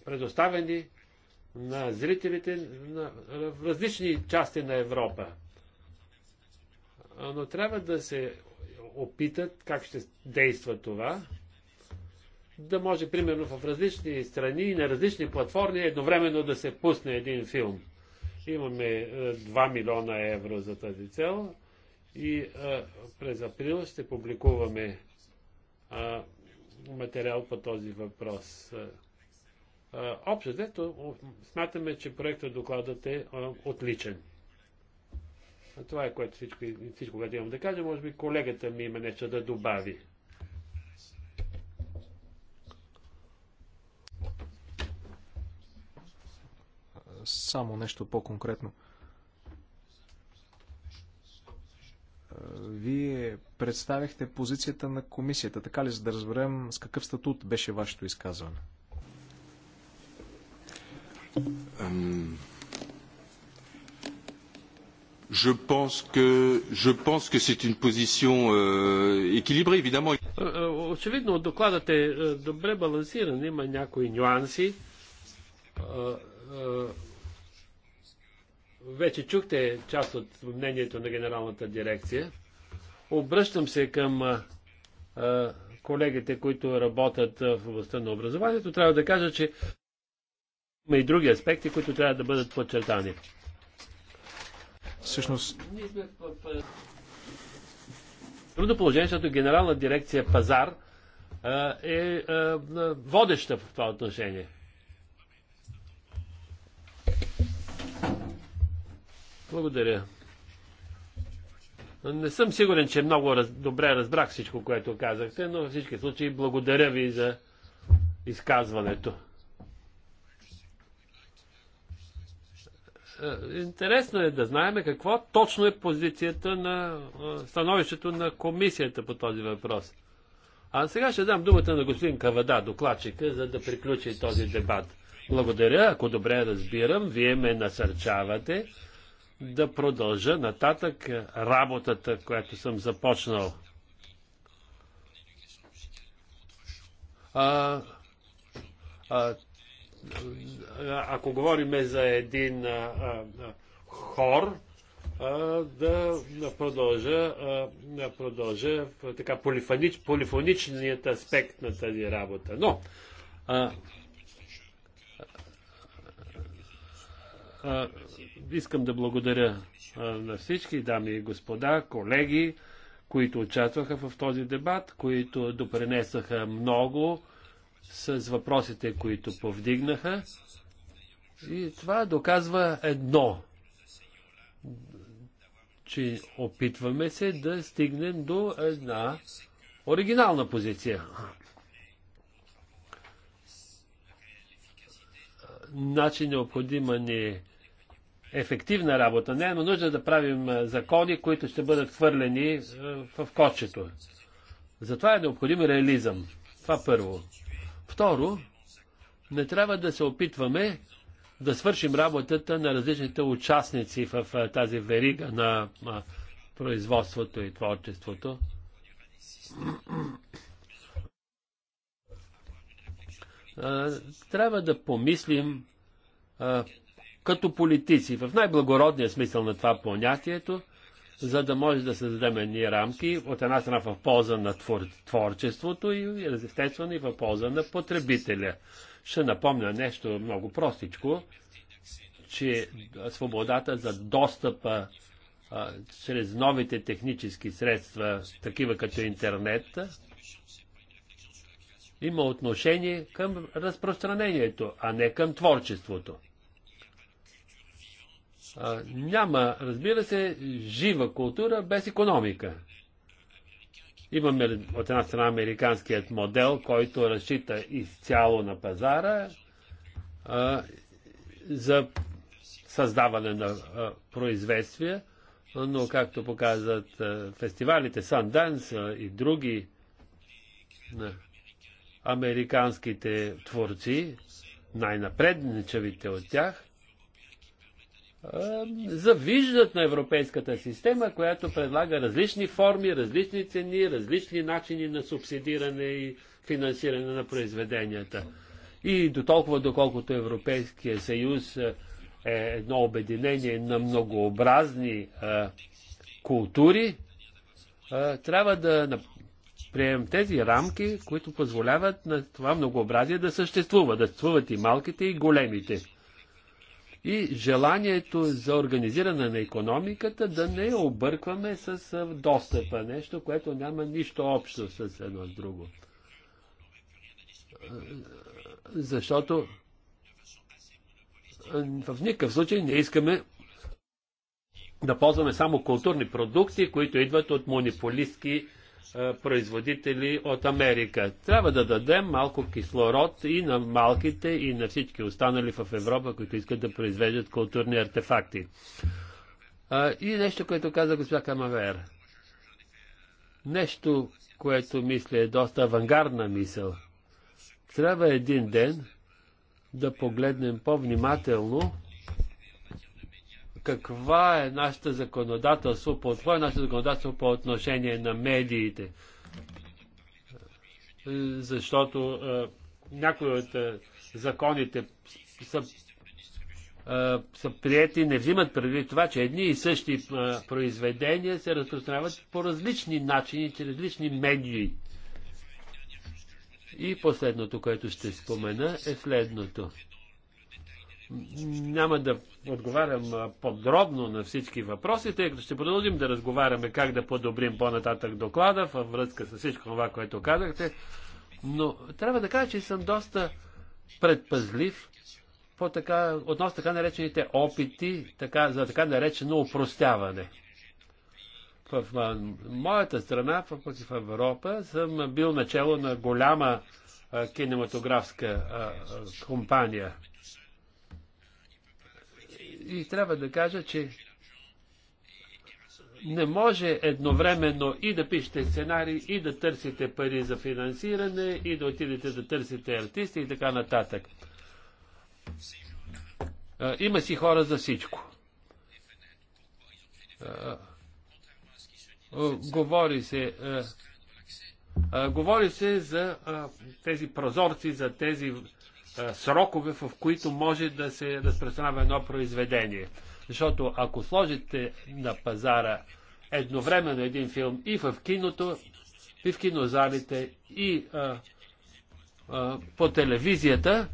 предоставени на зрителите в различни части на Европа. Но трябва да се опитат как ще действа това, да може, примерно, в различни страни и на различни платформи едновременно да се пусне един филм. Имаме 2 е, милиона евро за тази цел и е, през април ще публикуваме е, материал по този въпрос. Общо дето смятаме, че проектът докладът е отличен. Това е което всичко, всичко което имам да кажа. Може би колегата ми има нещо да добави. само нещо по-конкретно. Е, вие представихте позицията на комисията, така ли, за да разберем с какъв статут беше вашето изказване? Je pense que je pense que c'est une position euh, équilibrée évidemment. Е, е, очевидно докладът е добре балансиран, има някои нюанси. Вече чухте част от мнението на генералната дирекция. Обръщам се към колегите, които работят в областта на образованието. Трябва да кажа, че има и други аспекти, които трябва да бъдат подчертани. Всъщност. Трудно положение, защото Генерална дирекция Пазар е водеща в това отношение. Благодаря. Не съм сигурен, че много раз, добре разбрах всичко, което казахте, но във всички случаи благодаря ви за изказването. Е, интересно е да знаем какво точно е позицията на е, становището на комисията по този въпрос. А сега ще дам думата на господин Кавада, докладчика, за да приключи този дебат. Благодаря, ако добре разбирам, вие ме насърчавате да продължа нататък работата, която съм започнал. А, а, ако говориме за един а, а, хор, а, да продължа, а, да продължа така, полифонич, полифоничният аспект на тази работа. Но а, искам да благодаря на всички дами и господа, колеги, които участваха в този дебат, които допренесаха много с въпросите, които повдигнаха. И това доказва едно, че опитваме се да стигнем до една оригинална позиция. Значи необходима ни е ефективна работа. Не е нужда да правим закони, които ще бъдат хвърлени в кочето. Затова е необходим реализъм. Това първо. Второ, не трябва да се опитваме да свършим работата на различните участници в тази верига на производството и творчеството. Трябва да помислим като политици, в най-благородния смисъл на това понятието, за да може да създадем ни рамки, от една страна в полза на твор, творчеството и естествено и в полза на потребителя. Ще напомня нещо много простичко, че свободата за достъпа а, чрез новите технически средства, такива като интернет, има отношение към разпространението, а не към творчеството. А, няма, разбира се, жива култура без економика. Имаме от една страна американският модел, който разчита изцяло на пазара а, за създаване на а, произвествия, но както показват а, фестивалите Sundance и други а, американските творци, най-напредничавите от тях, завиждат на европейската система, която предлага различни форми, различни цени, различни начини на субсидиране и финансиране на произведенията. И до толкова, доколкото Европейския съюз е едно обединение на многообразни а, култури, а, трябва да приемем тези рамки, които позволяват на това многообразие да съществува, да съществуват и малките, и големите и желанието за организиране на економиката да не объркваме с достъпа, нещо, което няма нищо общо с едно с друго. Защото в никакъв случай не искаме да ползваме само културни продукти, които идват от монополистки производители от Америка. Трябва да дадем малко кислород и на малките, и на всички останали в Европа, които искат да произвеждат културни артефакти. И нещо, което каза госпожа Камавер. Нещо, което мисля е доста авангардна мисъл. Трябва един ден да погледнем по-внимателно каква е нашето законодателство, по, какво е нашето законодателство по отношение на медиите. Защото е, някои от е, законите са, е, са прияти, не взимат преди това, че едни и същи произведения се разпространяват по различни начини, чрез различни медии. И последното, което ще спомена, е следното. Няма да отговарям подробно на всички въпроси, тъй като ще продължим да разговаряме как да подобрим по-нататък доклада във връзка с всичко това, което казахте. Но трябва да кажа, че съм доста предпазлив по така, относно така наречените опити така, за така наречено упростяване. В, в, в моята страна, в, в Европа, съм бил начало на голяма а, кинематографска а, а, компания – и трябва да кажа, че не може едновременно и да пишете сценарии, и да търсите пари за финансиране, и да отидете да търсите артисти и така нататък. Има си хора за всичко. Говори се, говори се за тези прозорци, за тези е, срокове, в които може да се разпространява едно произведение. Защото ако сложите на пазара едновременно един филм и в киното, и в кинозалите, и а, е, а, е, по телевизията,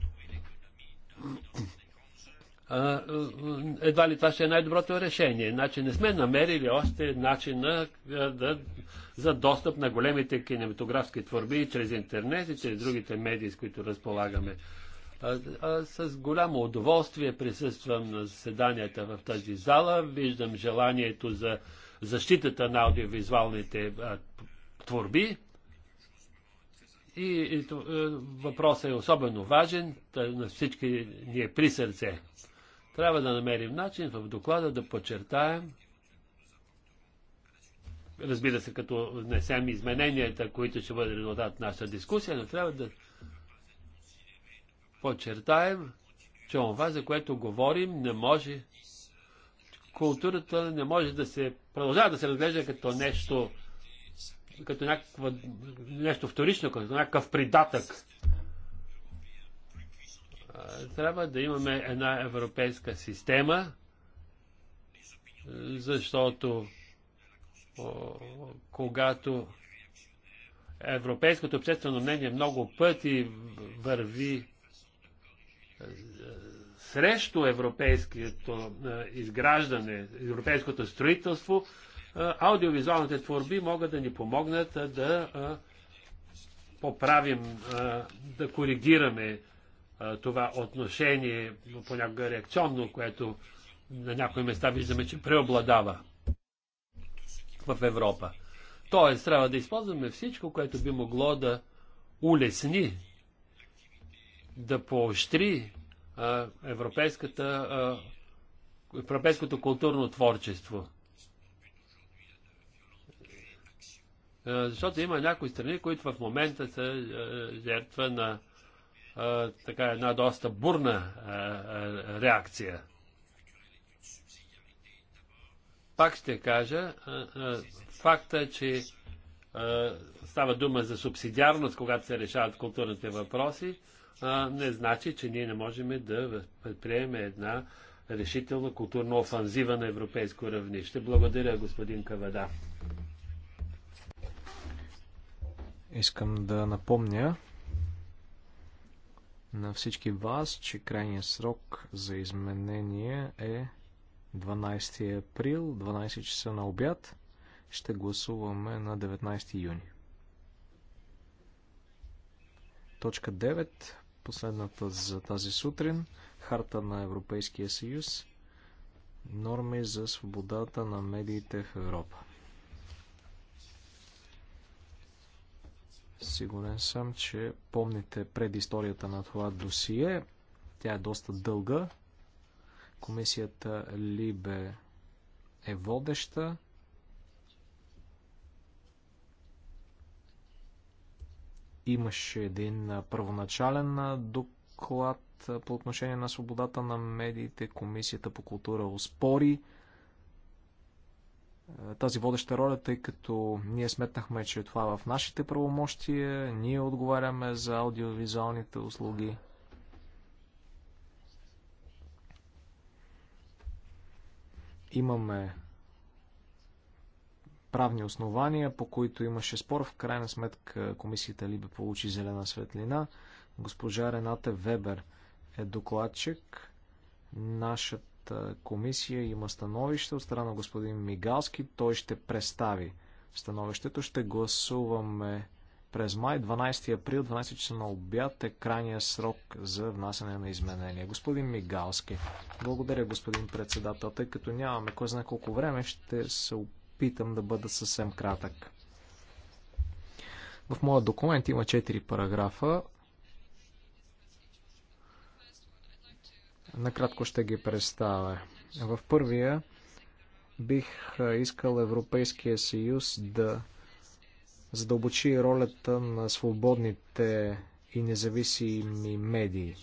едва ли това ще е най-доброто решение. Значи не сме намерили още начина да, за достъп на големите кинематографски творби и чрез интернет и чрез другите медии, с които разполагаме. С голямо удоволствие присъствам на заседанията в тази зала. Виждам желанието за защитата на аудиовизуалните творби. И, и е, въпросът е особено важен, на всички ни е при сърце. Трябва да намерим начин в доклада да подчертаем, разбира се, като внесем измененията, които ще бъдат резултат на нашата дискусия, но трябва да подчертаем, че това, за което говорим, не може. Културата не може да се продължава да се разглежда като нещо, като някаква, нещо вторично, като някакъв придатък. Трябва да имаме една европейска система, защото когато европейското обществено мнение много пъти върви срещу европейското изграждане, европейското строителство, аудиовизуалните творби могат да ни помогнат да поправим, да коригираме това отношение, понякога реакционно, което на някои места виждаме, че преобладава в Европа. Тоест, трябва да използваме всичко, което би могло да улесни да поощри а, европейската, а, европейското културно творчество. А, защото има някои страни, които в момента са а, жертва на а, така една доста бурна а, а, реакция. Пак ще кажа, а, а, факта, че става дума за субсидиарност, когато се решават културните въпроси, не значи, че ние не можем да предприемем една решителна културна офанзива на европейско равнище. Благодаря, господин Кавада. Искам да напомня на всички вас, че крайният срок за изменение е 12 април, 12 часа на обяд. Ще гласуваме на 19 юни. Точка 9. Последната за тази сутрин. Харта на Европейския съюз. Норми за свободата на медиите в Европа. Сигурен съм, че помните предисторията на това досие. Тя е доста дълга. Комисията Либе е водеща. Имаше един първоначален доклад по отношение на свободата на медиите. Комисията по култура успори тази водеща роля, тъй като ние сметнахме, че това е в нашите правомощия, ние отговаряме за аудиовизуалните услуги. Имаме правни основания, по които имаше спор. В крайна сметка комисията Либе получи зелена светлина. Госпожа Рената Вебер е докладчик. Нашата комисия има становище от страна на господин Мигалски. Той ще представи становището. Ще гласуваме през май, 12 април, 12 часа на обяд е крайния срок за внасяне на изменения. Господин Мигалски, благодаря господин председател, тъй като нямаме кой знае колко време, ще се опитаме опитам да бъда съвсем кратък. В моя документ има 4 параграфа. Накратко ще ги представя. В първия бих искал Европейския съюз да задълбочи ролята на свободните и независими медии.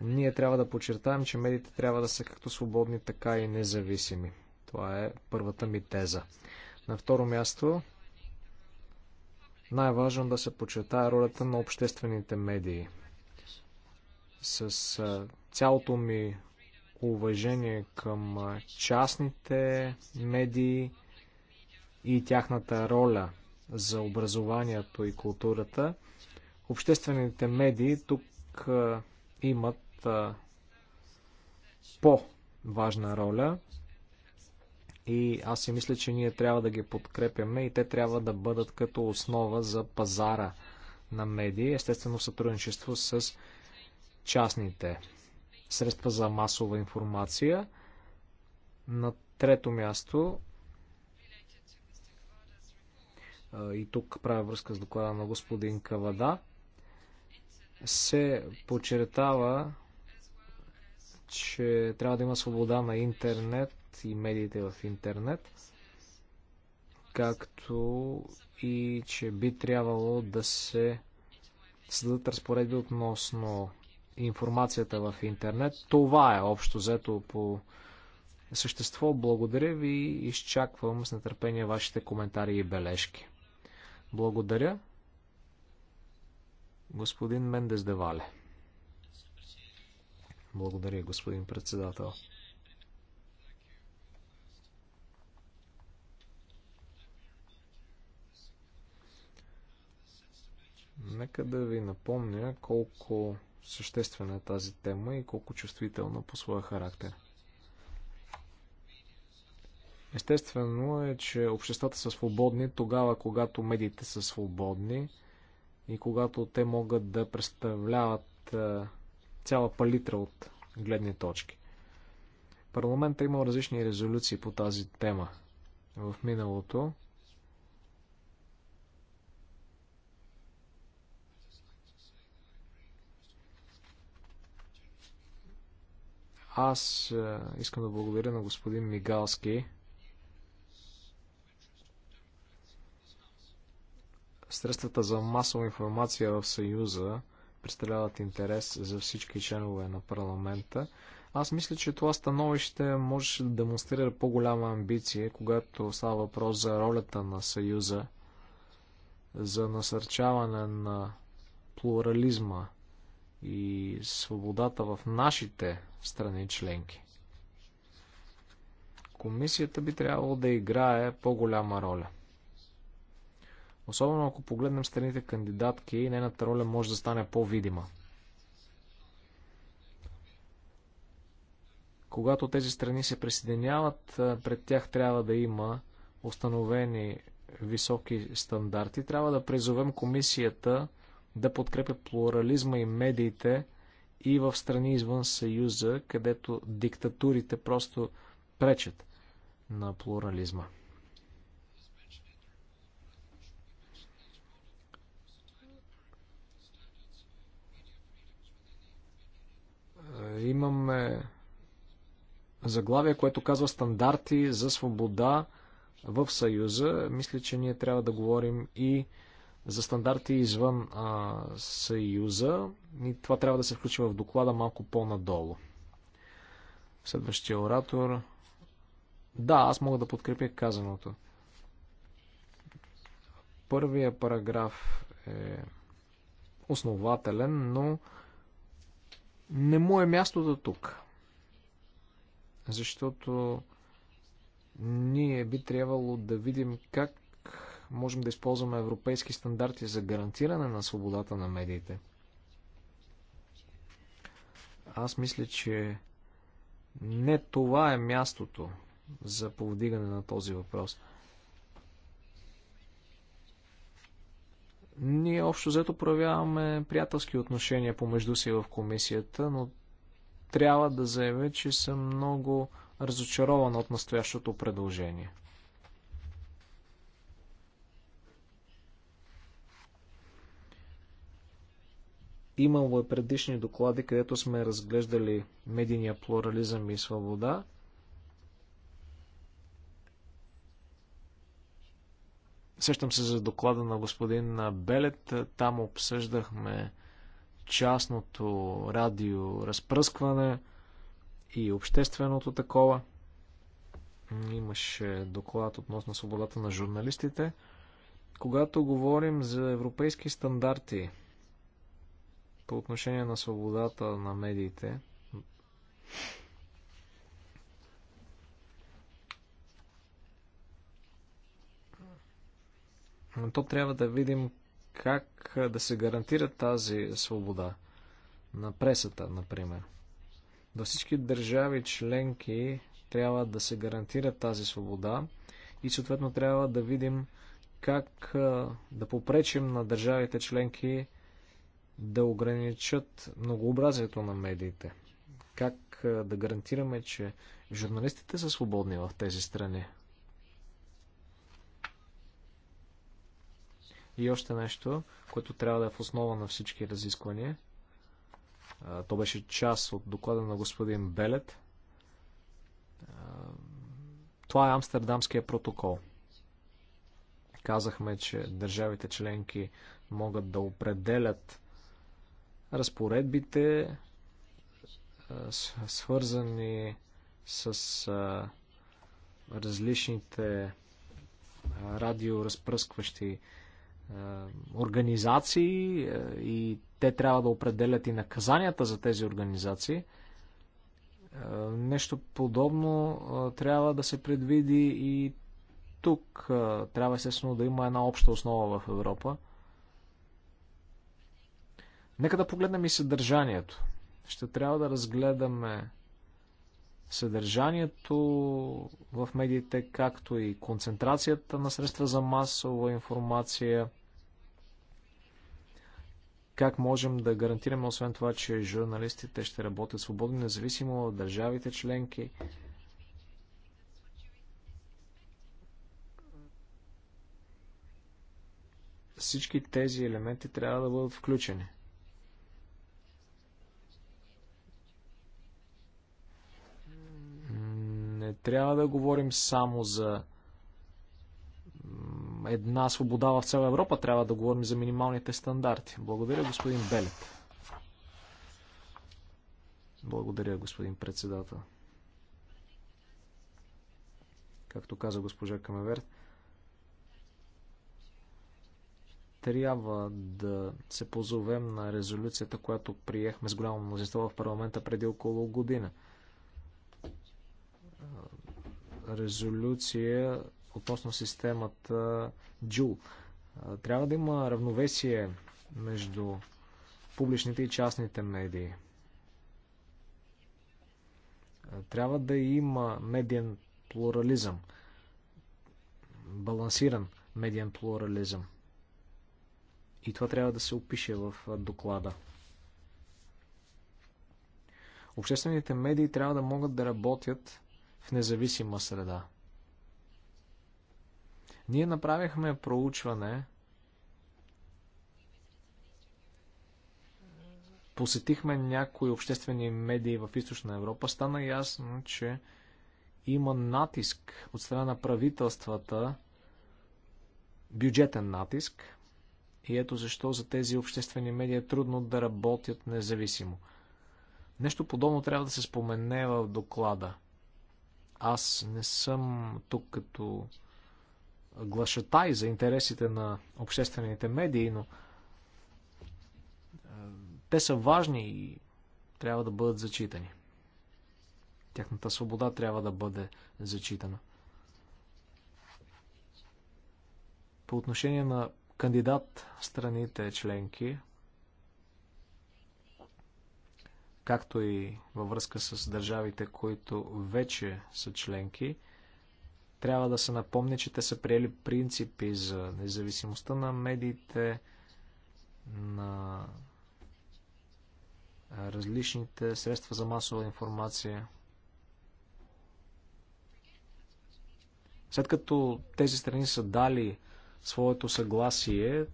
Ние трябва да подчертаем, че медиите трябва да са както свободни, така и независими. Това е първата ми теза. На второ място, най-важно да се почетае ролята на обществените медии. С цялото ми уважение към частните медии и тяхната роля за образованието и културата, обществените медии тук имат по-важна роля и аз си мисля, че ние трябва да ги подкрепяме и те трябва да бъдат като основа за пазара на медии, естествено в сътрудничество с частните средства за масова информация. На трето място и тук правя връзка с доклада на господин Кавада, се подчертава, че трябва да има свобода на интернет и медиите в интернет, както и че би трябвало да се създадат разпоредби относно информацията в интернет. Това е общо взето по същество. Благодаря ви и изчаквам с нетърпение вашите коментари и бележки. Благодаря. Господин Мендес Девале. Благодаря, господин председател. Нека да ви напомня колко съществена е тази тема и колко чувствителна по своя характер. Естествено е, че обществата са свободни тогава, когато медиите са свободни и когато те могат да представляват цяла палитра от гледни точки. Парламентът е имал различни резолюции по тази тема в миналото. Аз е, искам да благодаря на господин Мигалски. Средствата за масова информация в Съюза представляват интерес за всички членове на парламента. Аз мисля, че това становище може да демонстрира по-голяма амбиция, когато става въпрос за ролята на Съюза за насърчаване на плурализма и свободата в нашите страни членки. Комисията би трябвало да играе по-голяма роля. Особено ако погледнем страните кандидатки, нейната роля може да стане по-видима. Когато тези страни се присъединяват, пред тях трябва да има установени високи стандарти. Трябва да призовем комисията да подкрепя плурализма и медиите и в страни извън Съюза, където диктатурите просто пречат на плурализма. Имаме заглавие, което казва стандарти за свобода в Съюза. Мисля, че ние трябва да говорим и за стандарти извън а, Съюза и това трябва да се включи в доклада малко по-надолу. Следващия оратор. Да, аз мога да подкрепя казаното. Първия параграф е основателен, но не му е мястото тук. Защото ние би трябвало да видим как можем да използваме европейски стандарти за гарантиране на свободата на медиите. Аз мисля, че не това е мястото за повдигане на този въпрос. Ние общо взето проявяваме приятелски отношения помежду си в комисията, но трябва да заявя, че съм много разочарован от настоящото предложение – Имало е предишни доклади, където сме разглеждали медийния плурализъм и свобода. Сещам се за доклада на господин Белет. Там обсъждахме частното радио разпръскване и общественото такова. Имаше доклад относно свободата на журналистите. Когато говорим за европейски стандарти по отношение на свободата на медиите. Но то трябва да видим как да се гарантира тази свобода на пресата, например. До всички държави членки трябва да се гарантира тази свобода и съответно трябва да видим как да попречим на държавите членки да ограничат многообразието на медиите? Как да гарантираме, че журналистите са свободни в тези страни? И още нещо, което трябва да е в основа на всички разисквания. То беше част от доклада на господин Белет. Това е Амстердамския протокол. Казахме, че държавите членки могат да определят разпоредбите, свързани с различните радиоразпръскващи организации и те трябва да определят и наказанията за тези организации. Нещо подобно трябва да се предвиди и тук. Трябва естествено да има една обща основа в Европа. Нека да погледнем и съдържанието. Ще трябва да разгледаме съдържанието в медиите, както и концентрацията на средства за масова информация, как можем да гарантираме, освен това, че журналистите ще работят свободно, независимо от държавите членки. Всички тези елементи трябва да бъдат включени. трябва да говорим само за една свобода в цяла Европа, трябва да говорим за минималните стандарти. Благодаря, господин Белет. Благодаря, господин председател. Както каза госпожа Камеверт, трябва да се позовем на резолюцията, която приехме с голямо мнозинство в парламента преди около година – резолюция относно системата Джул. Трябва да има равновесие между публичните и частните медии. Трябва да има медиен плурализъм, балансиран медиен плурализъм. И това трябва да се опише в доклада. Обществените медии трябва да могат да работят в независима среда. Ние направихме проучване, посетихме някои обществени медии в Източна Европа, стана ясно, че има натиск от страна на правителствата, бюджетен натиск, и ето защо за тези обществени медии е трудно да работят независимо. Нещо подобно трябва да се спомене в доклада. Аз не съм тук като глашатай за интересите на обществените медии, но е, те са важни и трябва да бъдат зачитани. Тяхната свобода трябва да бъде зачитана. По отношение на кандидат страните членки, както и във връзка с държавите, които вече са членки, трябва да се напомни, че те са приели принципи за независимостта на медиите, на различните средства за масова информация. След като тези страни са дали своето съгласие,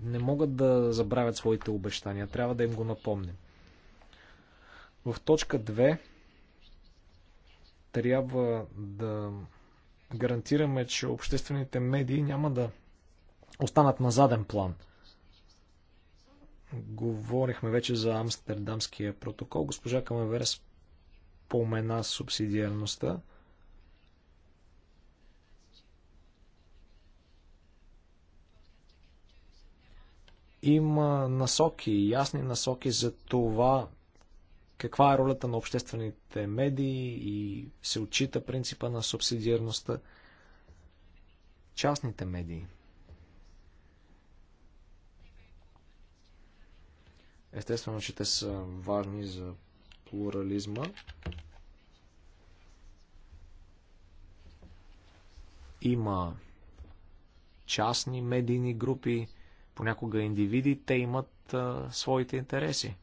не могат да забравят своите обещания. Трябва да им го напомним. В точка 2 трябва да гарантираме, че обществените медии няма да останат на заден план. Говорихме вече за Амстердамския протокол. Госпожа Камевер спомена субсидиарността. Има насоки, ясни насоки за това каква е ролята на обществените медии и се отчита принципа на субсидиарността. Частните медии. Естествено, че те са важни за плурализма. Има частни медийни групи, понякога индивиди, те имат а, своите интереси.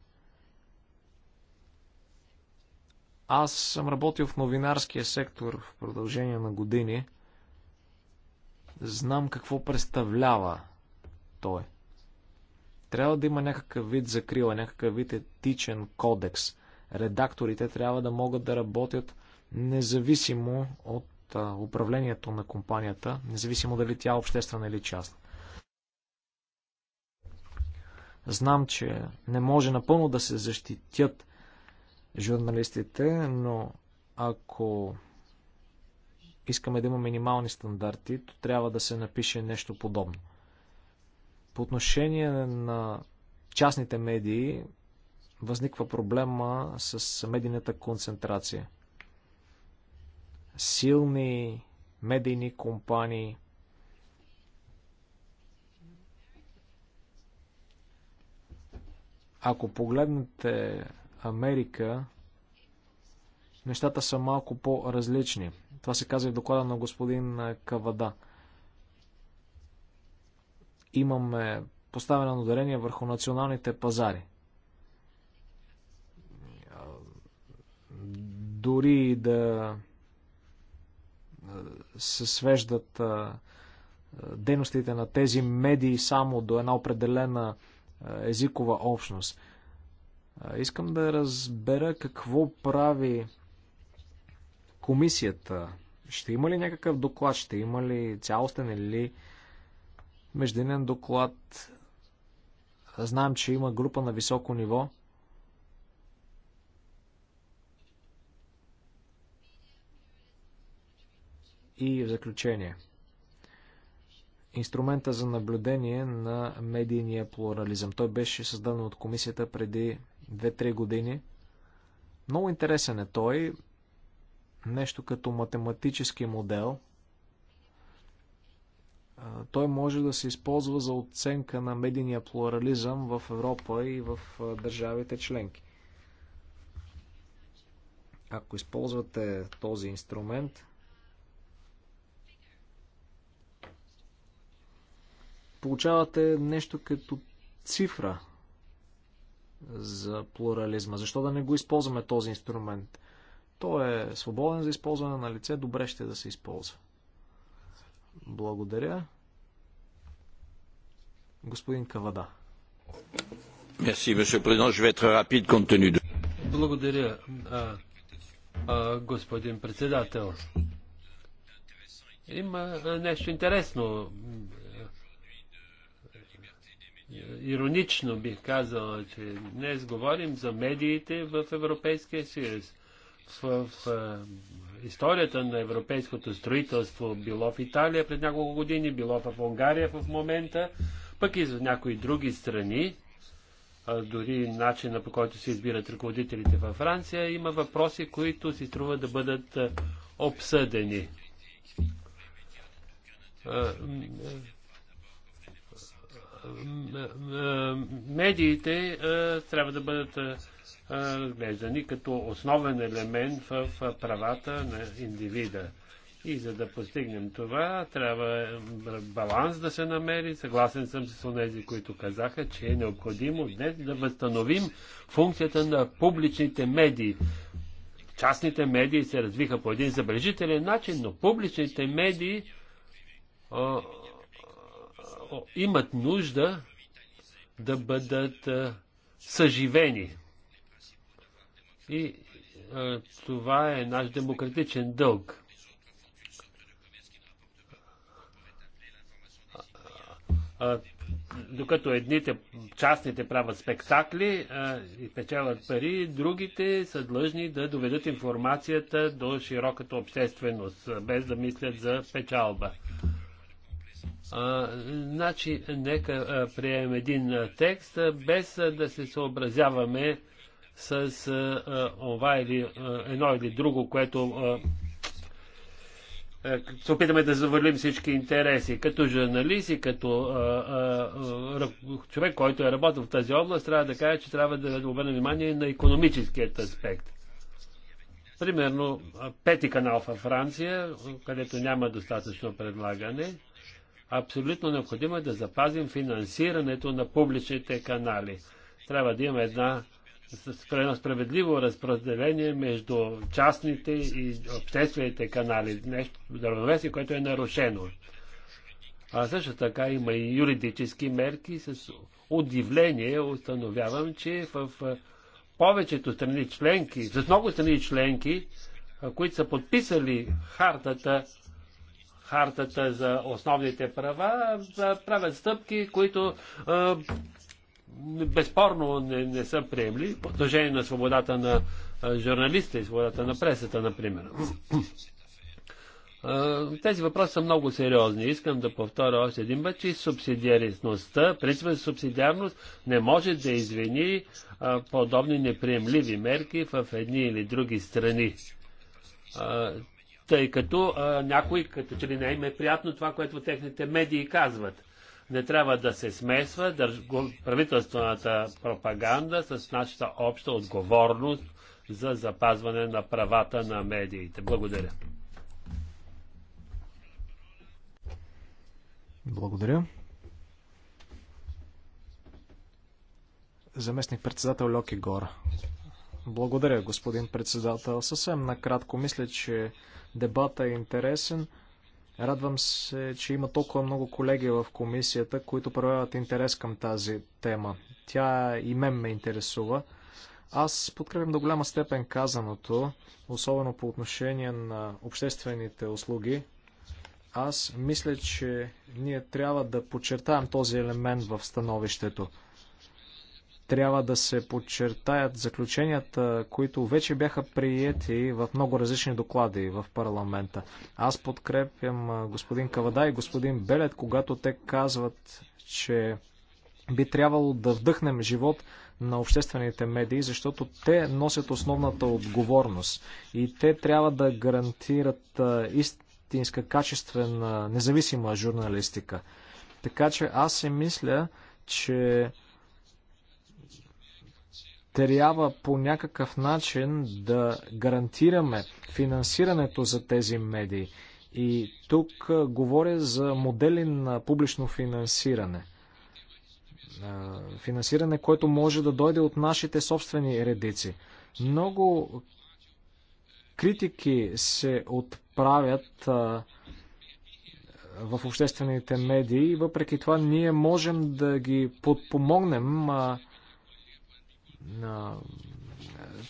Аз съм работил в новинарския сектор в продължение на години. Знам какво представлява той. Трябва да има някакъв вид закрила, някакъв вид етичен кодекс. Редакторите трябва да могат да работят независимо от а, управлението на компанията, независимо дали тя е обществена или частна. Знам, че не може напълно да се защитят журналистите, но ако искаме да има минимални стандарти, то трябва да се напише нещо подобно. По отношение на частните медии възниква проблема с медийната концентрация. Силни медийни компании Ако погледнете Америка нещата са малко по-различни. Това се казва и в доклада на господин Кавада. Имаме поставено ударение върху националните пазари. Дори да се свеждат дейностите на тези медии само до една определена езикова общност. Искам да разбера какво прави комисията. Ще има ли някакъв доклад? Ще има ли цялостен или междинен доклад? Знам, че има група на високо ниво. И в заключение. Инструмента за наблюдение на медийния плурализъм. Той беше създаден от комисията преди 2-3 години. Много интересен е той. Нещо като математически модел. Той може да се използва за оценка на медийния плурализъм в Европа и в държавите членки. Ако използвате този инструмент, получавате нещо като цифра за плурализма. Защо да не го използваме този инструмент? Той е свободен за използване на лице, добре ще да се използва. Благодаря. Господин Кавада. Merci, monsieur président. Je vais être rapide compte tenu de... Благодаря, а, а, господин председател. Има нещо интересно Иронично бих казала, че днес говорим за медиите в Европейския съюз. В, в, в историята на европейското строителство, било в Италия пред няколко години, било в Унгария в момента, пък и за някои други страни, а, дори начина по който се избират ръководителите във Франция, има въпроси, които си струва да бъдат обсъдени. А, медиите е, трябва да бъдат е, разглеждани като основен елемент в правата на индивида. И за да постигнем това, трябва баланс да се намери. Съгласен съм с тези, които казаха, че е необходимо днес да възстановим функцията на публичните медии. Частните медии се развиха по един забележителен начин, но публичните медии имат нужда да бъдат съживени. И това е наш демократичен дълг. А, докато едните частните правят спектакли а, и печелят пари, другите са длъжни да доведат информацията до широката общественост, без да мислят за печалба. А, значи, нека приемем един а, текст, а, без а, да се съобразяваме с а, а, ова или а, едно или друго, което а, се опитаме да завърлим всички интереси. Като журналист и като а, а, човек, който е работил в тази област, трябва да кажа, че трябва да обърнем внимание на економическият аспект. Примерно, пети канал във Франция, където няма достатъчно предлагане, абсолютно необходимо е да запазим финансирането на публичните канали. Трябва да има една едно справедливо разпределение между частните и обществените канали. Нещо равновесие, което е нарушено. А също така има и юридически мерки. С удивление установявам, че в повечето страни членки, с много страни членки, които са подписали хартата хартата за основните права, правят стъпки, които безспорно не, не са приемли по отношение на свободата на журналиста и свободата на пресата, например. Тези въпроси са много сериозни. Искам да повторя още един път, че субсидиарността, принципът за субсидиарност не може да извини подобни неприемливи мерки в едни или други страни тъй като а, някой като че ли не им е приятно това, което техните медии казват. Не трябва да се смесва държ... правителствената пропаганда с нашата обща отговорност за запазване на правата на медиите. Благодаря. Благодаря. Заместник председател Льоки Гора. Благодаря, господин председател. Съвсем накратко мисля, че Дебата е интересен. Радвам се, че има толкова много колеги в комисията, които проявяват интерес към тази тема. Тя и мен ме интересува. Аз подкрепям до голяма степен казаното, особено по отношение на обществените услуги. Аз мисля, че ние трябва да подчертаем този елемент в становището трябва да се подчертаят заключенията, които вече бяха приети в много различни доклади в парламента. Аз подкрепям господин Кавада и господин Белет, когато те казват, че би трябвало да вдъхнем живот на обществените медии, защото те носят основната отговорност и те трябва да гарантират истинска, качествена, независима журналистика. Така че аз си мисля, че трябва по някакъв начин да гарантираме финансирането за тези медии. И тук говоря за модели на публично финансиране. Финансиране, което може да дойде от нашите собствени редици. Много критики се отправят в обществените медии, въпреки това ние можем да ги подпомогнем а,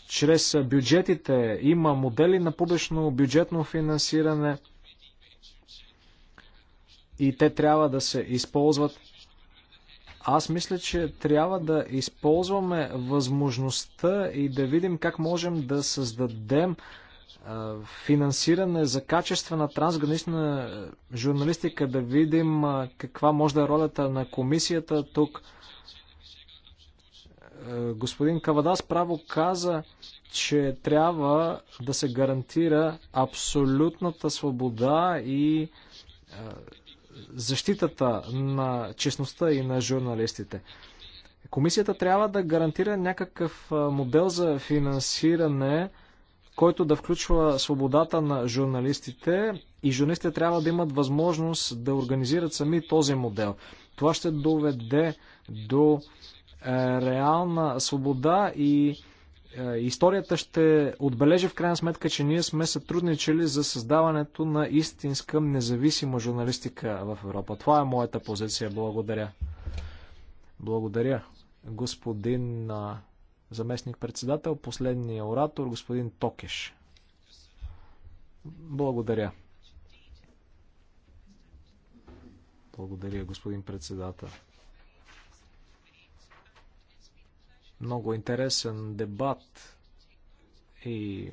чрез бюджетите има модели на публично бюджетно финансиране и те трябва да се използват. Аз мисля, че трябва да използваме възможността и да видим как можем да създадем финансиране за качествена трансгранична журналистика, да видим каква може да е ролята на комисията тук. Е, господин Кавадас право каза, че трябва да се гарантира абсолютната свобода и е, защитата на честността и на журналистите. Комисията трябва да гарантира някакъв е, модел за финансиране, който да включва свободата на журналистите и журналистите трябва да имат възможност да организират сами този модел. Това ще доведе до е реална свобода и е, историята ще отбележи в крайна сметка, че ние сме сътрудничали за създаването на истинска независима журналистика в Европа. Това е моята позиция. Благодаря. Благодаря. Господин заместник-председател, последния оратор, господин Токеш. Благодаря. Благодаря, господин председател. Много интересен дебат и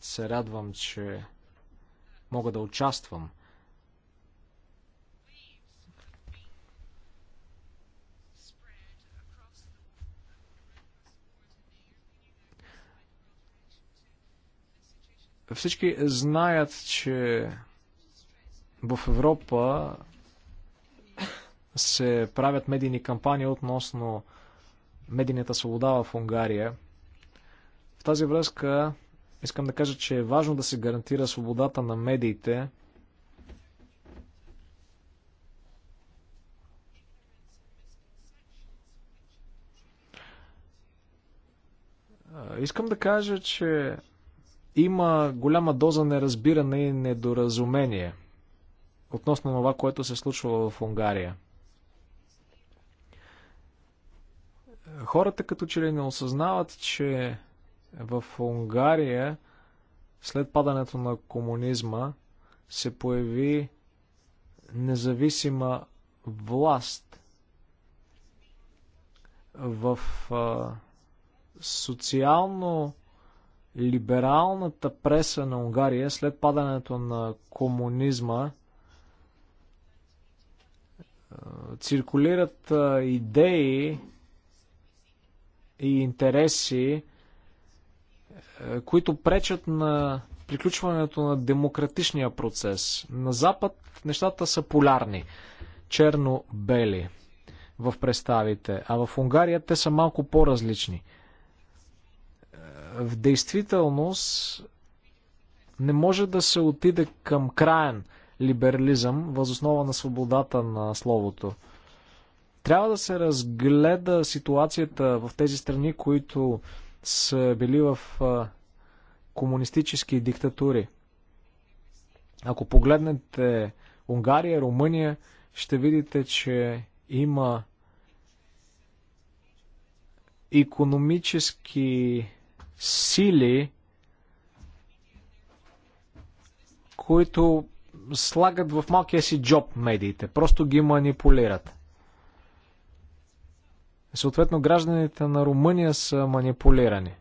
се радвам, че мога да участвам. Всички знаят, че в Европа се правят медийни кампании относно медийната свобода в Унгария. В тази връзка искам да кажа, че е важно да се гарантира свободата на медиите. Искам да кажа, че има голяма доза неразбиране и недоразумение относно това, което се случва в Унгария. Хората като че ли не осъзнават, че в Унгария след падането на комунизма се появи независима власт в а, социално либералната преса на Унгария след падането на комунизма циркулират идеи и интереси, е, които пречат на приключването на демократичния процес. На Запад нещата са полярни, черно-бели в представите, а в Унгария те са малко по-различни. Е, в действителност не може да се отиде към краен либерализъм възоснова на свободата на словото. Трябва да се разгледа ситуацията в тези страни, които са били в комунистически диктатури. Ако погледнете Унгария, Румъния, ще видите, че има економически сили, които слагат в малкия си джоб медиите, просто ги манипулират. Съответно, гражданите на Румъния са манипулирани.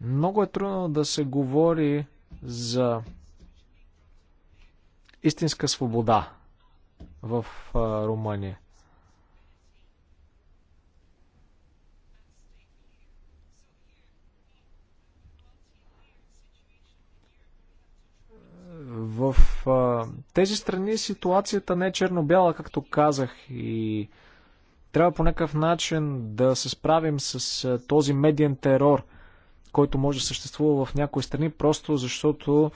Много е трудно да се говори за истинска свобода в Румъния. В тези страни ситуацията не е черно-бяла, както казах, и трябва по някакъв начин да се справим с е, този медиен терор, който може да съществува в някои страни, просто защото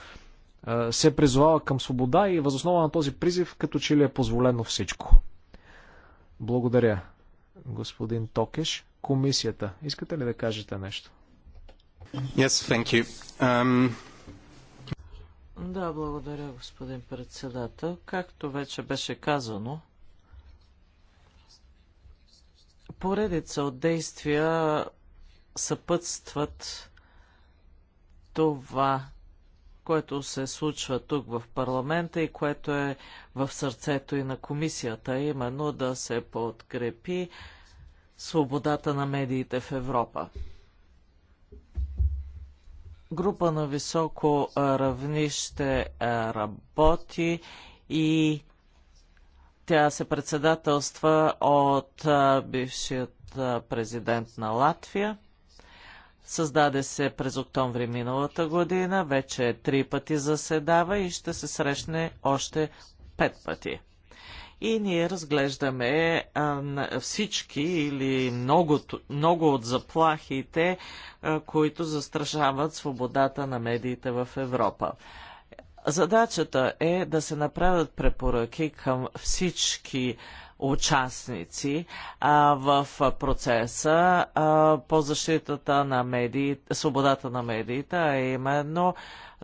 е, се призовава към свобода и възоснова на този призив, като че ли е позволено всичко. Благодаря, господин Токеш. Комисията, искате ли да кажете нещо? Yes, thank you. Um... Да, благодаря, господин председател. Както вече беше казано, поредица от действия съпътстват това, което се случва тук в парламента и което е в сърцето и на комисията, именно да се подкрепи свободата на медиите в Европа. Група на високо равнище е, работи и тя се председателства от бившият президент на Латвия. Създаде се през октомври миналата година, вече три пъти заседава и ще се срещне още пет пъти. И ние разглеждаме а, всички или много, много от заплахите, а, които застрашават свободата на медиите в Европа. Задачата е да се направят препоръки към всички участници а, в процеса а, по защитата на медиите, свободата на медиите, а именно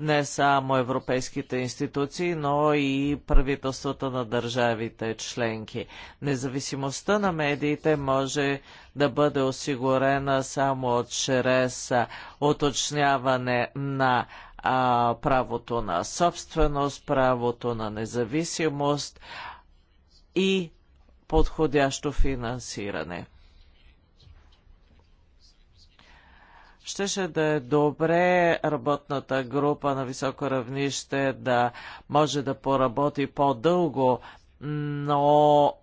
не само европейските институции, но и правителствата на държавите членки. Независимостта на медиите може да бъде осигурена само чрез уточняване на а, правото на собственост, правото на независимост и подходящо финансиране. Щеше да е добре работната група на високо равнище да може да поработи по-дълго, но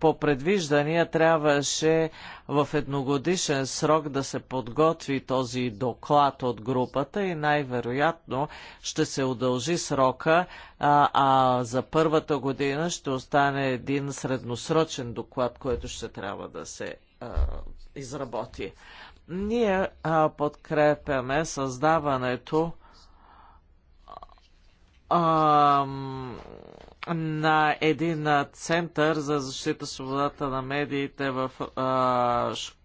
по предвиждания трябваше в едногодишен срок да се подготви този доклад от групата и най-вероятно ще се удължи срока, а, а за първата година ще остане един средносрочен доклад, който ще трябва да се а, изработи. Ние а, подкрепяме създаването а, на един център за защита свободата на медиите в а, ш,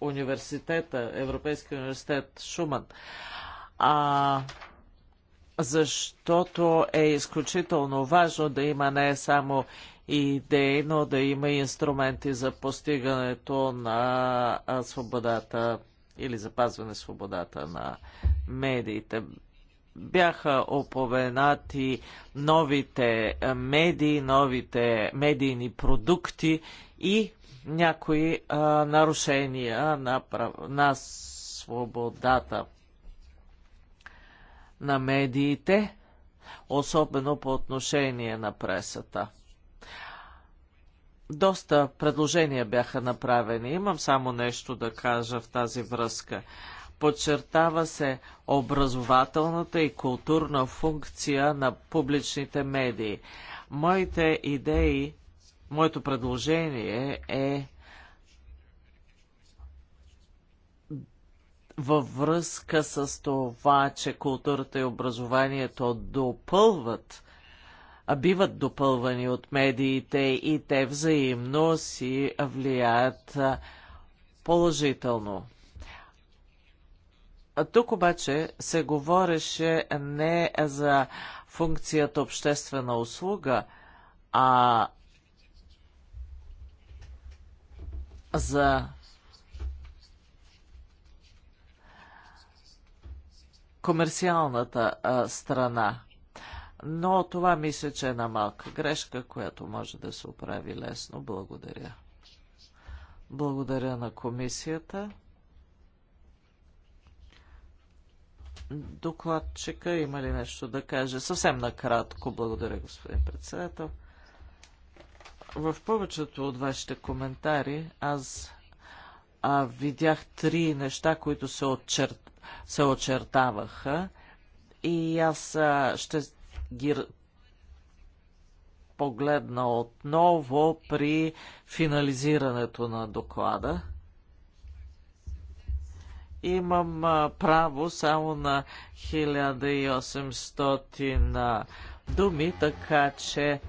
университета, Европейския университет Шуман. А, защото е изключително важно да има не само идеи, но да има и инструменти за постигането на свободата или запазване свободата на медиите бяха оповенати новите е, медии, новите медийни продукти и някои а, е, нарушения на, прав... на свободата на медиите, особено по отношение на пресата. Доста предложения бяха направени. Имам само нещо да кажа в тази връзка. Подчертава се образователната и културна функция на публичните медии. Моите идеи, моето предложение е във връзка с това, че културата и образованието допълват, а биват допълвани от медиите и те взаимно си влияят положително. Тук обаче се говореше не за функцията обществена услуга, а за комерциалната страна. Но това мисля, че е една малка грешка, която може да се оправи лесно. Благодаря. Благодаря на комисията. докладчика има ли нещо да каже? Съвсем накратко, благодаря господин председател. В повечето от вашите коментари аз а, видях три неща, които се, отчерт, се очертаваха и аз а, ще ги погледна отново при финализирането на доклада имам право само на 1800 думи, така че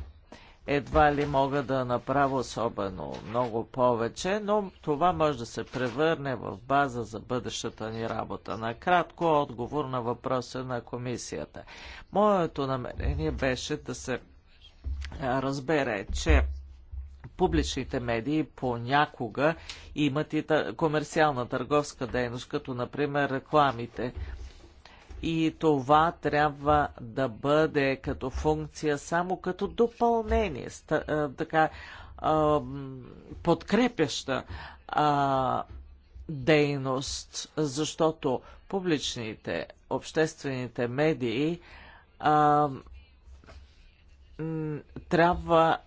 едва ли мога да направя особено много повече, но това може да се превърне в база за бъдещата ни работа. Накратко отговор на въпроса на комисията. Моето намерение беше да се разбере, че публичните медии понякога имат и комерциална търговска дейност, като например рекламите. И това трябва да бъде като функция само като допълнение, така подкрепяща дейност, защото публичните, обществените медии трябва трябва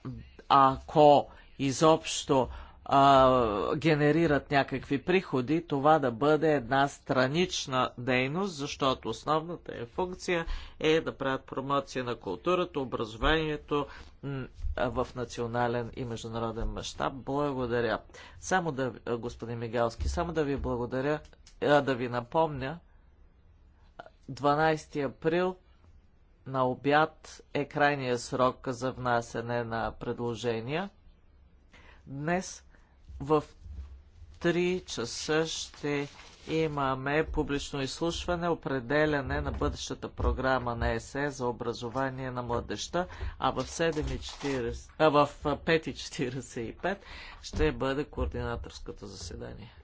ако изобщо а, генерират някакви приходи, това да бъде една странична дейност, защото основната е функция е да правят промоция на културата, образованието в национален и международен мащаб. Благодаря. Само да, господин Мигалски, само да ви благодаря, да ви напомня, 12 април на обяд е крайния срок за внасене на предложения. Днес в 3 часа ще имаме публично изслушване, определяне на бъдещата програма на ЕСЕ за образование на младеща, а в, 7.40, а в 5.45 ще бъде координаторското заседание.